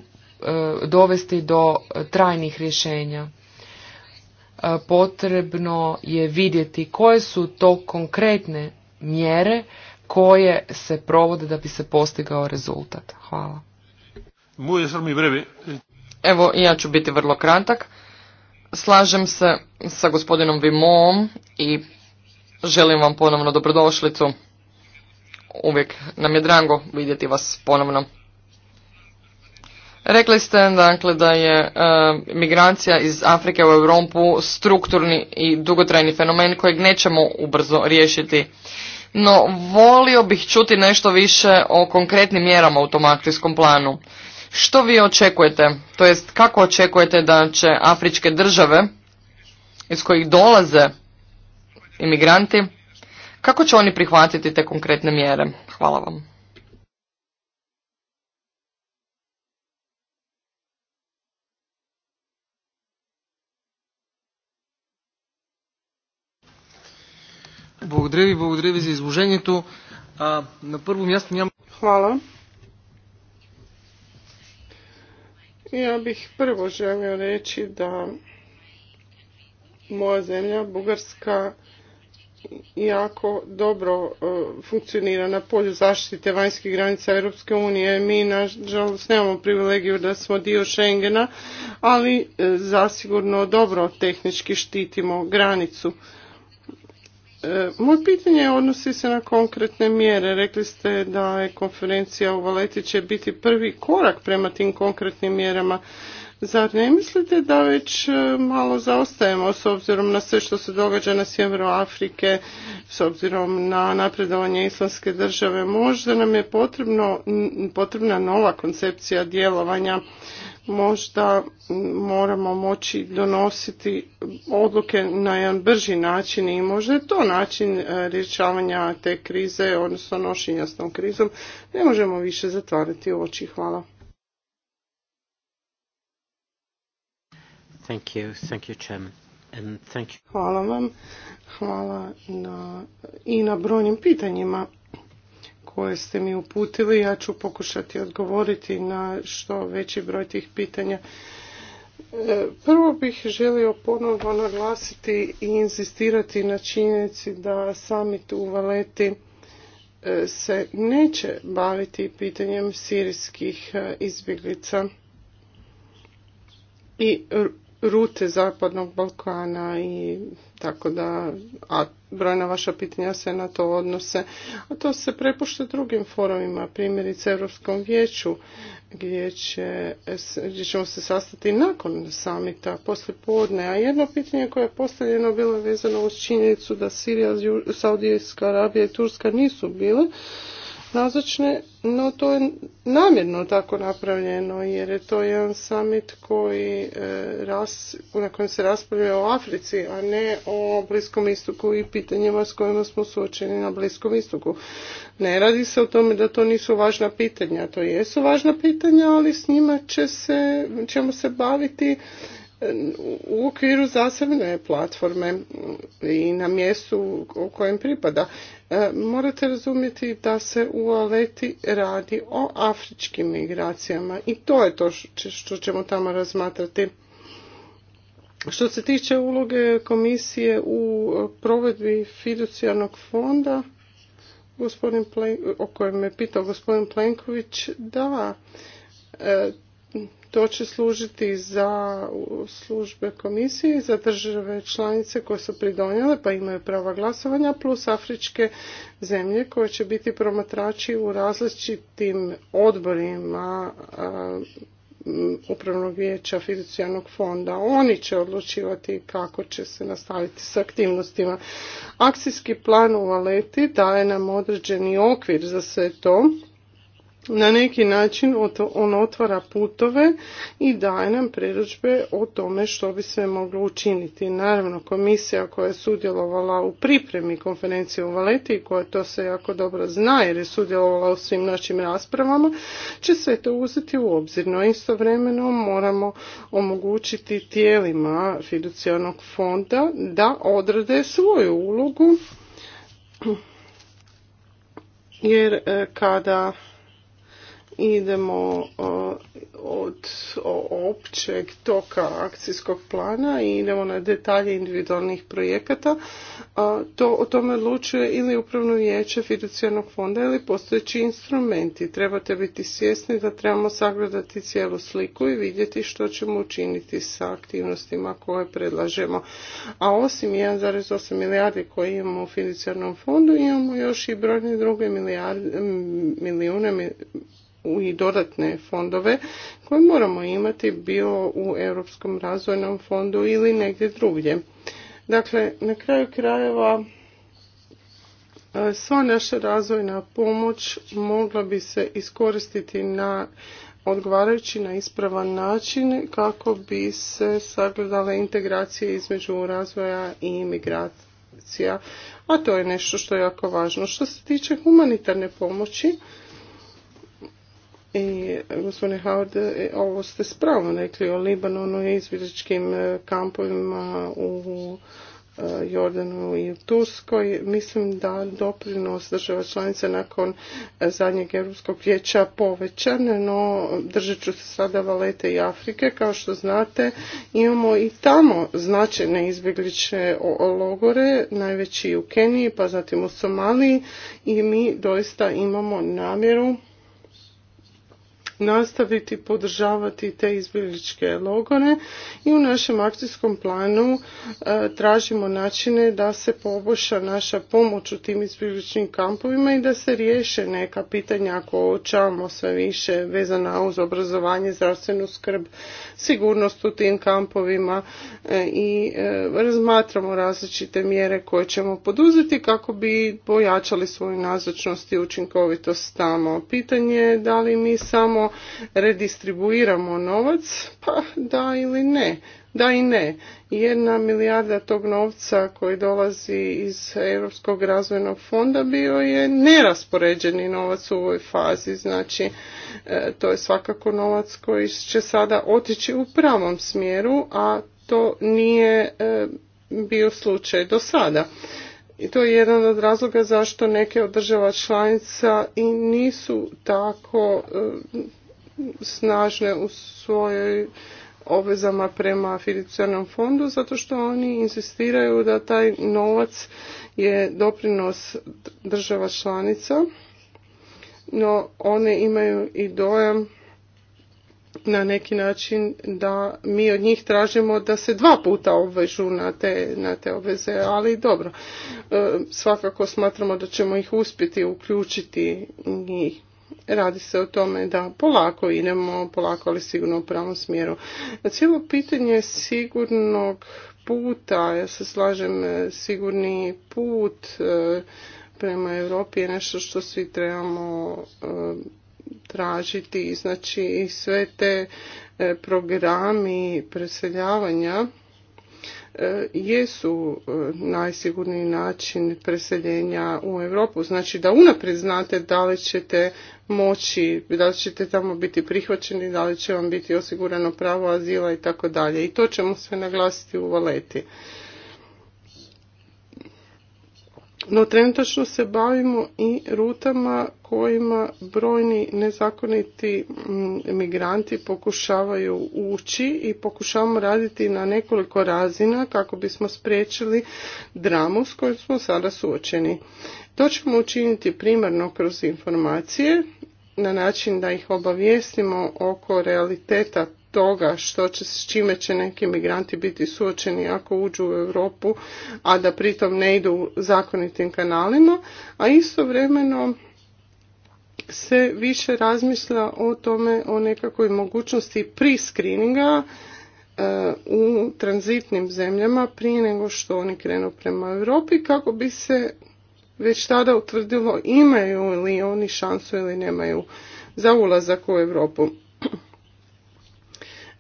dovesti do trajnih rješenja. E, potrebno je vidjeti koje su to konkretne mjere koje se provode da bi se postigao rezultat. Hvala. Evo, ja ću biti vrlo kratak. Slažem se sa gospodinom Vimom i Želim vam ponovno dobrodošlicu. Uvijek nam je drago vidjeti vas ponovno. Rekli ste dakle da je e, migracija iz Afrike u Europu strukturni i dugotrajni fenomen kojeg nećemo ubrzo riješiti. No, volio bih čuti nešto više o konkretnim mjerama u tom akcijskom planu. Što vi očekujete, to jest kako očekujete da će afričke države iz kojih dolaze imigranti, kako će oni prihvatiti te konkretne mjere? Hvala vam. Благодаря ви, благодаря ви за изложението. А, на Ja bih prvo želio reći da moja zemlja, Bugarska, jako dobro e, funkcionira na polju zaštite vanjskih granica Europske unije. Mi, nažalost, nemamo privilegiju da smo dio Schengena, ali e, zasigurno dobro tehnički štitimo granicu. E, moje pitanje odnosi se na konkretne mjere. Rekli ste da je konferencija u Valeti će biti prvi korak prema tim konkretnim mjerama. Zar ne mislite da već e, malo zaostajemo s obzirom na sve što se događa na sjeveru Afrike, s obzirom na napredovanje islamske države? Možda nam je potrebno, potrebna nova koncepcija djelovanja. Možda moramo moći donositi odluke na jedan brži način i možda je to način e, rješavanja te krize, odnosno nošenja s tom krizom. Ne možemo više zatvarati oči. Hvala. Thank you. Hvala vam. Hvala i na brojnim pitanjima koje ste mi uputili. Ja ću pokušati odgovoriti na što veći broj tih pitanja. E, prvo bih želio ponovno naglasiti i inzistirati na činjenici da summit u Valeti e, se neće baviti pitanjem sirijskih e, izbjeglica i rute Zapadnog Balkana i tako da, a brojna vaša pitanja se na to odnose, a to se prepušta drugim forumima, primjerice Europskom vijeću, gdje, će, ćemo se sastati nakon samita, poslije podne, a jedno pitanje koje je postavljeno bilo vezano uz činjenicu da Sirija, Saudijska Arabija i Turska nisu bile nazočne, no to je namjerno tako napravljeno jer je to jedan summit koji, e, ras, na kojem se raspravlja o Africi, a ne o Bliskom istoku i pitanjima s kojima smo suočeni na Bliskom istoku. Ne radi se o tome da to nisu važna pitanja, to jesu važna pitanja, ali s njima će se, ćemo se baviti u okviru zasebne platforme i na mjestu u kojem pripada. E, morate razumjeti da se u Aleti radi o afričkim migracijama i to je to što ćemo tamo razmatrati. Što se tiče uloge komisije u provedbi fiducijarnog fonda, o kojem je pitao gospodin Plenković, da, e, to će služiti za službe komisije, za države članice koje su pridonjele pa imaju prava glasovanja, plus afričke zemlje koje će biti promatrači u različitim odborima upravnog vijeća fiducijalnog fonda. Oni će odlučivati kako će se nastaviti s aktivnostima. Akcijski plan u Valeti daje nam određeni okvir za sve to na neki način on otvara putove i daje nam priručbe o tome što bi sve moglo učiniti. Naravno, komisija koja je sudjelovala u pripremi konferencije u Valeti, i koja to se jako dobro zna jer je sudjelovala u svim našim raspravama, će sve to uzeti u obzir. No istovremeno moramo omogućiti tijelima fiducijalnog fonda da odrade svoju ulogu jer e, kada idemo od općeg toka akcijskog plana i idemo na detalje individualnih projekata. To o tome odlučuje ili upravno vijeće fiducijarnog fonda ili postojeći instrumenti. Trebate biti svjesni da trebamo sagledati cijelu sliku i vidjeti što ćemo učiniti sa aktivnostima koje predlažemo. A osim 1,8 milijardi koje imamo u fiducijarnom fondu imamo još i brojne druge milijune i dodatne fondove koje moramo imati bio u Europskom razvojnom fondu ili negdje drugdje. Dakle, na kraju krajeva e, sva naša razvojna pomoć mogla bi se iskoristiti na odgovarajući na ispravan način kako bi se sagledala integracija između razvoja i imigracija, a to je nešto što je jako važno. Što se tiče humanitarne pomoći, i gospodine Howard, ovo ste spravno rekli o Libanonu i izbjegličkim e, kampovima u e, Jordanu i u Turskoj. Mislim da doprinos država članica nakon zadnjeg Europskog vijeća povećan, no držat ću se sada Valete i Afrike. Kao što znate, imamo i tamo značajne izbjegliče logore, najveći u Keniji, pa zatim u Somaliji i mi doista imamo namjeru nastaviti podržavati te izbjegličke logone i u našem akcijskom planu e, tražimo načine da se poboljša naša pomoć u tim izbjegličnim kampovima i da se riješe neka pitanja ako očavamo sve više vezana uz obrazovanje, zdravstvenu skrb, sigurnost u tim kampovima e, i e, razmatramo različite mjere koje ćemo poduzeti kako bi pojačali svoju nazočnost i učinkovitost tamo. Pitanje je da li mi samo redistribuiramo novac? Pa da ili ne. Da i ne. Jedna milijarda tog novca koji dolazi iz Europskog razvojnog fonda bio je neraspoređeni novac u ovoj fazi. Znači, e, to je svakako novac koji će sada otići u pravom smjeru, a to nije e, bio slučaj do sada. I to je jedan od razloga zašto neke od država članica i nisu tako eh, snažne u svojoj obvezama prema fiducijalnom fondu zato što oni insistiraju da taj novac je doprinos država članica, no one imaju i dojam na neki način da mi od njih tražimo da se dva puta obvežu na te, na te obveze, ali dobro. E, svakako smatramo da ćemo ih uspjeti uključiti i radi se o tome da polako idemo, polako ali sigurno u pravom smjeru. Cijelo pitanje sigurnog puta, ja se slažem, e, sigurni put e, prema Europi je nešto što svi trebamo tražiti znači sve te e, programi preseljavanja e, jesu e, najsigurniji način preseljenja u Europu. Znači da unaprijed znate da li ćete moći, da li ćete tamo biti prihvaćeni, da li će vam biti osigurano pravo azila i tako dalje. I to ćemo sve naglasiti u valeti. No trenutačno se bavimo i rutama kojima brojni nezakoniti mm, migranti pokušavaju ući i pokušavamo raditi na nekoliko razina kako bismo spriječili dramu s kojom smo sada suočeni. To ćemo učiniti primarno kroz informacije na način da ih obavijestimo oko realiteta toga što će, s čime će neki migranti biti suočeni ako uđu u Europu, a da pritom ne idu zakonitim kanalima, a istovremeno se više razmisla o tome o nekakvoj mogućnosti pri screeninga e, u tranzitnim zemljama prije nego što oni krenu prema Europi kako bi se već tada utvrdilo imaju li oni šansu ili nemaju za ulazak u Europu.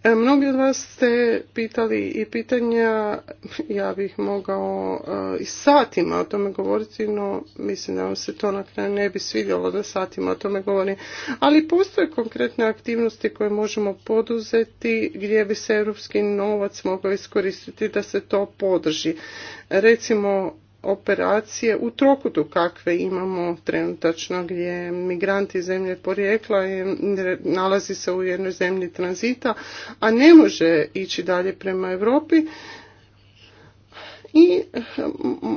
E, mnogi od vas ste pitali i pitanja, ja bih mogao e, i satima o tome govoriti, no mislim da vam se to na kraju ne bi svidjelo da satima o tome govorim. Ali postoje konkretne aktivnosti koje možemo poduzeti gdje bi se europski novac mogao iskoristiti da se to podrži. Recimo operacije u trokutu kakve imamo trenutačno gdje migranti zemlje porijekla nalazi se u jednoj zemlji tranzita, a ne može ići dalje prema Europi i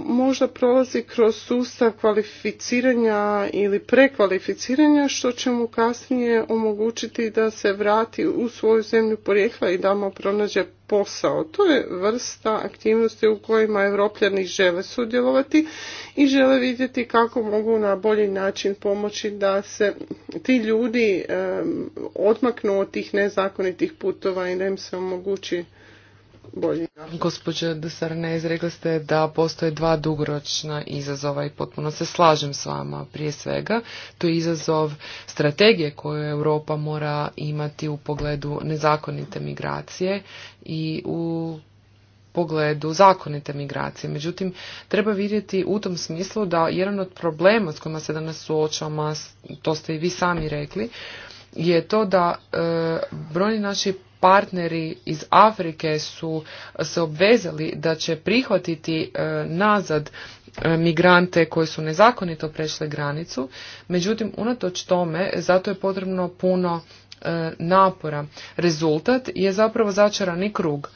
možda prolazi kroz sustav kvalificiranja ili prekvalificiranja što će mu kasnije omogućiti da se vrati u svoju zemlju porijekla i da mu pronađe posao. To je vrsta aktivnosti u kojima evropljani žele sudjelovati i žele vidjeti kako mogu na bolji način pomoći da se ti ljudi odmaknu od tih nezakonitih putova i da im se omogući bolji. Gospođo Desarne, rekli ste da postoje dva dugoročna izazova i potpuno se slažem s vama. Prije svega, to je izazov strategije koju Europa mora imati u pogledu nezakonite migracije i u pogledu zakonite migracije. Međutim, treba vidjeti u tom smislu da jedan od problema s kojima se danas suočavamo, to ste i vi sami rekli, je to da e, brojni naši partneri iz Afrike su se obvezali da će prihvatiti e, nazad e, migrante koji su nezakonito prešli granicu. Međutim, unatoč tome, zato je potrebno puno e, napora. Rezultat je zapravo začarani krug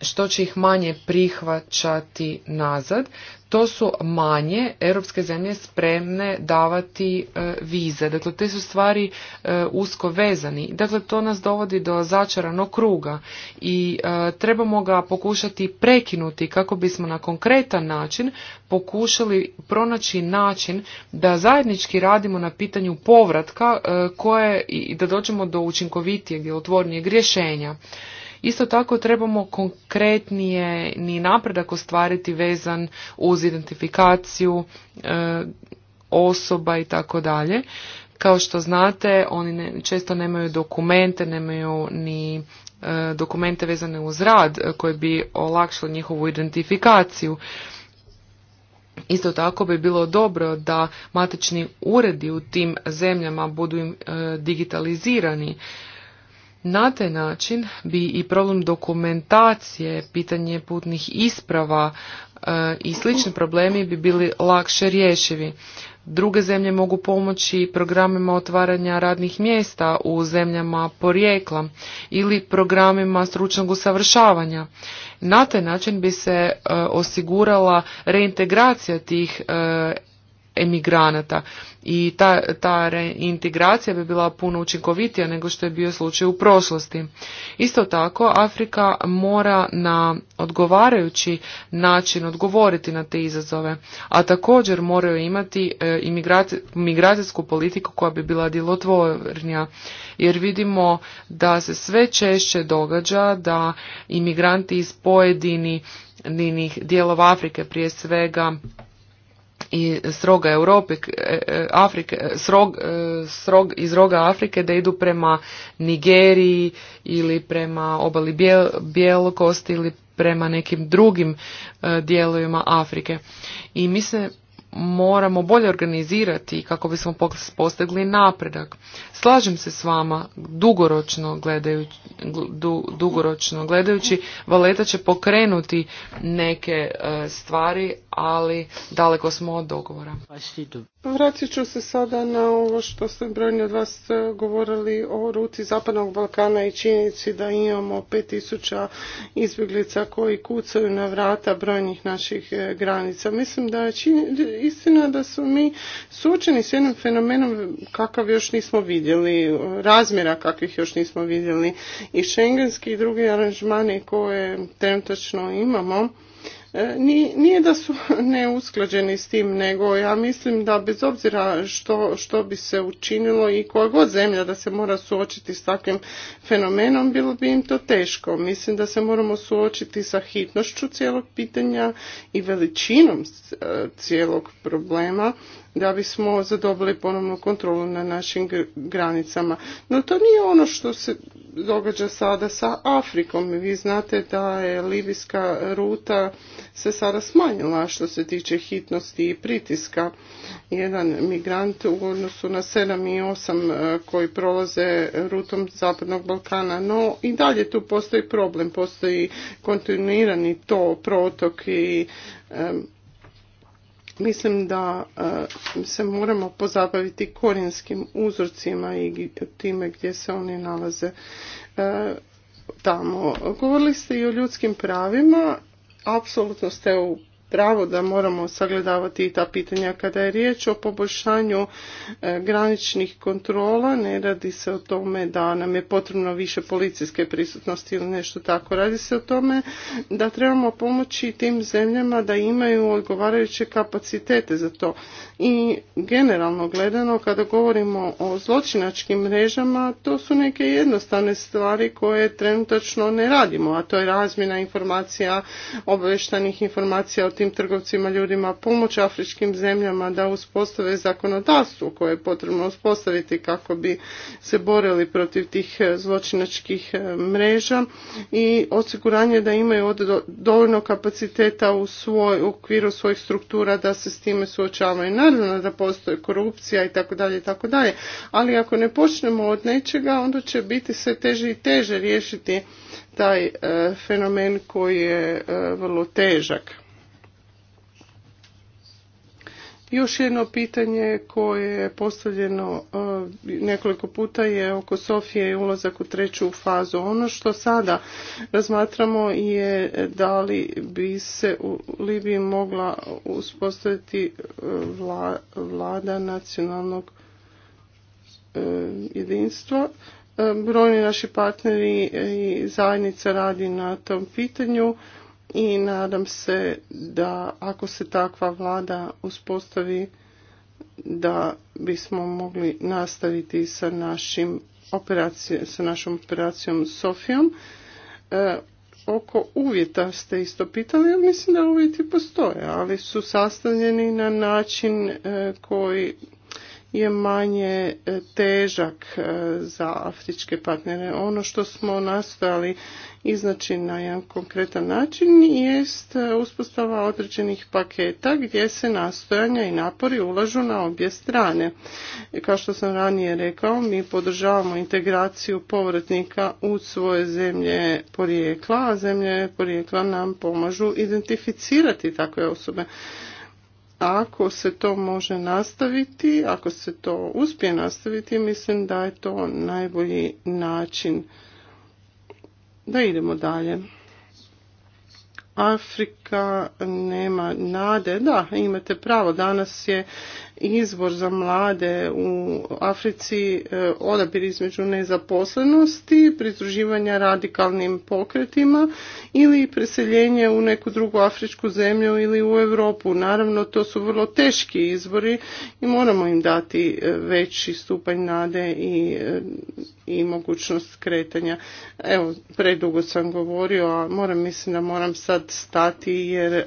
što će ih manje prihvaćati nazad, to su manje europske zemlje spremne davati e, vize. Dakle, te su stvari e, usko vezani. Dakle, to nas dovodi do začaranog kruga i e, trebamo ga pokušati prekinuti kako bismo na konkretan način pokušali pronaći način da zajednički radimo na pitanju povratka koje i da dođemo do učinkovitijeg i otvornijeg rješenja. Isto tako trebamo konkretnije ni napredak ostvariti vezan uz identifikaciju e, osoba i tako dalje. Kao što znate, oni često nemaju dokumente, nemaju ni e, dokumente vezane uz rad koje bi olakšali njihovu identifikaciju. Isto tako bi bilo dobro da matični uredi u tim zemljama budu im e, digitalizirani na taj način bi i problem dokumentacije, pitanje putnih isprava e, i slični problemi bi bili lakše rješivi. Druge zemlje mogu pomoći programima otvaranja radnih mjesta u zemljama porijekla ili programima stručnog usavršavanja. Na taj način bi se e, osigurala reintegracija tih e, emigranata i ta, ta reintegracija bi bila puno učinkovitija nego što je bio slučaj u prošlosti. Isto tako, Afrika mora na odgovarajući način odgovoriti na te izazove, a također moraju imati e, migracijsku politiku koja bi bila djelotvornija, jer vidimo da se sve češće događa da imigranti iz pojedinih dijelova Afrike, prije svega i sroga Europe, e, Afrike, e, srog, e, srog, iz roga Afrike da idu prema Nigeriji ili prema obali Bjelokosti ili prema nekim drugim dijelovima Afrike. I mi se moramo bolje organizirati kako bismo postigli napredak. Slažem se s vama, dugoročno gledajući, dugoročno gledajući Valeta će pokrenuti neke e, stvari, ali daleko smo od dogovora. Vratit ću se sada na ovo što ste brojni od vas e, govorili o ruti Zapadnog Balkana i činjenici da imamo 5000 izbjeglica koji kucaju na vrata brojnih naših e, granica. Mislim da je istina da su mi suočeni s jednim fenomenom kakav još nismo vidjeli, e, razmjera kakvih još nismo vidjeli i šengenski i drugi aranžmani koje trenutačno imamo E, nije da su [LAUGHS] neusklađeni s tim, nego ja mislim da bez obzira što, što bi se učinilo i koja god zemlja da se mora suočiti s takvim fenomenom, bilo bi im to teško. Mislim da se moramo suočiti sa hitnošću cijelog pitanja i veličinom e, cijelog problema da bismo zadobili ponovnu kontrolu na našim granicama. No to nije ono što se događa sada sa Afrikom. Vi znate da je libijska ruta se sada smanjila što se tiče hitnosti i pritiska. Jedan migrant u odnosu na 7 i 8 e, koji prolaze rutom Zapadnog Balkana. No i dalje tu postoji problem. Postoji kontinuirani to protok i Mislim da e, se moramo pozabaviti korijenskim uzorcima i time gdje se oni nalaze e, tamo. Govorili ste i o ljudskim pravima, apsolutno ste u pravo da moramo sagledavati i ta pitanja. Kada je riječ o poboljšanju e, graničnih kontrola, ne radi se o tome da nam je potrebno više policijske prisutnosti ili nešto tako. Radi se o tome da trebamo pomoći tim zemljama da imaju odgovarajuće kapacitete za to. I generalno gledano, kada govorimo o zločinačkim mrežama, to su neke jednostavne stvari koje trenutačno ne radimo, a to je razmjena informacija, obavještajnih informacija o tim trgovcima ljudima, pomoć afričkim zemljama da uspostave zakonodavstvo koje je potrebno uspostaviti kako bi se borili protiv tih eh, zločinačkih eh, mreža i osiguranje da imaju dovoljno kapaciteta u, svoj, u okviru svojih struktura da se s time suočavaju. Naravno da postoji korupcija i tako dalje i tako dalje, ali ako ne počnemo od nečega onda će biti sve teže i teže riješiti taj eh, fenomen koji je vrlo težak. Još jedno pitanje koje je postavljeno e, nekoliko puta je oko Sofije i ulazak u treću fazu. Ono što sada razmatramo je da li bi se u Libiji mogla uspostaviti e, vlada nacionalnog e, jedinstva. Brojni naši partneri i zajednica radi na tom pitanju i nadam se da ako se takva vlada uspostavi da bismo mogli nastaviti sa našim operacije, sa našom operacijom Sofijom. E, oko uvjeta ste isto pitali, ja mislim da uvjeti postoje, ali su sastavljeni na način e, koji je manje e, težak e, za afričke partnere. Ono što smo nastojali iznači na jedan konkretan način jest e, uspostava određenih paketa gdje se nastojanja i napori ulažu na obje strane. Kao što sam ranije rekao, mi podržavamo integraciju povratnika u svoje zemlje porijekla, a zemlje porijekla nam pomažu identificirati takve osobe ako se to može nastaviti, ako se to uspije nastaviti, mislim da je to najbolji način da idemo dalje. Afrika nema nade, da, imate pravo, danas je izbor za mlade u Africi e, odabir između nezaposlenosti, pridruživanja radikalnim pokretima ili preseljenje u neku drugu afričku zemlju ili u Europu. Naravno, to su vrlo teški izbori i moramo im dati e, veći stupanj nade i, e, i mogućnost kretanja. Evo, predugo sam govorio, a moram, mislim da moram sad stati jer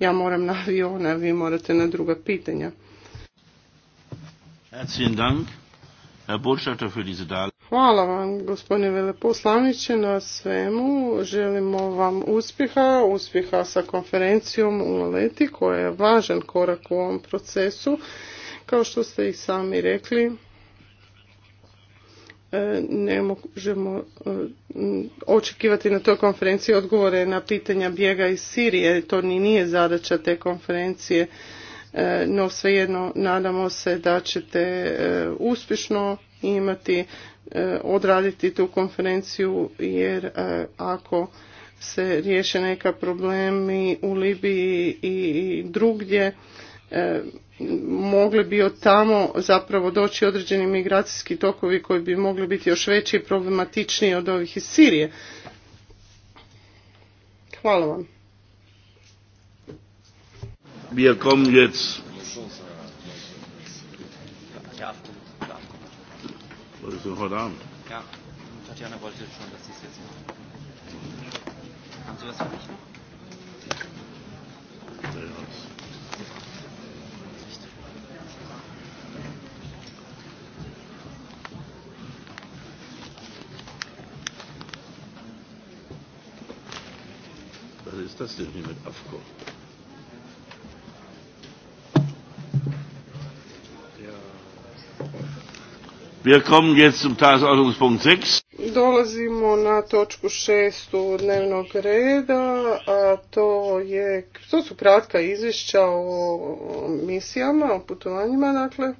ja moram na aviona, vi morate na druga pitanja. Hvala vam, gospodine veleposlaniče, na svemu. Želimo vam uspjeha, uspjeha sa konferencijom u Leti, koja je važan korak u ovom procesu. Kao što ste i sami rekli, e, ne možemo e, očekivati na toj konferenciji odgovore na pitanja bijega iz Sirije. To ni nije zadaća te konferencije E, no svejedno nadamo se da ćete e, uspješno imati, e, odraditi tu konferenciju jer ako se riješe neka problemi u Libiji i drugdje, mogli bi od tamo zapravo doći određeni migracijski tokovi koji bi mogli biti još veći i problematičniji od ovih iz Sirije. Hvala vam. Wir kommen jetzt. Was ist denn heute Abend? Ja, Tatjana wollte schon, dass Sie es jetzt machen. Haben Sie was für mich noch? Ja, ja. ist das denn hier mit AFCO? Wir kommen jetzt zum Tagesordnungspunkt 6. Dolazimo na točku u dnevnog reda, a to, je, to su kratka izvješća o misijama, o putovanjima, dakle.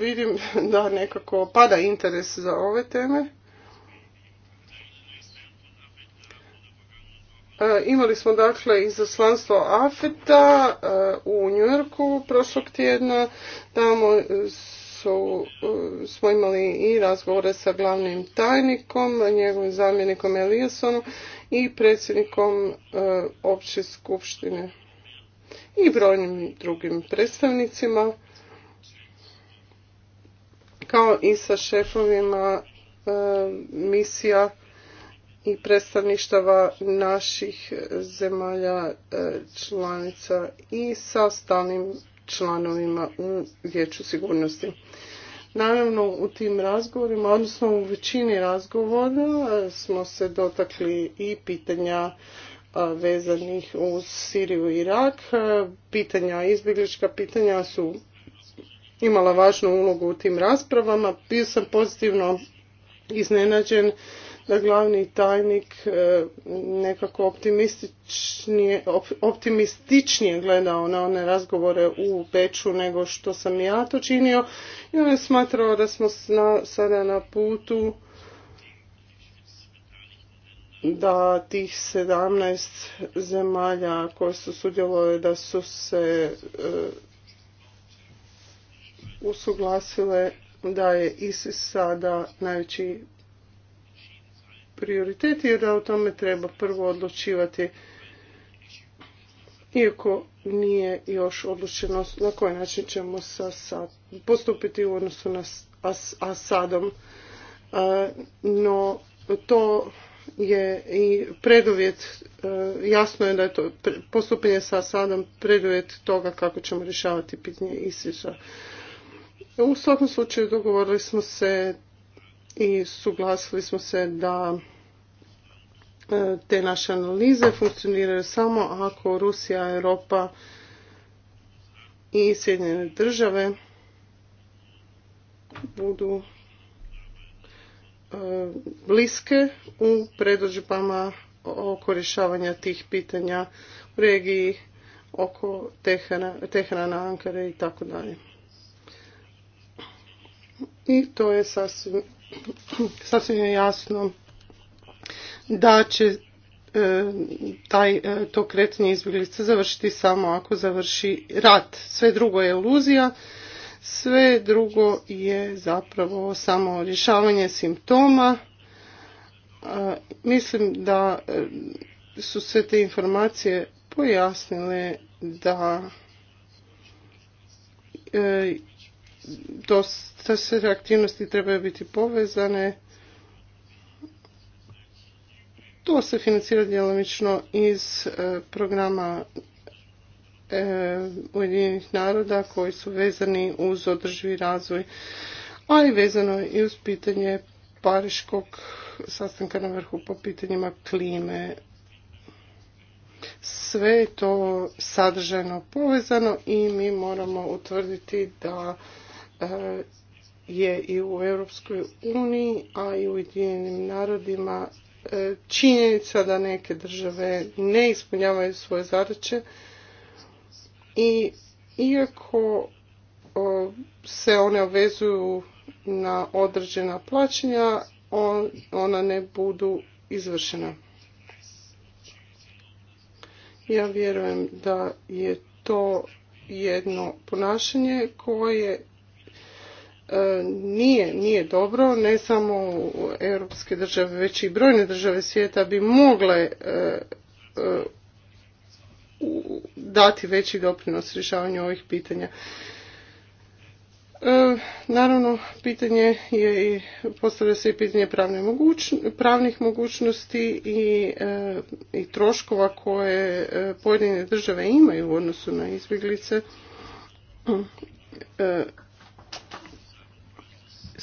Vidim da nekako pada interes za ove teme. E, imali smo dakle izaslanstvo AFETA e, u Njujorku prošlog tjedna. Tamo e, su, smo imali i razgovore sa glavnim tajnikom, njegovim zamjenikom Eliasonom i predsjednikom opće skupštine i brojnim drugim predstavnicima kao i sa šefovima misija i predstavništava naših zemalja e, članica i sa stalnim članovima u Vijeću sigurnosti. Naravno, u tim razgovorima, odnosno u većini razgovora e, smo se dotakli i pitanja e, vezanih uz Siriju i Irak. Pitanja, izbjeglička pitanja su imala važnu ulogu u tim raspravama. Bio sam pozitivno iznenađen da glavni tajnik e, nekako optimističnije, gledao na one razgovore u Peču nego što sam ja to činio i on je smatrao da smo sada na putu da tih sedamnaest zemalja koje su sudjelovale da su se e, usuglasile da je ISIS sada najveći prioritet je da o tome treba prvo odlučivati iako nije još odlučeno na koji način ćemo sa, sa postupiti u odnosu na as, Asadom. E, no to je i preduvjet, e, jasno je da je to postupanje sa Asadom preduvjet toga kako ćemo rješavati pitnje Isisa. U svakom slučaju dogovorili smo se i suglasili smo se da e, te naše analize funkcioniraju samo ako Rusija, Europa i Sjedinjene države budu e, bliske u predođupama oko rješavanja tih pitanja u regiji oko Tehrana, Ankare i tako dalje. I to je sasvim [CLEARS THROAT] sasvim je jasno da će e, taj, e, to kretanje izbjeglice završiti samo ako završi rat. Sve drugo je iluzija, sve drugo je zapravo samo rješavanje simptoma. E, mislim da su sve te informacije pojasnile da dosta se aktivnosti trebaju biti povezane. To se financira djelomično iz e, programa e, Ujedinjenih naroda koji su vezani uz održivi razvoj, ali vezano i uz pitanje pariškog sastanka na vrhu po pitanjima klime. Sve je to sadržajno povezano i mi moramo utvrditi da E, je i u Europskoj uniji, a i u Ujedinjenim narodima e, činjenica da neke države ne ispunjavaju svoje zadaće i iako se one obvezuju na određena plaćanja, ona ne budu izvršena. Ja vjerujem da je to jedno ponašanje koje E, nije, nije dobro, ne samo europske države, već i brojne države svijeta bi mogle e, e, dati veći doprinos rješavanju ovih pitanja. Naravno, pitanje je i, postavlja se i pitanje pravnih mogućnosti i, i troškova koje pojedine države imaju u odnosu na izbjeglice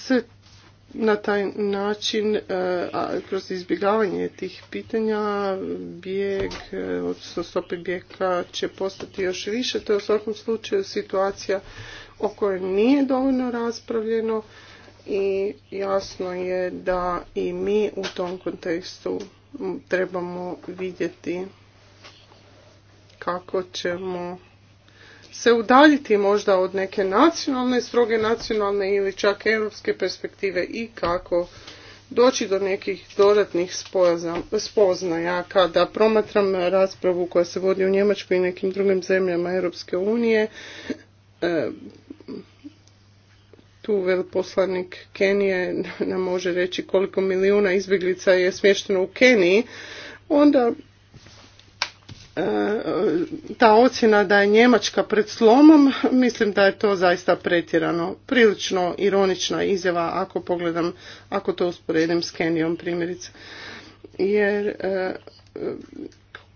se na taj način e, kroz izbjegavanje tih pitanja bijeg, e, odnosno stope bijeka će postati još više. To je u svakom slučaju situacija o kojoj nije dovoljno raspravljeno i jasno je da i mi u tom kontekstu trebamo vidjeti kako ćemo se udaljiti možda od neke nacionalne, stroge nacionalne ili čak europske perspektive i kako doći do nekih dodatnih spoznaja kada promatram raspravu koja se vodi u Njemačkoj i nekim drugim zemljama Europske unije. E, tu veleposlanik Kenije nam može reći koliko milijuna izbjeglica je smješteno u Keniji. Onda E, ta ocjena da je Njemačka pred slomom, mislim da je to zaista pretjerano. Prilično ironična izjava ako pogledam, ako to usporedim s Kenijom primjerice. Jer e,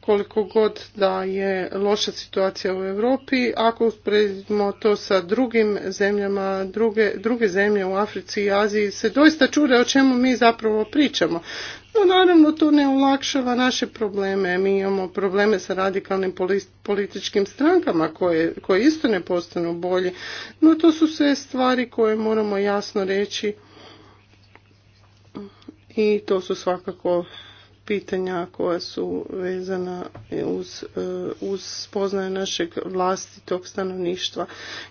koliko god da je loša situacija u Europi, ako usporedimo to sa drugim zemljama, druge, druge zemlje u Africi i Aziji se doista čude o čemu mi zapravo pričamo. No naravno to ne olakšava naše probleme. Mi imamo probleme sa radikalnim političkim strankama koje, koje isto ne postanu bolje. No to su sve stvari koje moramo jasno reći i to su svakako pitanja koja su vezana uz, eh, uz spoznaje našeg vlastitog stanovništva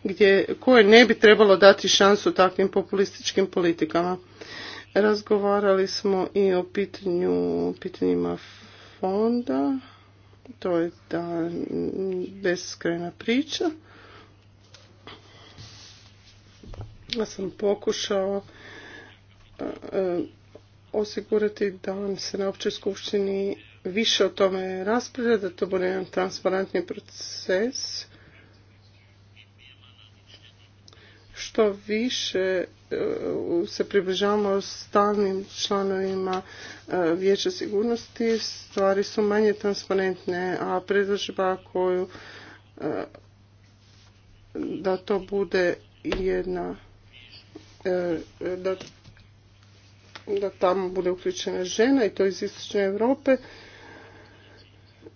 gdje, koje ne bi trebalo dati šansu takvim populističkim politikama. Razgovarali smo i o pitanju, pitanjima fonda. To je da beskrajna priča. Ja sam pokušao e, osigurati da vam se na općoj skupštini više o tome raspravlja, da to bude jedan transparentni proces što više e, se približavamo stalnim članovima e, vijeća sigurnosti, stvari su manje transparentne, a predložba koju e, da to bude jedna da, da tamo bude uključena žena i to iz istočne Europe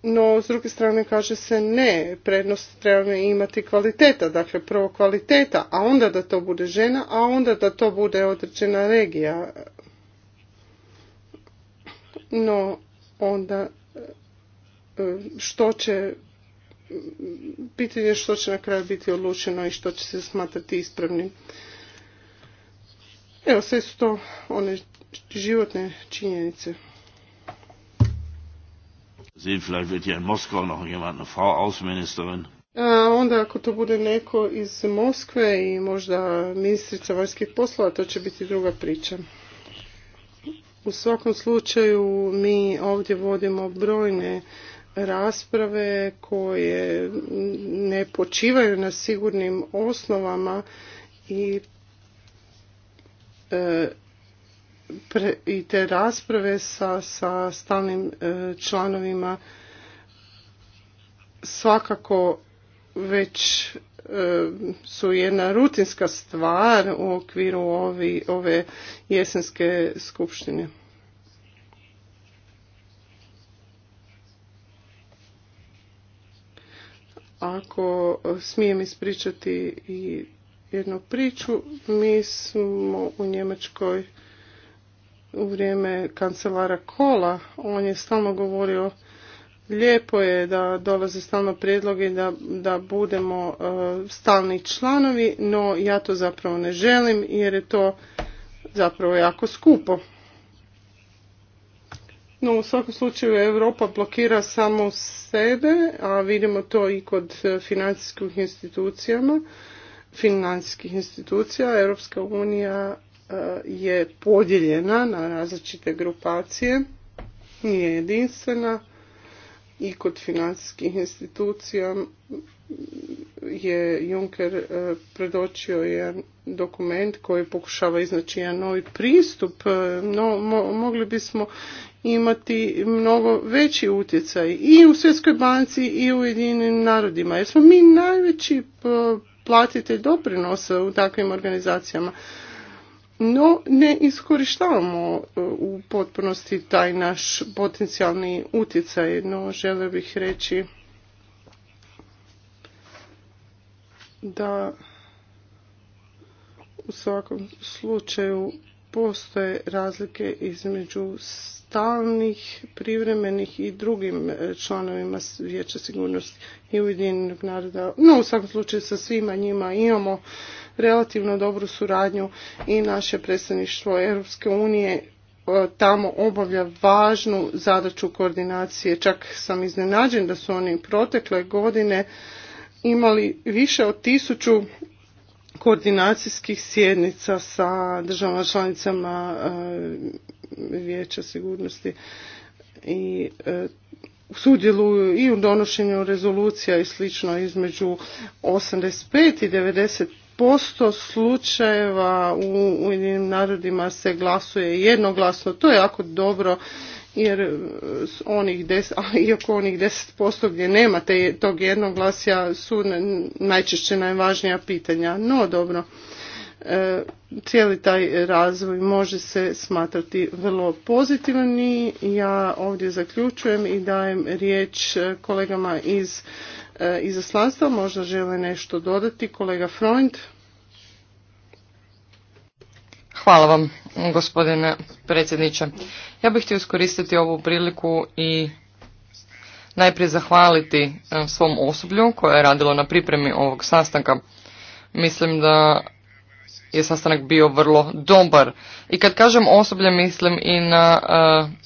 no s druge strane kaže se ne, prednost treba imati kvaliteta, dakle prvo kvaliteta, a onda da to bude žena, a onda da to bude određena regija. No onda e, što će pitanje što će na kraju biti odlučeno i što će se smatrati ispravnim. Evo sve su to one životne činjenice sehen, vielleicht wird hier in Moskau noch jemand, eine Frau Außenministerin. A onda ako to bude neko iz Moskve i možda ministrica vanjskih poslova, to će biti druga priča. U svakom slučaju mi ovdje vodimo brojne rasprave koje ne počivaju na sigurnim osnovama i e, i te rasprave sa, sa stalnim e, članovima svakako već e, su jedna rutinska stvar u okviru ovi, ove jesenske skupštine. Ako smijem ispričati i jednu priču, mi smo u Njemačkoj u vrijeme kancelara Kola. On je stalno govorio lijepo je da dolaze stalno prijedloge da, da budemo e, stalni članovi, no ja to zapravo ne želim jer je to zapravo jako skupo. No, u svakom slučaju Europa blokira samo sebe, a vidimo to i kod financijskih institucijama, financijskih institucija. Europska unija E, je podijeljena na različite grupacije, nije jedinstvena i kod financijskih institucija je Juncker e, predočio jedan dokument koji pokušava iznaći jedan novi pristup, e, no mogli bismo imati mnogo veći utjecaj i u Svjetskoj banci i u jedinim narodima, jer smo mi najveći platitelj doprinosa u takvim organizacijama no ne iskorištavamo e, u potpunosti taj naš potencijalni utjecaj, no želio bih reći da u svakom slučaju postoje razlike između stalnih, privremenih i drugim e, članovima Vijeća sigurnosti i Ujedinjenog naroda. No, u svakom slučaju sa svima njima imamo relativno dobru suradnju i naše predstavništvo Europske unije e, tamo obavlja važnu zadaću koordinacije. Čak sam iznenađen da su oni protekle godine imali više od tisuću koordinacijskih sjednica sa državama članicama e, Vijeća sigurnosti i e, sudjeluju i u donošenju rezolucija i slično između 85 i Posto slučajeva u Ujedinim narodima se glasuje jednoglasno. To je jako dobro jer onih [LAUGHS] iako onih 10% gdje nemate tog jednoglasja su najčešće najvažnija pitanja. No dobro, e, cijeli taj razvoj može se smatrati vrlo pozitivni. Ja ovdje zaključujem i dajem riječ kolegama iz E, izaslanstva. Možda žele nešto dodati. Kolega Freund. Hvala vam, gospodine predsjedniče. Ja bih htio iskoristiti ovu priliku i najprije zahvaliti e, svom osoblju koje je radilo na pripremi ovog sastanka. Mislim da je sastanak bio vrlo dobar. I kad kažem osoblje, mislim i na e,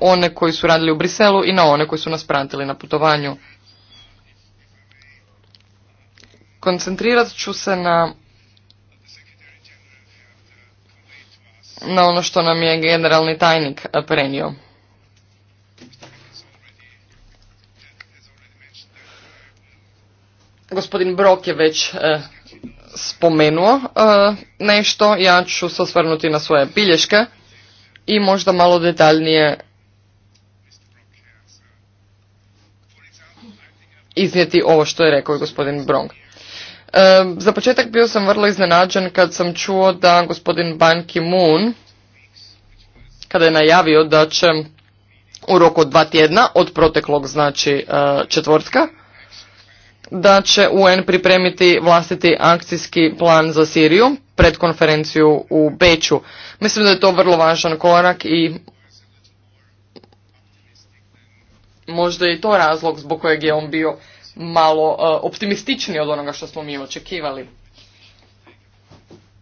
one koji su radili u Briselu i na one koji su nas pratili na putovanju. Koncentrirat ću se na na ono što nam je generalni tajnik prenio. Gospodin Brok je već e, spomenuo e, nešto, ja ću se osvrnuti na svoje bilješke i možda malo detaljnije iznijeti ovo što je rekao gospodin Bronk. E, za početak bio sam vrlo iznenađen kad sam čuo da gospodin Ban Ki-moon, kada je najavio da će u roku od dva tjedna, od proteklog znači e, četvrtka, da će UN pripremiti vlastiti akcijski plan za Siriju pred konferenciju u Beću. Mislim da je to vrlo važan korak i možda je i to razlog zbog kojeg je on bio malo e, optimističniji od onoga što smo mi očekivali.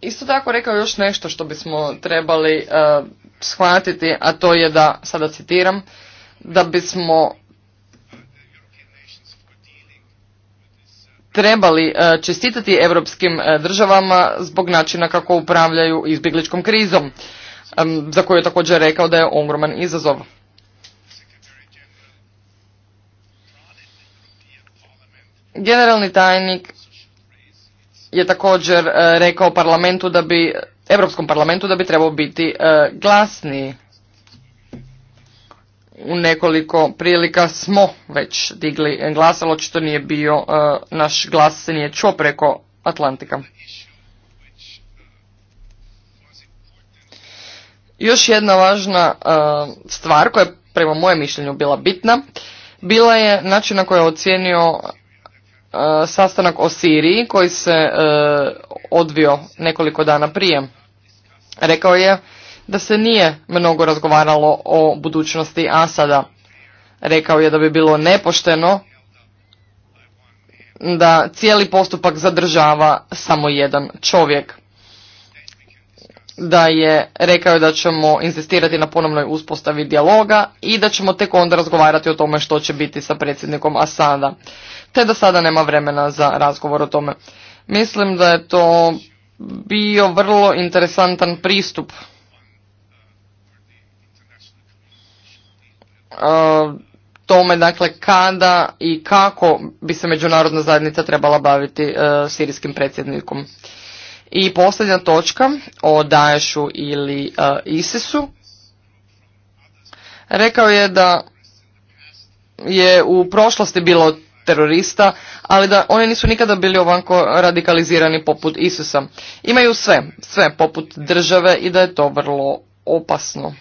Isto tako rekao još nešto što bismo trebali e, shvatiti, a to je da, sada citiram, da bismo trebali e, čestitati europskim državama zbog načina kako upravljaju izbjegličkom krizom, za koju je također rekao da je ogroman izazov. Generalni tajnik je također e, rekao parlamentu da bi, Europskom parlamentu da bi trebao biti e, glasniji. U nekoliko prilika smo već digli glas, ali očito nije bio, e, naš glas se nije čuo preko Atlantika. Još jedna važna stvar koja je prema mojem mišljenju bila bitna, bila je način na koji je ocijenio E, sastanak o Siriji koji se e, odvio nekoliko dana prije. Rekao je da se nije mnogo razgovaralo o budućnosti Asada. Rekao je da bi bilo nepošteno da cijeli postupak zadržava samo jedan čovjek da je rekao da ćemo insistirati na ponovnoj uspostavi dijaloga i da ćemo tek onda razgovarati o tome što će biti sa predsjednikom Asada, te da sada nema vremena za razgovor o tome. Mislim da je to bio vrlo interesantan pristup e, tome dakle kada i kako bi se međunarodna zajednica trebala baviti e, sirijskim predsjednikom. I posljednja točka o Daješu ili uh, e, Isisu. Rekao je da je u prošlosti bilo terorista, ali da oni nisu nikada bili ovako radikalizirani poput Isusa. Imaju sve, sve poput države i da je to vrlo opasno.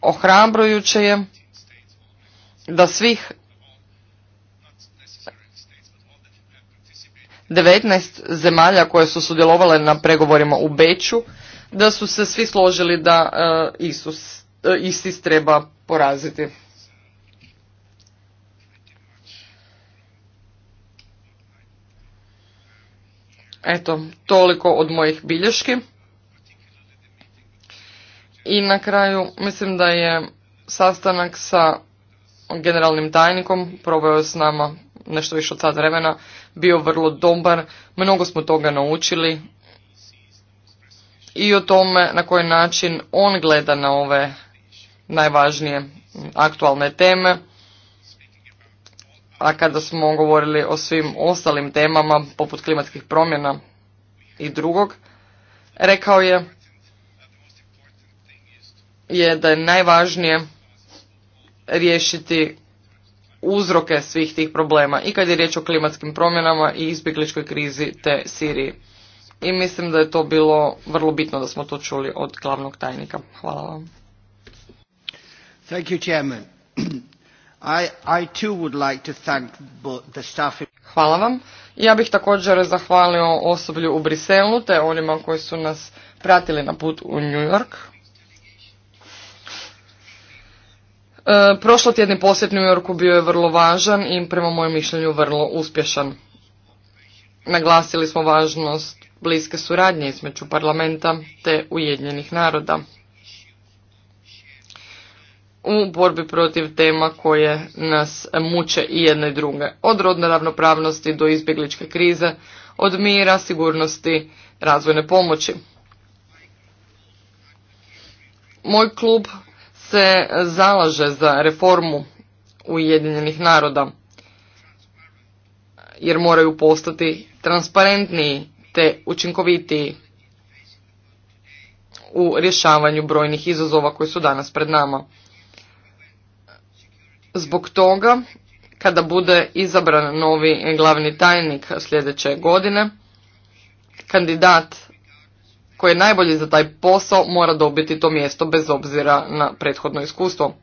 Ohrabrujuće je da svih 19 zemalja koje su sudjelovale na pregovorima u Beću, da su se svi složili da e, Isus, e, Isis treba poraziti. Eto, toliko od mojih bilješki. I na kraju mislim da je sastanak sa generalnim tajnikom proveo s nama nešto više od sad vremena bio vrlo dobar, mnogo smo toga naučili i o tome na koji način on gleda na ove najvažnije aktualne teme. A kada smo govorili o svim ostalim temama, poput klimatskih promjena i drugog, rekao je, je da je najvažnije riješiti uzroke svih tih problema i kad je riječ o klimatskim promjenama i izbjegličkoj krizi te Siriji. I mislim da je to bilo vrlo bitno da smo to čuli od glavnog tajnika. Hvala vam. Thank you, I, Hvala vam. Ja bih također zahvalio osoblju u Briselu te onima koji su nas pratili na put u New York. E, prošlotjedni posjet New Yorku bio je vrlo važan i prema mojem mišljenju vrlo uspješan. Naglasili smo važnost bliske suradnje između parlamenta te Ujedinjenih naroda u borbi protiv tema koje nas muče i jedne i druge. Od rodne ravnopravnosti do izbjegličke krize, od mira, sigurnosti, razvojne pomoći. Moj klub se zalaže za reformu Ujedinjenih naroda jer moraju postati transparentniji te učinkovitiji u rješavanju brojnih izazova koji su danas pred nama. Zbog toga, kada bude izabran novi glavni tajnik sljedeće godine, kandidat koji je najbolji za taj posao mora dobiti to mjesto bez obzira na prethodno iskustvo.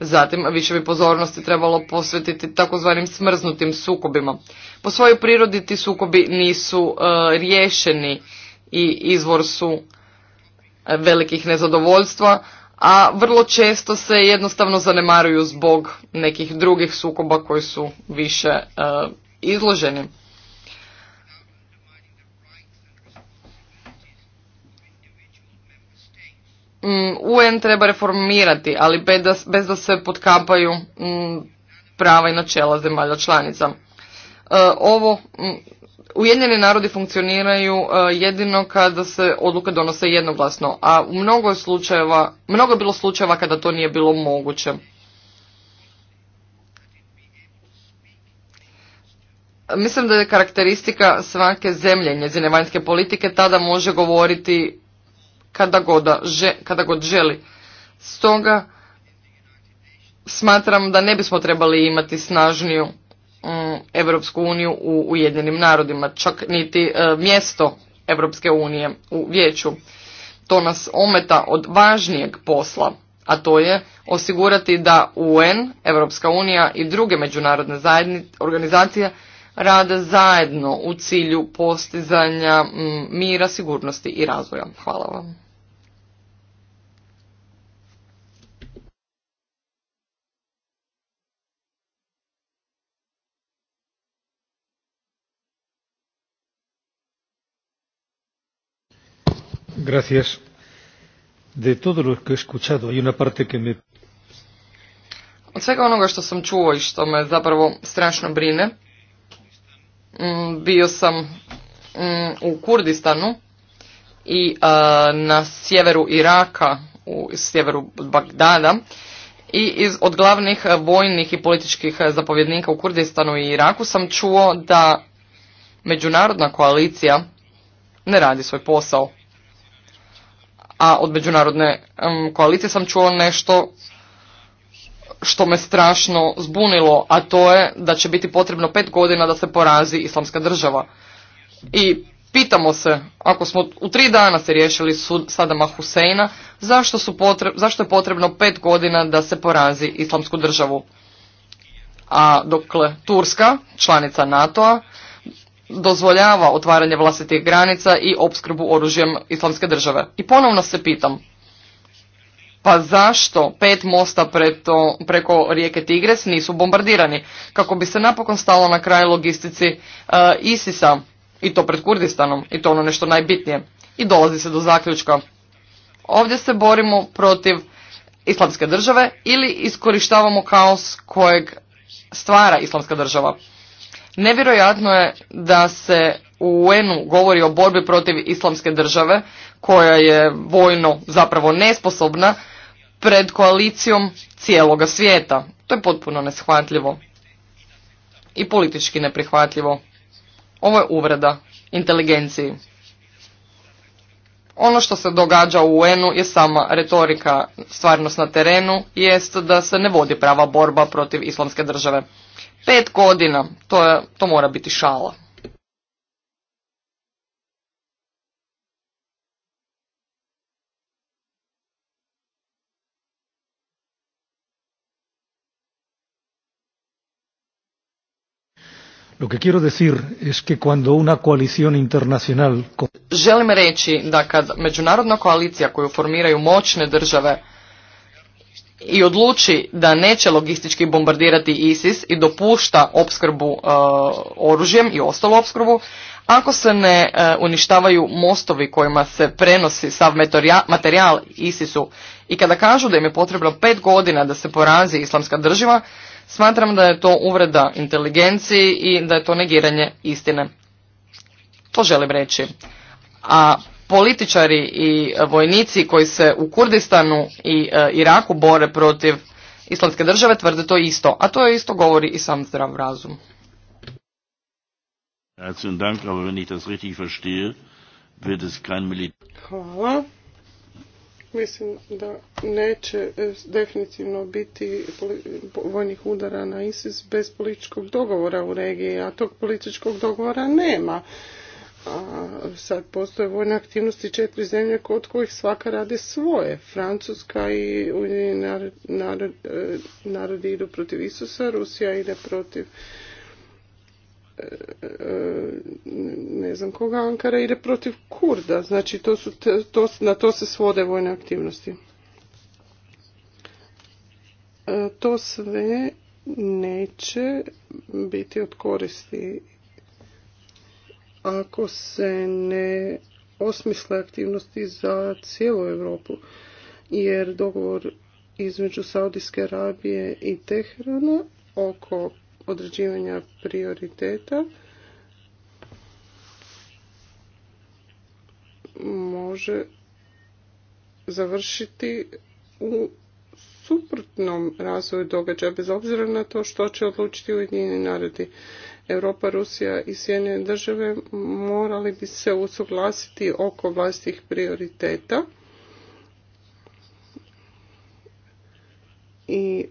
Zatim, više bi pozornosti trebalo posvetiti takozvanim smrznutim sukobima. Po svojoj prirodi ti sukobi nisu e, riješeni i izvor su e, velikih nezadovoljstva, a vrlo često se jednostavno zanemaruju zbog nekih drugih sukoba koji su više e, izloženi. Mm, UN treba reformirati, ali bez da se potkapaju mm, prava i načela zemalja članica. E, ovo, mm, Ujedinjeni narodi funkcioniraju e, jedino kada se odluke donose jednoglasno, a u mnogo je slučajeva, mnogo je bilo slučajeva kada to nije bilo moguće. Mislim da je karakteristika svake zemlje njezine vanjske politike tada može govoriti kada god, kada god želi. Stoga smatram da ne bismo trebali imati snažniju mm, Europsku uniju u Ujedinjenim narodima, čak niti e, mjesto Evropske unije u vijeću. To nas ometa od važnijeg posla, a to je osigurati da UN, Evropska unija i druge međunarodne organizacije rade zajedno u cilju postizanja mm, mira, sigurnosti i razvoja. Hvala vam. Gracias. De todo lo que he escuchado, hay una parte que me... Od svega onoga što sam čuo i što me zapravo strašno brine, Mm, bio sam mm, u Kurdistanu i na sjeveru Iraka, u sjeveru Bagdada i iz, od glavnih vojnih i političkih zapovjednika u Kurdistanu i Iraku sam čuo da međunarodna koalicija ne radi svoj posao. A od međunarodne mm, koalicije sam čuo nešto što me strašno zbunilo, a to je da će biti potrebno pet godina da se porazi islamska država. I pitamo se, ako smo u tri dana se riješili sud Sadama Huseina, zašto, su zašto je potrebno pet godina da se porazi islamsku državu? A dokle Turska, članica NATO-a, dozvoljava otvaranje vlastitih granica i opskrbu oružjem islamske države. I ponovno se pitam, pa zašto pet mosta preko rijeke Tigres nisu bombardirani? Kako bi se napokon stalo na kraj logistici e, Isisa, i to pred Kurdistanom, i to ono nešto najbitnije. I dolazi se do zaključka. Ovdje se borimo protiv islamske države ili iskorištavamo kaos kojeg stvara islamska država. Nevjerojatno je da se u UN-u govori o borbi protiv islamske države koja je vojno zapravo nesposobna, pred koalicijom cijeloga svijeta. To je potpuno neshvatljivo i politički neprihvatljivo. Ovo je uvreda inteligenciji. Ono što se događa u UN-u je sama retorika, stvarnost na terenu, jest da se ne vodi prava borba protiv islamske države. Pet godina, to, je, to mora biti šala. Lo que quiero decir es que cuando una coalición internacional... Želim reći da kad međunarodna koalicija koju formiraju moćne države i odluči da neće logistički bombardirati ISIS i dopušta opskrbu e, oružjem i ostalu opskrbu, ako se ne e, uništavaju mostovi kojima se prenosi sav materijal ISIS-u i kada kažu da im je potrebno pet godina da se porazi islamska država, Smatram da je to uvreda inteligenciji i da je to negiranje istine. To želim reći. A političari i vojnici koji se u Kurdistanu i e, Iraku bore protiv islamske države tvrde to isto, a to isto govori i sam zdrav razum. Hvala. Mislim da neće e, definitivno biti vojnih udara na ISIS bez političkog dogovora u regiji, a tog političkog dogovora nema. A sad postoje vojne aktivnosti četiri zemlje kod kojih svaka radi svoje. Francuska i e, narodi idu protiv Isusa, Rusija ide protiv ne znam koga Ankara ide protiv Kurda. Znači to su, to, na to se svode vojne aktivnosti. E, to sve neće biti od koristi ako se ne osmisle aktivnosti za cijelu Europu. Jer dogovor između Saudijske Arabije i Tehrana oko određivanja prioriteta može završiti u suprotnom razvoju događaja, bez obzira na to što će odlučiti Ujedinjeni narodi. Europa, Rusija i Sjedinjene države morali bi se usuglasiti oko vlastitih prioriteta i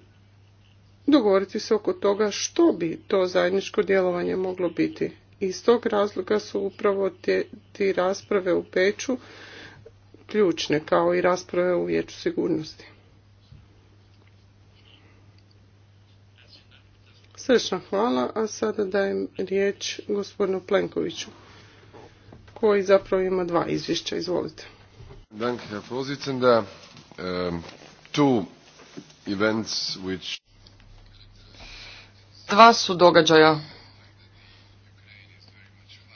dogovoriti se oko toga što bi to zajedničko djelovanje moglo biti. Iz tog razloga su upravo te, ti rasprave u Peću ključne, kao i rasprave u Vijeću sigurnosti. Srečna hvala, a sada dajem riječ gospodinu Plenkoviću, koji zapravo ima dva izvješća. Izvolite. Danke, Herr Vorsitzender. Ähm, two events which... Dva su događaja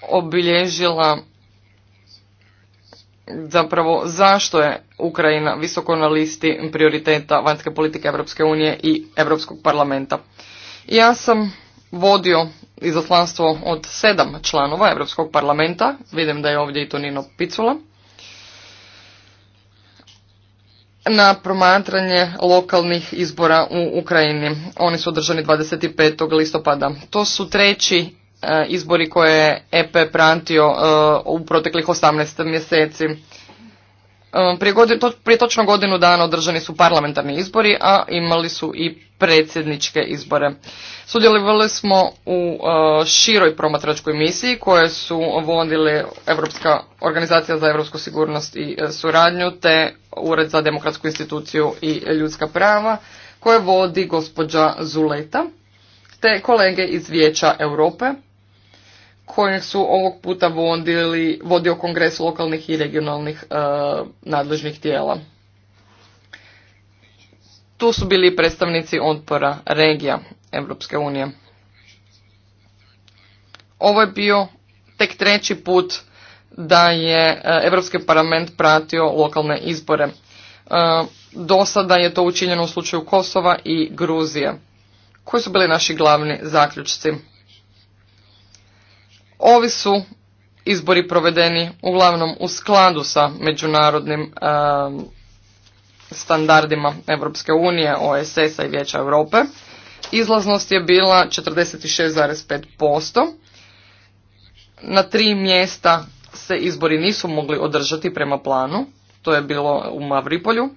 obilježila zapravo zašto je Ukrajina visoko na listi prioriteta vanjske politike Europske unije i Europskog parlamenta. Ja sam vodio izaslanstvo od sedam članova Europskog parlamenta, vidim da je ovdje i Tonino Picula, na promatranje lokalnih izbora u Ukrajini. Oni su održani 25. listopada. To su treći e, izbori koje je EP prantio e, u proteklih 18 mjeseci. Um, prije, to, prije točno godinu dana održani su parlamentarni izbori, a imali su i predsjedničke izbore. Sudjelovali smo u uh, široj promatračkoj misiji koje su vodili Europska organizacija za europsku sigurnost i uh, suradnju te Ured za demokratsku instituciju i ljudska prava koje vodi gospođa Zuleta te kolege iz Vijeća Europe kojeg su ovog puta vodio kongres lokalnih i regionalnih e, nadležnih tijela. Tu su bili predstavnici odpora regija Europske unije. Ovo je bio tek treći put da je Europski parlament pratio lokalne izbore. E, do sada je to učinjeno u slučaju Kosova i Gruzije. Koji su bili naši glavni zaključci? Ovi su izbori provedeni uglavnom u skladu sa međunarodnim standardima Europske unije, OSS-a i Vijeća Europe. Izlaznost je bila 46,5%. Na tri mjesta se izbori nisu mogli održati prema planu. To je bilo u Mavripolju,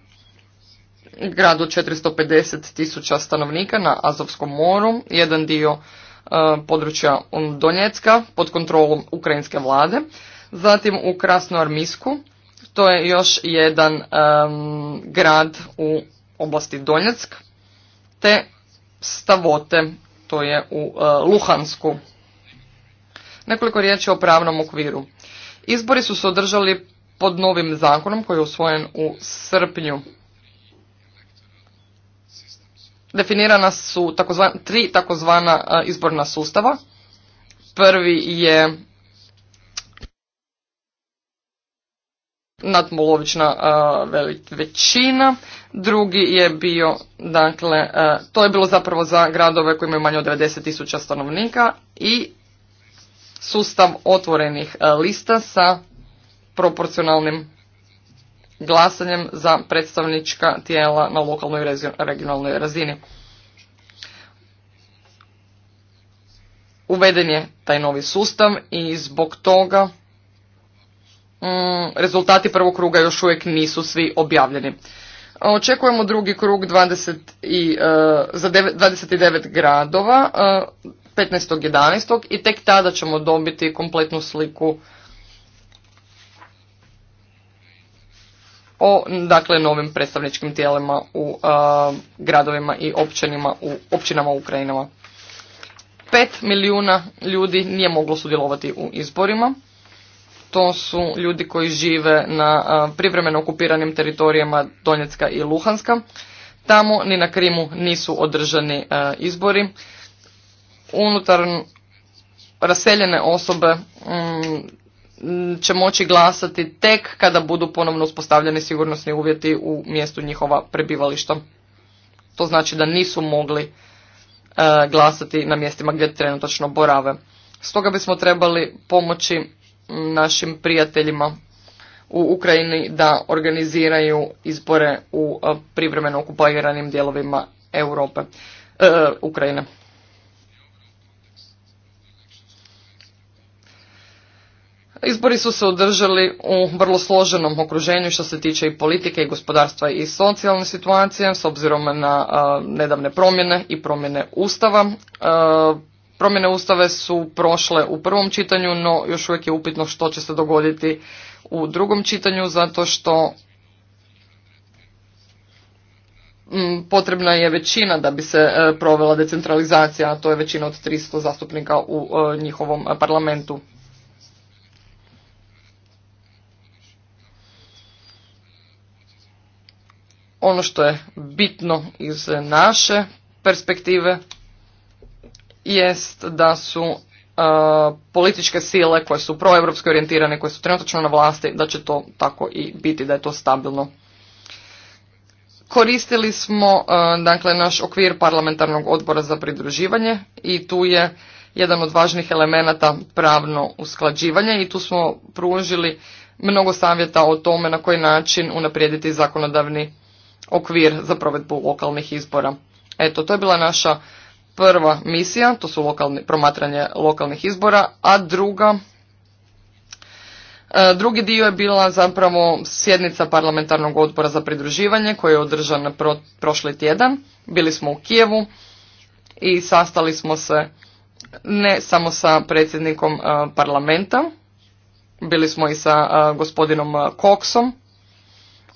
gradu 450 tisuća stanovnika na Azovskom moru, jedan dio E, područja Donjecka pod kontrolom ukrajinske vlade, zatim u Krasnoarmisku, to je još jedan grad u oblasti Donjeck, te Stavote, to je u e, Luhansku. Nekoliko riječi o pravnom okviru. Izbori su se održali pod novim zakonom koji je usvojen u srpnju definirana su takozvan, tri takozvana e, izborna sustava. Prvi je nadmolovična e, većina, drugi je bio, dakle, e, to je bilo zapravo za gradove koji imaju manje od 90.000 stanovnika i sustav otvorenih lista sa proporcionalnim glasanjem za predstavnička tijela na lokalnoj i regionalnoj razini. Uveden je taj novi sustav i zbog toga mm, rezultati prvog kruga još uvijek nisu svi objavljeni. Očekujemo drugi krug 20 i, e, za 29 gradova uh, e, 15.11. i tek tada ćemo dobiti kompletnu sliku o dakle novim predstavničkim tijelima u gradovima i općinama u općinama Ukrajinama. Pet milijuna ljudi nije moglo sudjelovati u izborima. To su ljudi koji žive na privremeno okupiranim teritorijama Donjecka i Luhanska. Tamo ni na Krimu nisu održani izbori. Unutar raseljene osobe će moći glasati tek kada budu ponovno uspostavljeni sigurnosni uvjeti u mjestu njihova prebivališta. To znači da nisu mogli e, glasati na mjestima gdje trenutačno borave. Stoga bismo trebali pomoći našim prijateljima u Ukrajini da organiziraju izbore u e, privremeno okupiranim dijelovima Europe, e, Ukrajine. Izbori su se održali u vrlo složenom okruženju što se tiče i politike i gospodarstva i socijalne situacije s obzirom na nedavne promjene i promjene Ustava. promjene Ustave su prošle u prvom čitanju, no još uvijek je upitno što će se dogoditi u drugom čitanju zato što potrebna je većina da bi se e, provela decentralizacija, a to je većina od 300 zastupnika u e, njihovom e, parlamentu. ono što je bitno iz naše perspektive jest da su e, političke sile koje su proeuropske orijentirane, koje su trenutno na vlasti, da će to tako i biti, da je to stabilno. Koristili smo e, dakle naš okvir parlamentarnog odbora za pridruživanje i tu je jedan od važnih elemenata pravno usklađivanje i tu smo pružili mnogo savjeta o tome na koji način unaprijediti zakonodavni okvir za provedbu lokalnih izbora. Eto, to je bila naša prva misija, to su lokalni, promatranje lokalnih izbora, a druga e, Drugi dio je bila zapravo sjednica parlamentarnog odbora za pridruživanje koji je održan prošli tjedan. Bili smo u Kijevu i sastali smo se ne samo sa predsjednikom e, parlamenta, bili smo i sa e, gospodinom Koksom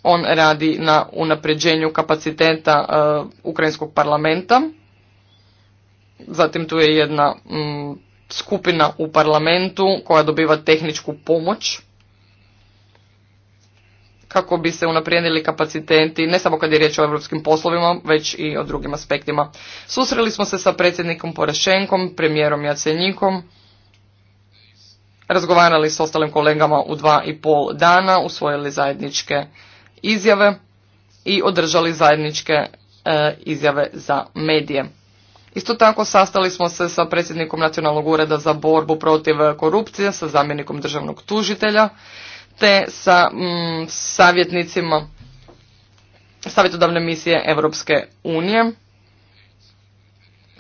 on radi na unapređenju kapaciteta e, Ukrajinskog parlamenta. Zatim tu je jedna mm, skupina u parlamentu koja dobiva tehničku pomoć kako bi se unaprijedili kapaciteti, ne samo kad je riječ o europskim poslovima, već i o drugim aspektima. Susreli smo se sa predsjednikom Porašenkom, premijerom Jacenjikom, razgovarali s ostalim kolegama u dva i pol dana, usvojili zajedničke izjave i održali zajedničke e, izjave za medije. Isto tako sastali smo se sa predsjednikom Nacionalnog ureda za borbu protiv korupcije, sa zamjenikom državnog tužitelja, te sa mm, savjetnicima savjetodavne misije Europske unije,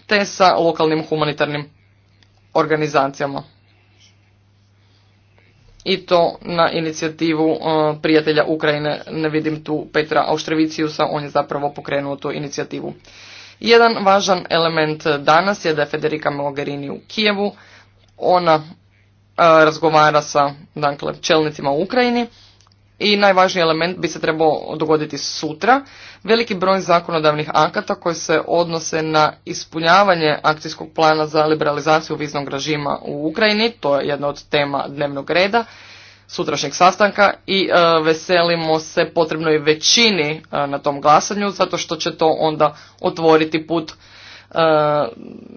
te sa lokalnim humanitarnim organizacijama i to na inicijativu e, prijatelja Ukrajine, ne vidim tu Petra Auštrevicijusa, on je zapravo pokrenuo tu inicijativu. Jedan važan element danas je da je Federica Mogherini u Kijevu, ona e, razgovara sa dakle, čelnicima u Ukrajini i najvažniji element bi se trebao dogoditi sutra. Veliki broj zakonodavnih akata koji se odnose na ispunjavanje akcijskog plana za liberalizaciju viznog režima u Ukrajini, to je jedna od tema dnevnog reda sutrašnjeg sastanka i e, veselimo se potrebnoj većini e, na tom glasanju zato što će to onda otvoriti put E,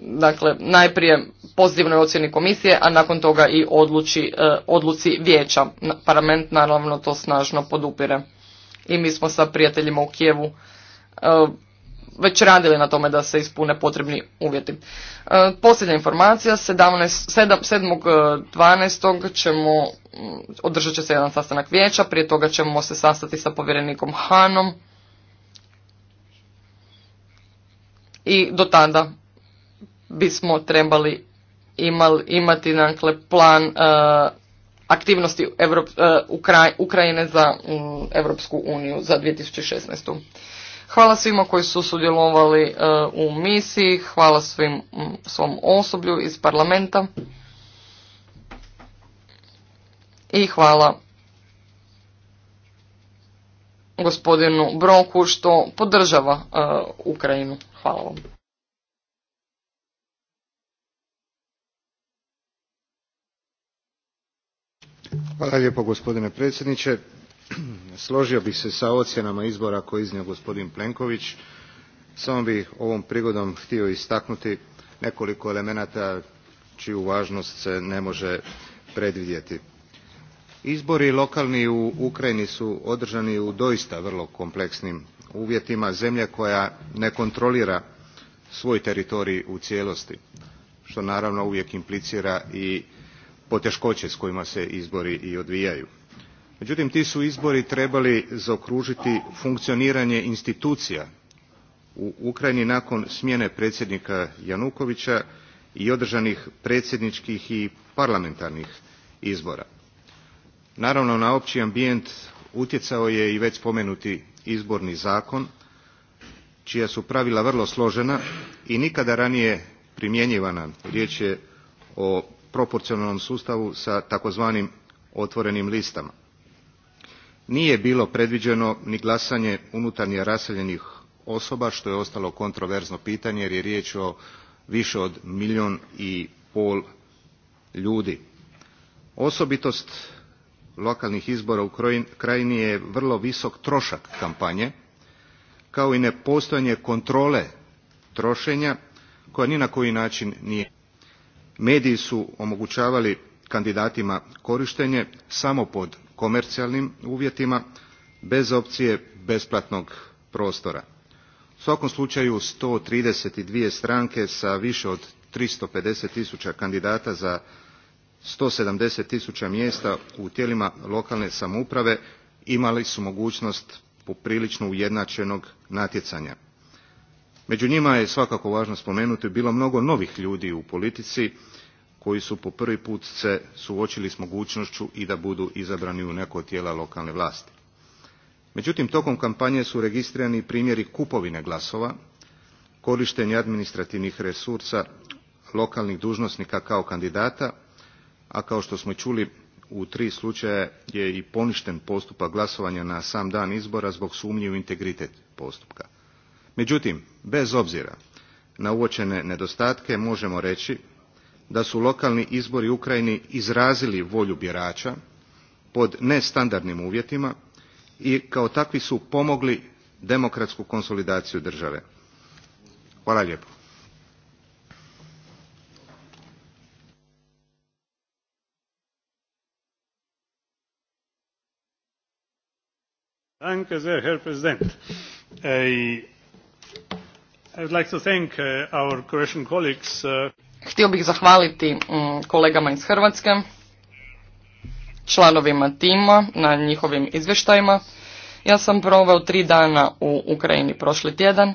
dakle najprije pozitivnoj ocjeni komisije, a nakon toga i odluči, e, odluci vijeća. Parlament naravno to snažno podupire. I mi smo sa prijateljima u Kijevu e, već radili na tome da se ispune potrebni uvjeti. Posljednja informacija, 7.12. ćemo, održat će se jedan sastanak vijeća, prije toga ćemo se sastati sa povjerenikom Hanom, i do tada bismo trebali imati dakle, plan uh, aktivnosti uh, Ukrajine za um, Evropsku uniju za 2016. Hvala svima koji su sudjelovali uh, u misiji, hvala svim mm, svom osoblju iz parlamenta i hvala gospodinu Broku što podržava e, Ukrajinu. Hvala vam. Hvala lijepo gospodine predsjedniče. Složio bih se sa ocjenama izbora koje iznio gospodin Plenković. Samo bih ovom prigodom htio istaknuti nekoliko elemenata čiju važnost se ne može predvidjeti Izbori lokalni u Ukrajini su održani u doista vrlo kompleksnim uvjetima zemlje koja ne kontrolira svoj teritorij u cijelosti, što naravno uvijek implicira i poteškoće s kojima se izbori i odvijaju. Međutim, ti su izbori trebali zaokružiti funkcioniranje institucija u Ukrajini nakon smjene predsjednika Janukovića i održanih predsjedničkih i parlamentarnih izbora naravno na opći ambijent utjecao je i već spomenuti izborni zakon čija su pravila vrlo složena i nikada ranije primjenjivana riječ je o proporcionalnom sustavu sa takozvanim otvorenim listama nije bilo predviđeno ni glasanje unutarnje raseljenih osoba što je ostalo kontroverzno pitanje jer je riječ o više od milijun i pol ljudi osobitost lokalnih izbora u krajini je vrlo visok trošak kampanje kao i nepostojanje kontrole trošenja koja ni na koji način nije mediji su omogućavali kandidatima korištenje samo pod komercijalnim uvjetima bez opcije besplatnog prostora. U svakom slučaju 132 stranke sa više od pedeset tisuća kandidata za seventy tisuća mjesta u tijelima lokalne samouprave imali su mogućnost poprilično ujednačenog natjecanja. Među njima je svakako važno spomenuti bilo mnogo novih ljudi u politici koji su po prvi put se suočili s mogućnošću i da budu izabrani u neko od tijela lokalne vlasti. Međutim, tokom kampanje su registrirani primjeri kupovine glasova, korištenje administrativnih resursa lokalnih dužnosnika kao kandidata a kao što smo čuli u tri slučaja je i poništen postupak glasovanja na sam dan izbora zbog sumnji u integritet postupka. Međutim, bez obzira na uočene nedostatke možemo reći da su lokalni izbori u Ukrajini izrazili volju birača pod nestandardnim uvjetima i kao takvi su pomogli demokratsku konsolidaciju države. Hvala lijepo. sehr, Herr Htio bih zahvaliti mm, kolegama iz Hrvatske, članovima tima na njihovim izvještajima. Ja sam proveo tri dana u Ukrajini prošli tjedan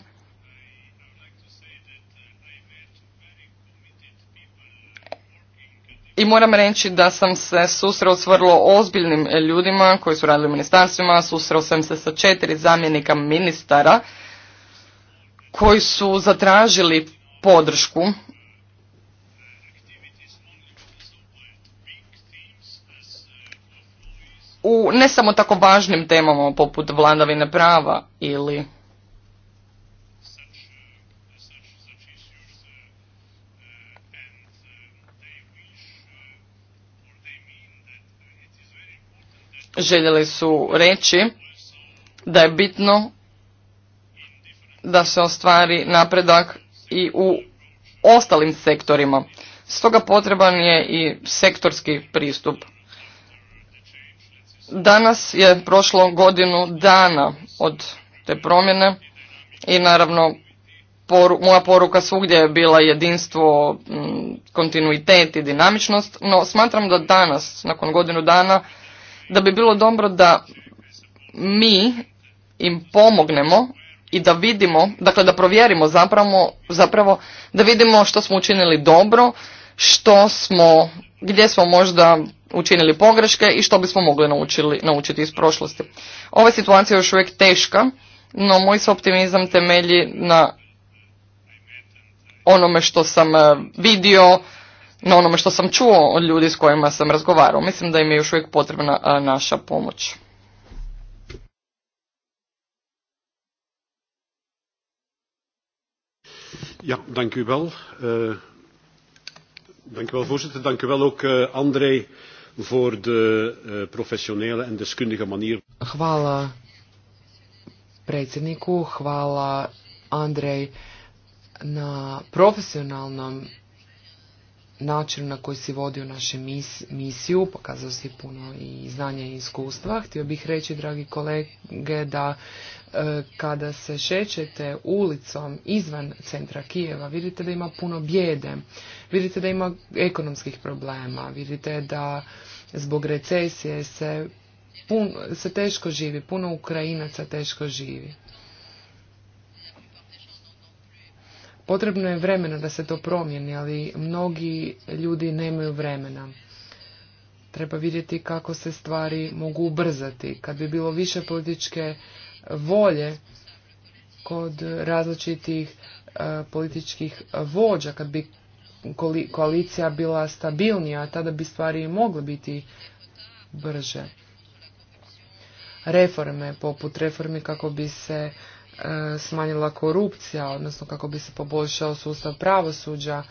i moram reći da sam se susreo s vrlo ozbiljnim ljudima koji su radili u ministarstvima, susreo sam se sa četiri zamjenika ministara koji su zatražili podršku u ne samo tako važnim temama poput vladavine prava ili Željeli su reći da je bitno da se ostvari napredak i u ostalim sektorima. Stoga potreban je i sektorski pristup. Danas je prošlo godinu dana od te promjene i naravno moja poruka svugdje je bila jedinstvo, mm, kontinuitet i dinamičnost, no smatram da danas, nakon godinu dana, da bi bilo dobro da mi im pomognemo i da vidimo, dakle da provjerimo zapravo, zapravo da vidimo što smo učinili dobro, što smo, gdje smo možda učinili pogreške i što bismo mogli naučili, naučiti iz prošlosti. Ova situacija je još uvijek teška, no moj se optimizam temelji na onome što sam eh, vidio, na onome što sam čuo od ljudi s kojima sam razgovarao. Mislim da im je još uvijek potrebna naša pomoć. Ja, dank u wel. Uh, dank u wel, voorzitter. Dank u wel ook, uh, André, voor de uh, professionele en deskundige manier. Hvala predsjedniku, hvala Andrej na profesionalnom Način na koji si vodio našu misiju, pokazao si puno i znanja i iskustva. Htio bih reći, dragi kolege, da e, kada se šećete ulicom izvan centra Kijeva, vidite da ima puno bijede, vidite da ima ekonomskih problema, vidite da zbog recesije se, se teško živi, puno Ukrajinaca teško živi. Potrebno je vremena da se to promijeni, ali mnogi ljudi nemaju vremena. Treba vidjeti kako se stvari mogu ubrzati. Kad bi bilo više političke volje kod različitih e, političkih vođa, kad bi koalicija bila stabilnija, tada bi stvari mogle biti brže. Reforme, poput reformi kako bi se E, smanjila korupcija, odnosno kako bi se poboljšao sustav pravosuđa,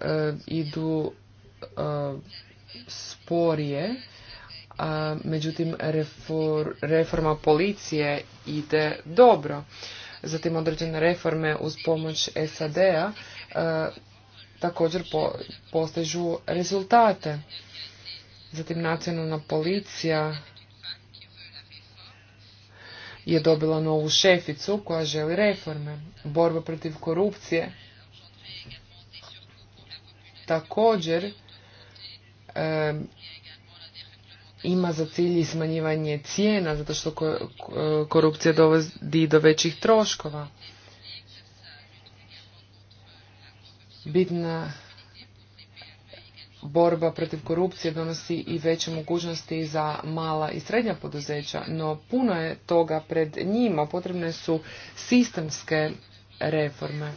e, idu e, sporije. Međutim, reforma policije ide dobro. Zatim određene reforme uz pomoć SAD-a također postežu rezultate. Zatim nacionalna policija je dobila novu šeficu koja želi reforme, borba protiv korupcije. Također ima za cilj smanjivanje cijena zato što korupcija dovodi do većih troškova. Bitna borba protiv korupcije donosi i veće mogućnosti za mala i srednja poduzeća, no puno je toga pred njima. Potrebne su sistemske reforme.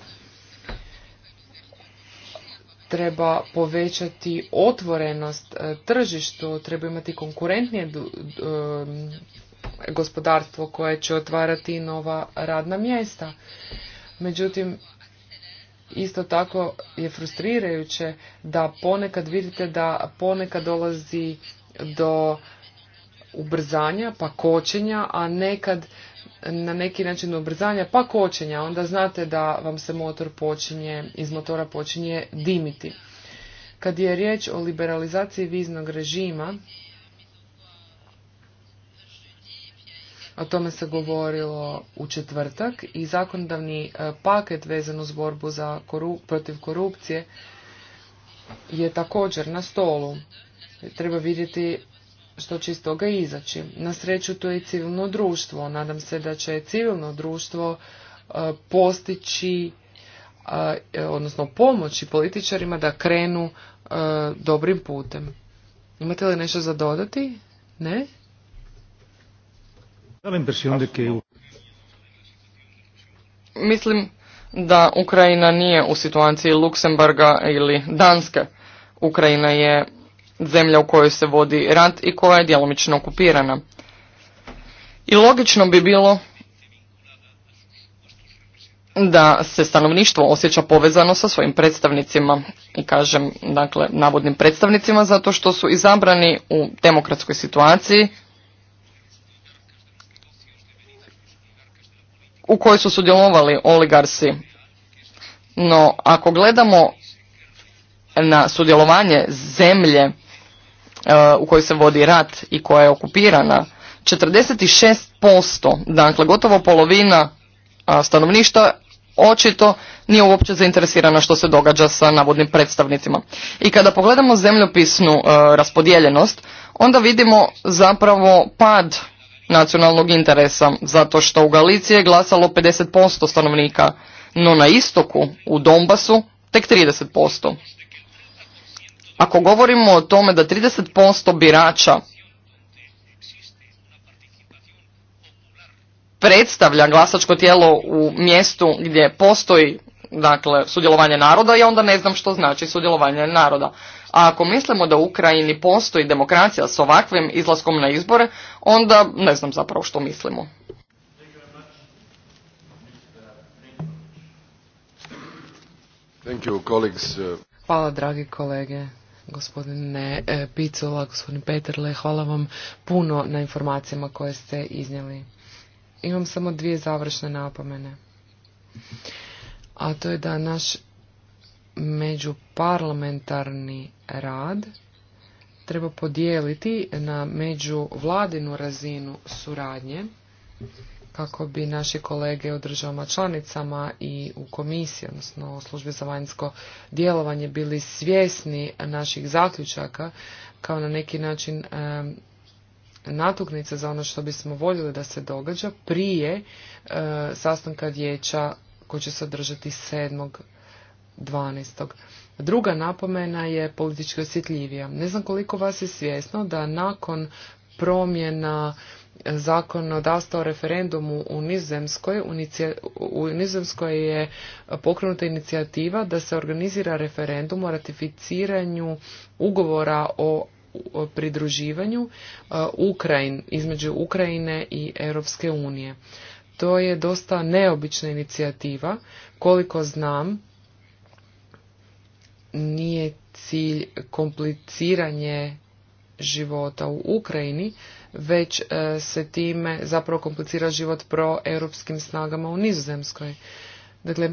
Treba povećati otvorenost e, tržištu, treba imati konkurentnije gospodarstvo koje će otvarati nova radna mjesta. Međutim, Isto tako je frustrirajuće da ponekad vidite da ponekad dolazi do ubrzanja, pa kočenja, a nekad na neki način ubrzanja, pa kočenja. Onda znate da vam se motor počinje, iz motora počinje dimiti. Kad je riječ o liberalizaciji viznog režima, O tome se govorilo u četvrtak i zakonodavni e, paket vezan uz borbu za korup protiv korupcije je također na stolu. Treba vidjeti što će iz toga izaći. Na sreću to je i civilno društvo. Nadam se da će civilno društvo e, postići, e, odnosno pomoći političarima da krenu dobrim putem. Imate li nešto za dodati? Ne? Mislim da Ukrajina nije u situaciji Luksemburga ili Danske. Ukrajina je zemlja u kojoj se vodi rat i koja je djelomično okupirana. I logično bi bilo da se stanovništvo osjeća povezano sa svojim predstavnicima i kažem dakle navodnim predstavnicima zato što su izabrani u demokratskoj situaciji u kojoj su sudjelovali oligarsi. No, ako gledamo na sudjelovanje zemlje e, u kojoj se vodi rat i koja je okupirana, 46%, dakle gotovo polovina stanovništva očito nije uopće zainteresirana što se događa sa navodnim predstavnicima. I kada pogledamo zemljopisnu e, raspodijeljenost, onda vidimo zapravo pad nacionalnog interesa, zato što u Galiciji je glasalo 50% stanovnika, no na istoku, u Donbasu, tek 30%. Ako govorimo o tome da 30% birača predstavlja glasačko tijelo u mjestu gdje postoji dakle, sudjelovanje naroda, ja onda ne znam što znači sudjelovanje naroda. A ako mislimo da u Ukrajini postoji demokracija s ovakvim izlaskom na izbore, onda ne znam zapravo što mislimo. Hvala, dragi kolege, gospodine e, Picola, gospodine Peterle, hvala vam puno na informacijama koje ste iznijeli. Imam samo dvije završne napomene a to je da naš međuparlamentarni rad treba podijeliti na međuvladinu razinu suradnje kako bi naši kolege u državama članicama i u komisiji, odnosno u službi za vanjsko djelovanje, bili svjesni naših zaključaka kao na neki način natuknice za ono što bismo voljeli da se događa prije e, sastanka vijeća koji će se održati 7.12. Druga napomena je politički osjetljivija. Ne znam koliko vas je svjesno da nakon promjena zakonodavstva o referendumu u Nizozemskoj, u Nizemskoj je pokrenuta inicijativa da se organizira referendum o ratificiranju ugovora o pridruživanju e, Ukrajin, između Ukrajine i Europske unije. To je dosta neobična inicijativa. Koliko znam, nije cilj kompliciranje života u Ukrajini, već e, se time zapravo komplicira život pro europskim snagama u Nizozemskoj. Dakle, e,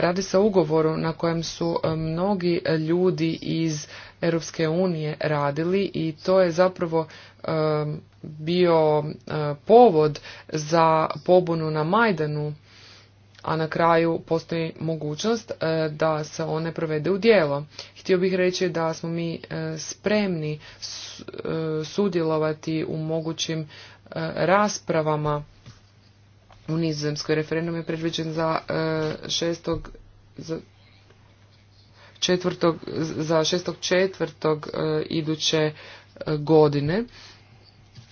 radi se o ugovoru na kojem su e, mnogi ljudi iz Europske unije radili i to je zapravo bio e, povod za pobunu na Majdanu, a na kraju postoji mogućnost e, da se one provede u djelo. Htio bih reći da smo mi e, spremni sudjelovati u mogućim raspravama u Nizozemskoj referendum je predviđen za 6. za četvrtog, za šestog četvrtog e, iduće e, godine,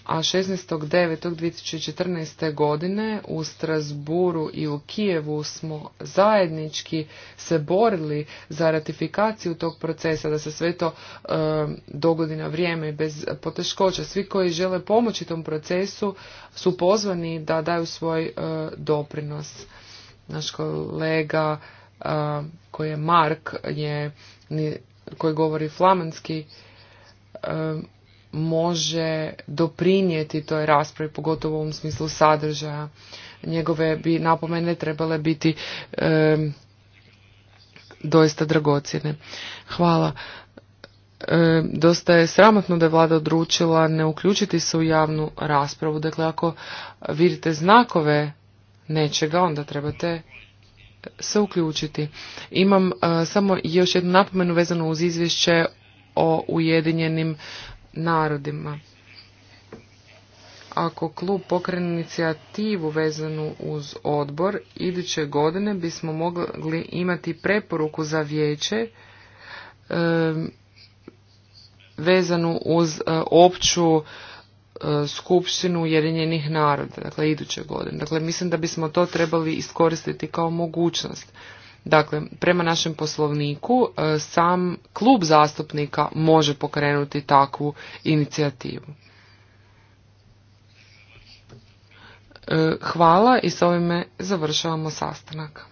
a 16.9.2014. godine u Strasburu i u Kijevu smo zajednički se borili za ratifikaciju tog procesa, da se sve to e, dogodi na vrijeme i bez poteškoća. Svi koji žele pomoći tom procesu su pozvani da daju svoj doprinos. Naš kolega koji je Mark, je, koji govori flamanski, može doprinijeti toj raspravi, pogotovo u ovom smislu sadržaja. Njegove bi napomene trebale biti e, doista dragocjene. Hvala. E, dosta je sramotno da je vlada odručila ne uključiti se u javnu raspravu. Dakle, ako vidite znakove nečega, onda trebate se uključiti. Imam e, samo još jednu napomenu vezanu uz izvješće o Ujedinjenim narodima. Ako klub pokrene inicijativu vezanu uz odbor, iduće godine bismo mogli imati preporuku za vijeće e, vezanu uz e, opću E, skupštinu Ujedinjenih naroda, dakle iduće godine. Dakle, mislim da bismo to trebali iskoristiti kao mogućnost. Dakle, prema našem poslovniku e, sam klub zastupnika može pokrenuti takvu inicijativu. E, hvala i s ovime završavamo sastanak.